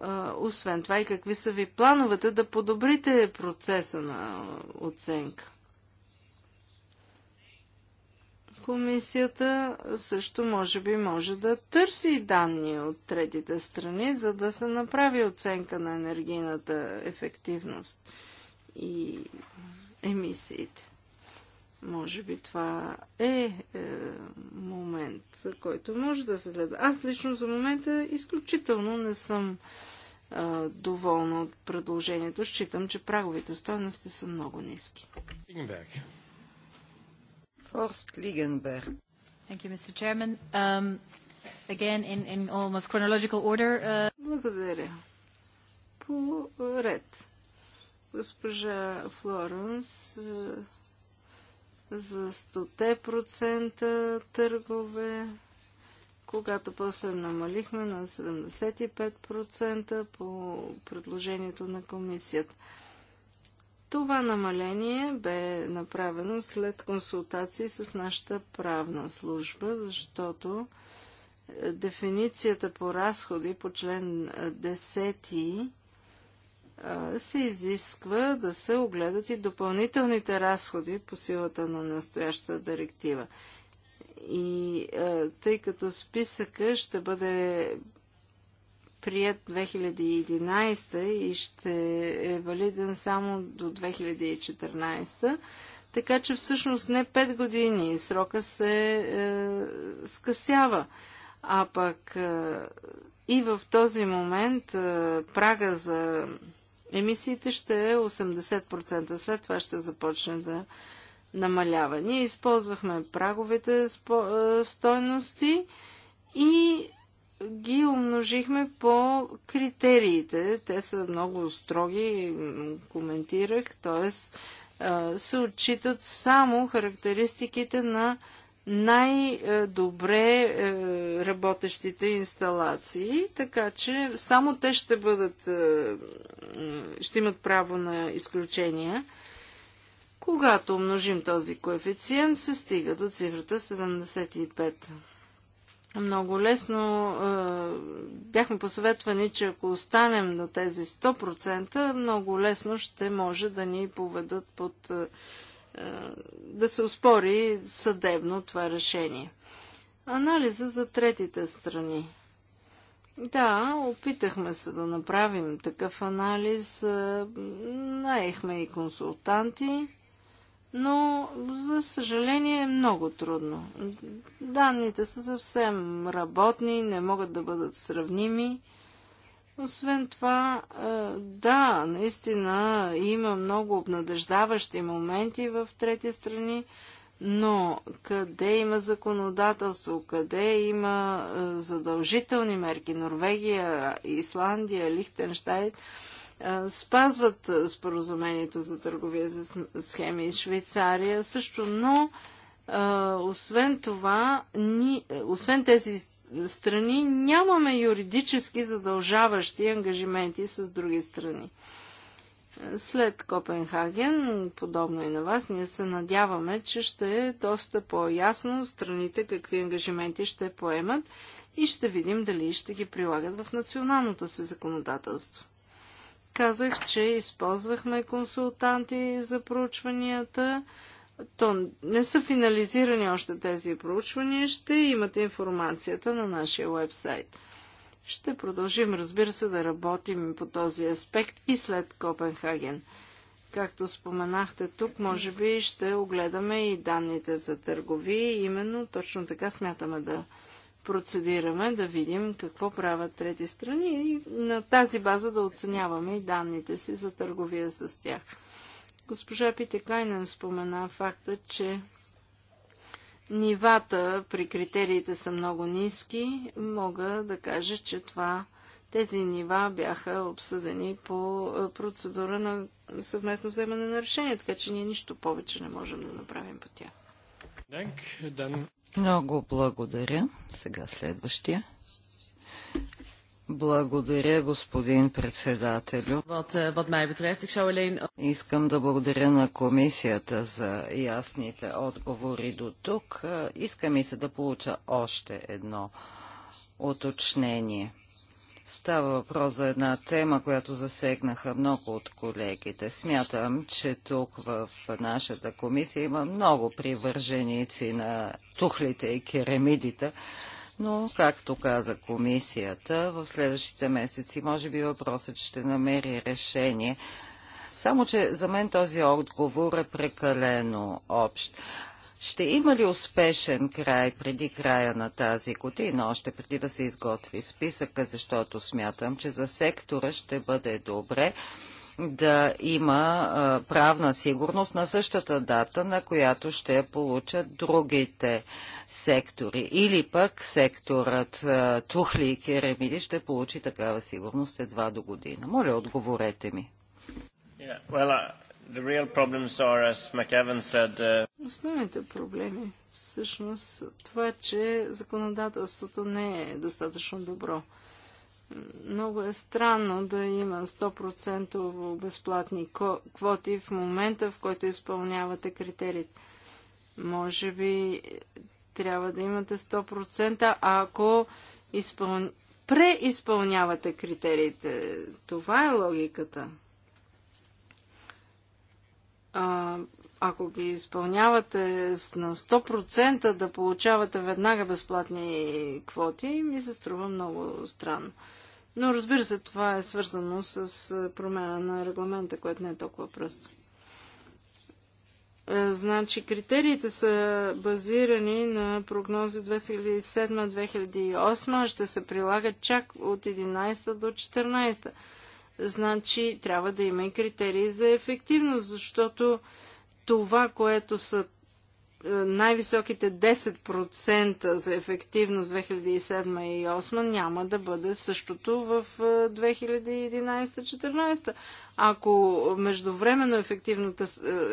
А, освен това и какви са ви плановете да подобрите процеса на оценка. Комисията също може би може да търси данни от третите страни, за да се направи оценка на енергийната ефективност и емисиите. Може би това е, е момент, за който може да се следва. Аз лично за момента изключително не съм е, доволна от предложението. Считам, че праговите стоености са много ниски. Лигенберг. Форст Лигенберг. Um, uh, Благодаря. По ред Госпожа Флоренс е, за 100% търгове, когато после намалихме на 75% по предложението на комисията. Това намаление бе направено след консултации с нашата правна служба, защото е, дефиницията по разходи по член 10 се изисква да се огледат и допълнителните разходи по силата на настоящата директива. И тъй като списъка ще бъде прият 2011 и ще е валиден само до 2014, така че всъщност не 5 години срока се е, скъсява. А пък е, и в този момент е, прага за емисиите ще е 80%. След това ще започне да намалява. Ние използвахме праговите е, стойности и ги умножихме по критериите. Те са много строги, коментирах, т.е. Е, се отчитат само характеристиките на най-добре е, работещите инсталации, така че само те ще бъдат, е, ще имат право на изключения. Когато умножим този коефициент, се стига до цифрата 75. Много лесно е, бяхме посъветвани, че ако останем на тези 100%, много лесно ще може да ни поведат под е, да се успори съдебно това решение. Анализа за третите страни. Да, опитахме се да направим такъв анализ. Е, наехме и консултанти, но за съжаление е много трудно. Данните са съвсем работни, не могат да бъдат сравними. Освен това, е, да, наистина има много обнадеждаващи моменти в трети страни, но къде има законодателство, къде има е, задължителни мерки, Норвегия, Исландия, Лихтенштайн, е, спазват споразумението за търговия за схеми и Швейцария също, но освен това, ни, освен тези страни нямаме юридически задължаващи ангажименти с други страни. След Копенхаген, подобно и на вас, ние се надяваме, че ще е доста по-ясно страните какви ангажименти ще поемат и ще видим дали ще ги прилагат в националното си законодателство. Казах, че използвахме консултанти за проучванията то не са финализирани още тези проучвания. Ще имате информацията на нашия вебсайт. Ще продължим, разбира се, да работим по този аспект и след Копенхаген. Както споменахте тук, може би ще огледаме и данните за търгови. Именно точно така смятаме да процедираме, да видим какво правят трети страни и на тази база да оценяваме и данните си за търговия с тях. Госпожа Питекайнен спомена факта, че нивата при критериите са много ниски. Мога да кажа, че това, тези нива бяха обсъдени по е, процедура на съвместно вземане на решение, така че ние нищо повече не можем да направим по тях. Много благодаря. Сега следващия. Благодаря, господин председателю. Eh, Искам да благодаря на комисията за ясните отговори до тук. Е, Искам и се да получа още едно уточнение. Става въпрос за една тема, която засегнаха много от колегите. Смятам, че тук в нашата комисия има много привърженици на тухлите и керамидите, но, както каза комисията, в следващите месеци може би въпросът ще намери решение. Само, че за мен този отговор е прекалено общ. Ще има ли успешен край преди края на тази година, още преди да се изготви списъка, защото смятам, че за сектора ще бъде добре да има правна сигурност на същата дата, на която ще получат другите сектори. Или пък секторът Тухли и Керемиди ще получи такава сигурност едва до година. Моля, отговорете ми. Uh, uh, Основните проблеми всъщност това, е, че законодателството не е достатъчно добро. Много е странно да има 100% безплатни квоти в момента, в който изпълнявате критериите. Може би трябва да имате 100%, ако изпълн... преизпълнявате критериите. Това е логиката. А, ако ги изпълнявате на 100% да получавате веднага безплатни квоти, ми се струва много странно. Но разбира се, това е свързано с промена на регламента, което не е толкова просто. Е, значи, критериите са базирани на прогнози 2007-2008, ще се прилагат чак от 11 до 14. Значи, трябва да има и критерии за ефективност, защото това, което са е, най-високите 10% за ефективност 2007 и 2008 няма да бъде същото в 2011-2014. Е, Ако междувременно е,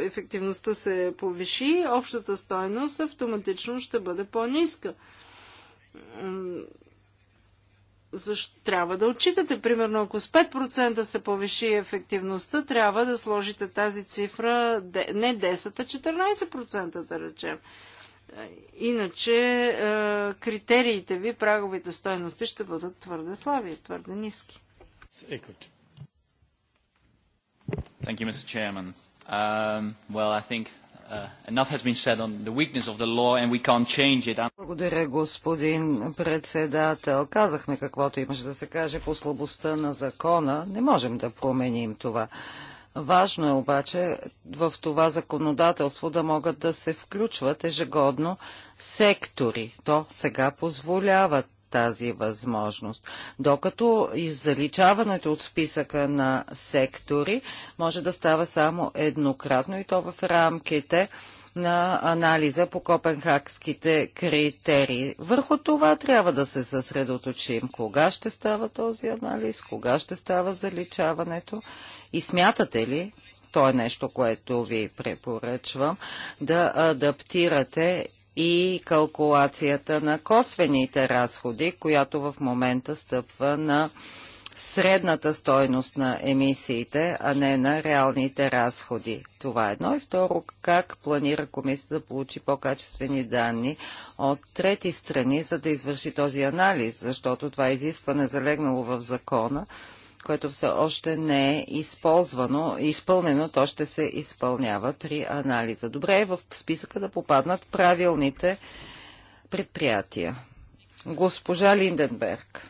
ефективността се повиши, общата стойност автоматично ще бъде по-ниска защо трябва да отчитате. Примерно, ако с 5% се повиши ефективността, трябва да сложите тази цифра не 10, а 14%, да речем. Иначе е, критериите ви, праговите стоености ще бъдат твърде слаби, твърде ниски. Thank you, Mr. Chairman. Um, well, I think благодаря, господин председател. Казахме каквото имаше да се каже по слабостта на закона. Не можем да променим това. Важно е обаче в това законодателство да могат да се включват ежегодно сектори. То сега позволяват тази възможност. Докато и заличаването от списъка на сектори може да става само еднократно и то в рамките на анализа по копенхагските критерии. Върху това трябва да се съсредоточим. Кога ще става този анализ, кога ще става заличаването и смятате ли, то е нещо, което ви препоръчвам, да адаптирате и калкулацията на косвените разходи, която в момента стъпва на средната стойност на емисиите, а не на реалните разходи. Това е едно. И второ, как планира комисията да получи по-качествени данни от трети страни, за да извърши този анализ, защото това изискване е залегнало в закона, което все още не е използвано, изпълнено, то ще се изпълнява при анализа. Добре е в списъка да попаднат правилните предприятия. Госпожа Линденберг.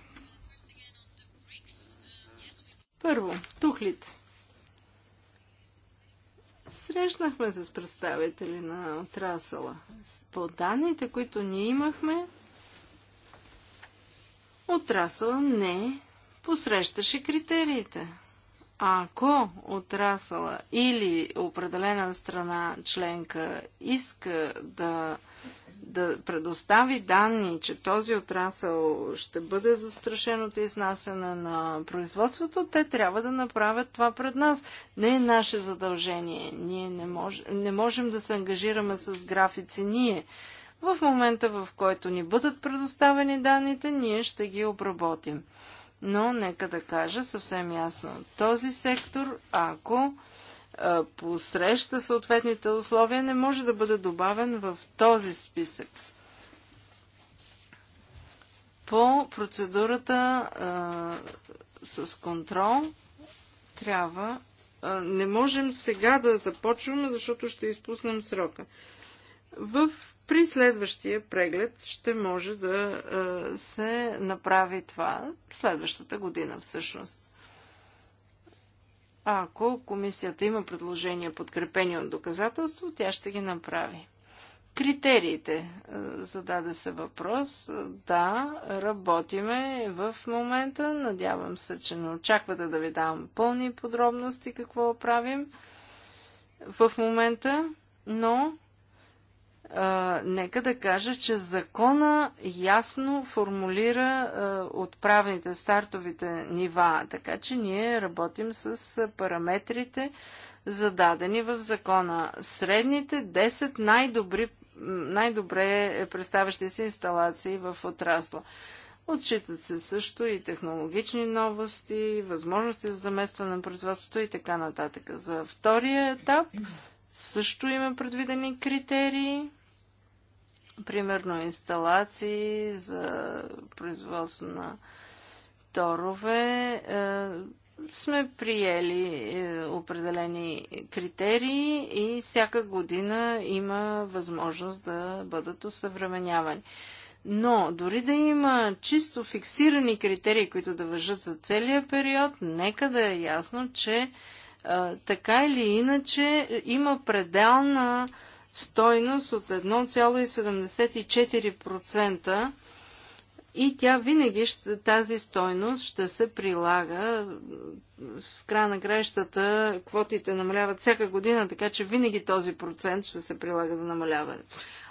Първо, тухлите. Срещнахме се с представители на отрасъла. По данните, които ние имахме, отрасъл не е посрещаше критериите. Ако отрасъла или определена страна членка иска да, да предостави данни, че този отрасъл ще бъде застрашен от изнасяне на производството, те трябва да направят това пред нас. Не е наше задължение. Ние не, мож, не можем да се ангажираме с графици. Ние в момента, в който ни бъдат предоставени данните, ние ще ги обработим но нека да кажа съвсем ясно. Този сектор, ако посреща съответните условия, не може да бъде добавен в този списък. По процедурата а, с контрол трябва. А, не можем сега да започваме, защото ще изпуснем срока. В при следващия преглед ще може да е, се направи това следващата година всъщност. А ако комисията има предложения подкрепени от доказателство, тя ще ги направи. Критериите. Е, зададе се въпрос. Е, да, работиме в момента. Надявам се, че не очаквате да ви давам пълни подробности какво правим в момента, но а, нека да кажа, че закона ясно формулира а, отправните стартовите нива, така че ние работим с параметрите, зададени в закона. Средните 10 най-добри, най-добре представящи се инсталации в отрасла. Отчитат се също и технологични новости, възможности за заместване на производството и така нататък. За втория етап също има предвидени критерии примерно инсталации за производство на торове, е, сме приели е, определени критерии и всяка година има възможност да бъдат усъвременявани. Но дори да има чисто фиксирани критерии, които да въжат за целия период, нека да е ясно, че е, така или иначе има предел на стойност от 1,74% и тя винаги ще, тази стойност ще се прилага. В края на краищата квотите намаляват всяка година, така че винаги този процент ще се прилага за намаляване.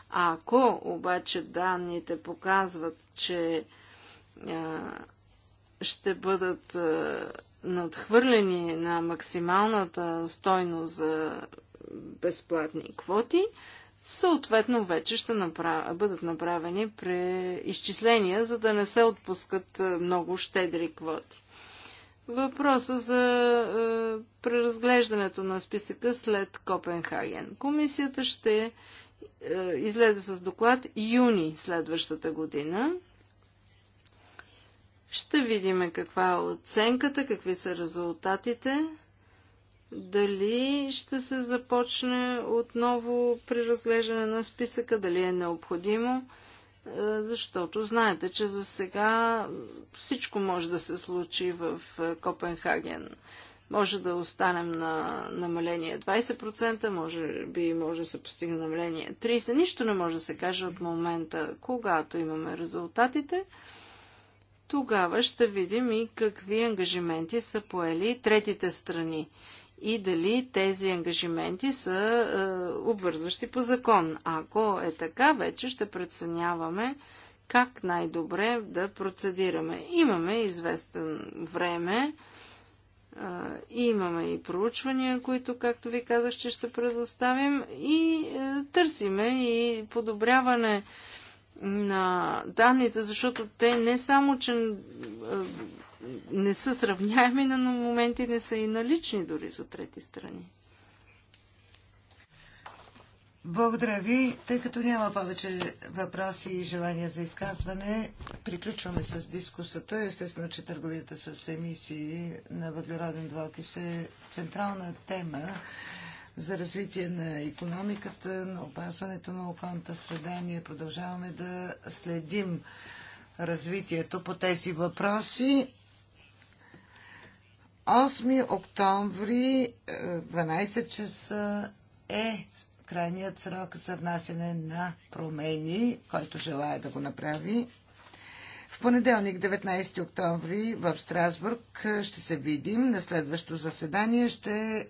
А ако обаче данните показват, че а, ще бъдат а, надхвърлени на максималната стойност за безплатни квоти, съответно вече ще направ... бъдат направени изчисления, за да не се отпускат е, много щедри квоти. Въпроса за е, преразглеждането на списъка след Копенхаген. Комисията ще е, излезе с доклад юни следващата година. Ще видим каква е оценката, какви са резултатите дали ще се започне отново при разглеждане на списъка, дали е необходимо, е, защото знаете, че за сега всичко може да се случи в е, Копенхаген. Може да останем на намаление 20%, може би може да се постигне намаление 30%. Нищо не може да се каже от момента, когато имаме резултатите тогава ще видим и какви ангажименти са поели третите страни и дали тези ангажименти са е, обвързващи по закон. Ако е така, вече ще преценяваме как най-добре да процедираме. Имаме известен време, е, имаме и проучвания, които, както ви казах, ще, ще предоставим и е, търсиме и подобряване на данните, защото те не само, че е, не са сравняеми, но на моменти не са и налични дори за трети страни. Благодаря ви. Тъй като няма повече въпроси и желания за изказване, приключваме с дискусата. Естествено, че търговията с емисии на въглероден двуокис е централна тема за развитие на економиката, на опазването на околната среда. Ние продължаваме да следим развитието по тези въпроси. 8 октомври, 12 е, часа е крайният срок за внасяне на промени, който желая да го направи. В понеделник, 19 октомври, в Страсбург е, ще се видим. На следващото заседание ще е,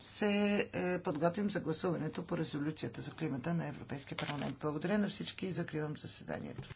се е, подготвим за гласуването по резолюцията за климата на Европейския парламент. Благодаря на всички и закривам заседанието.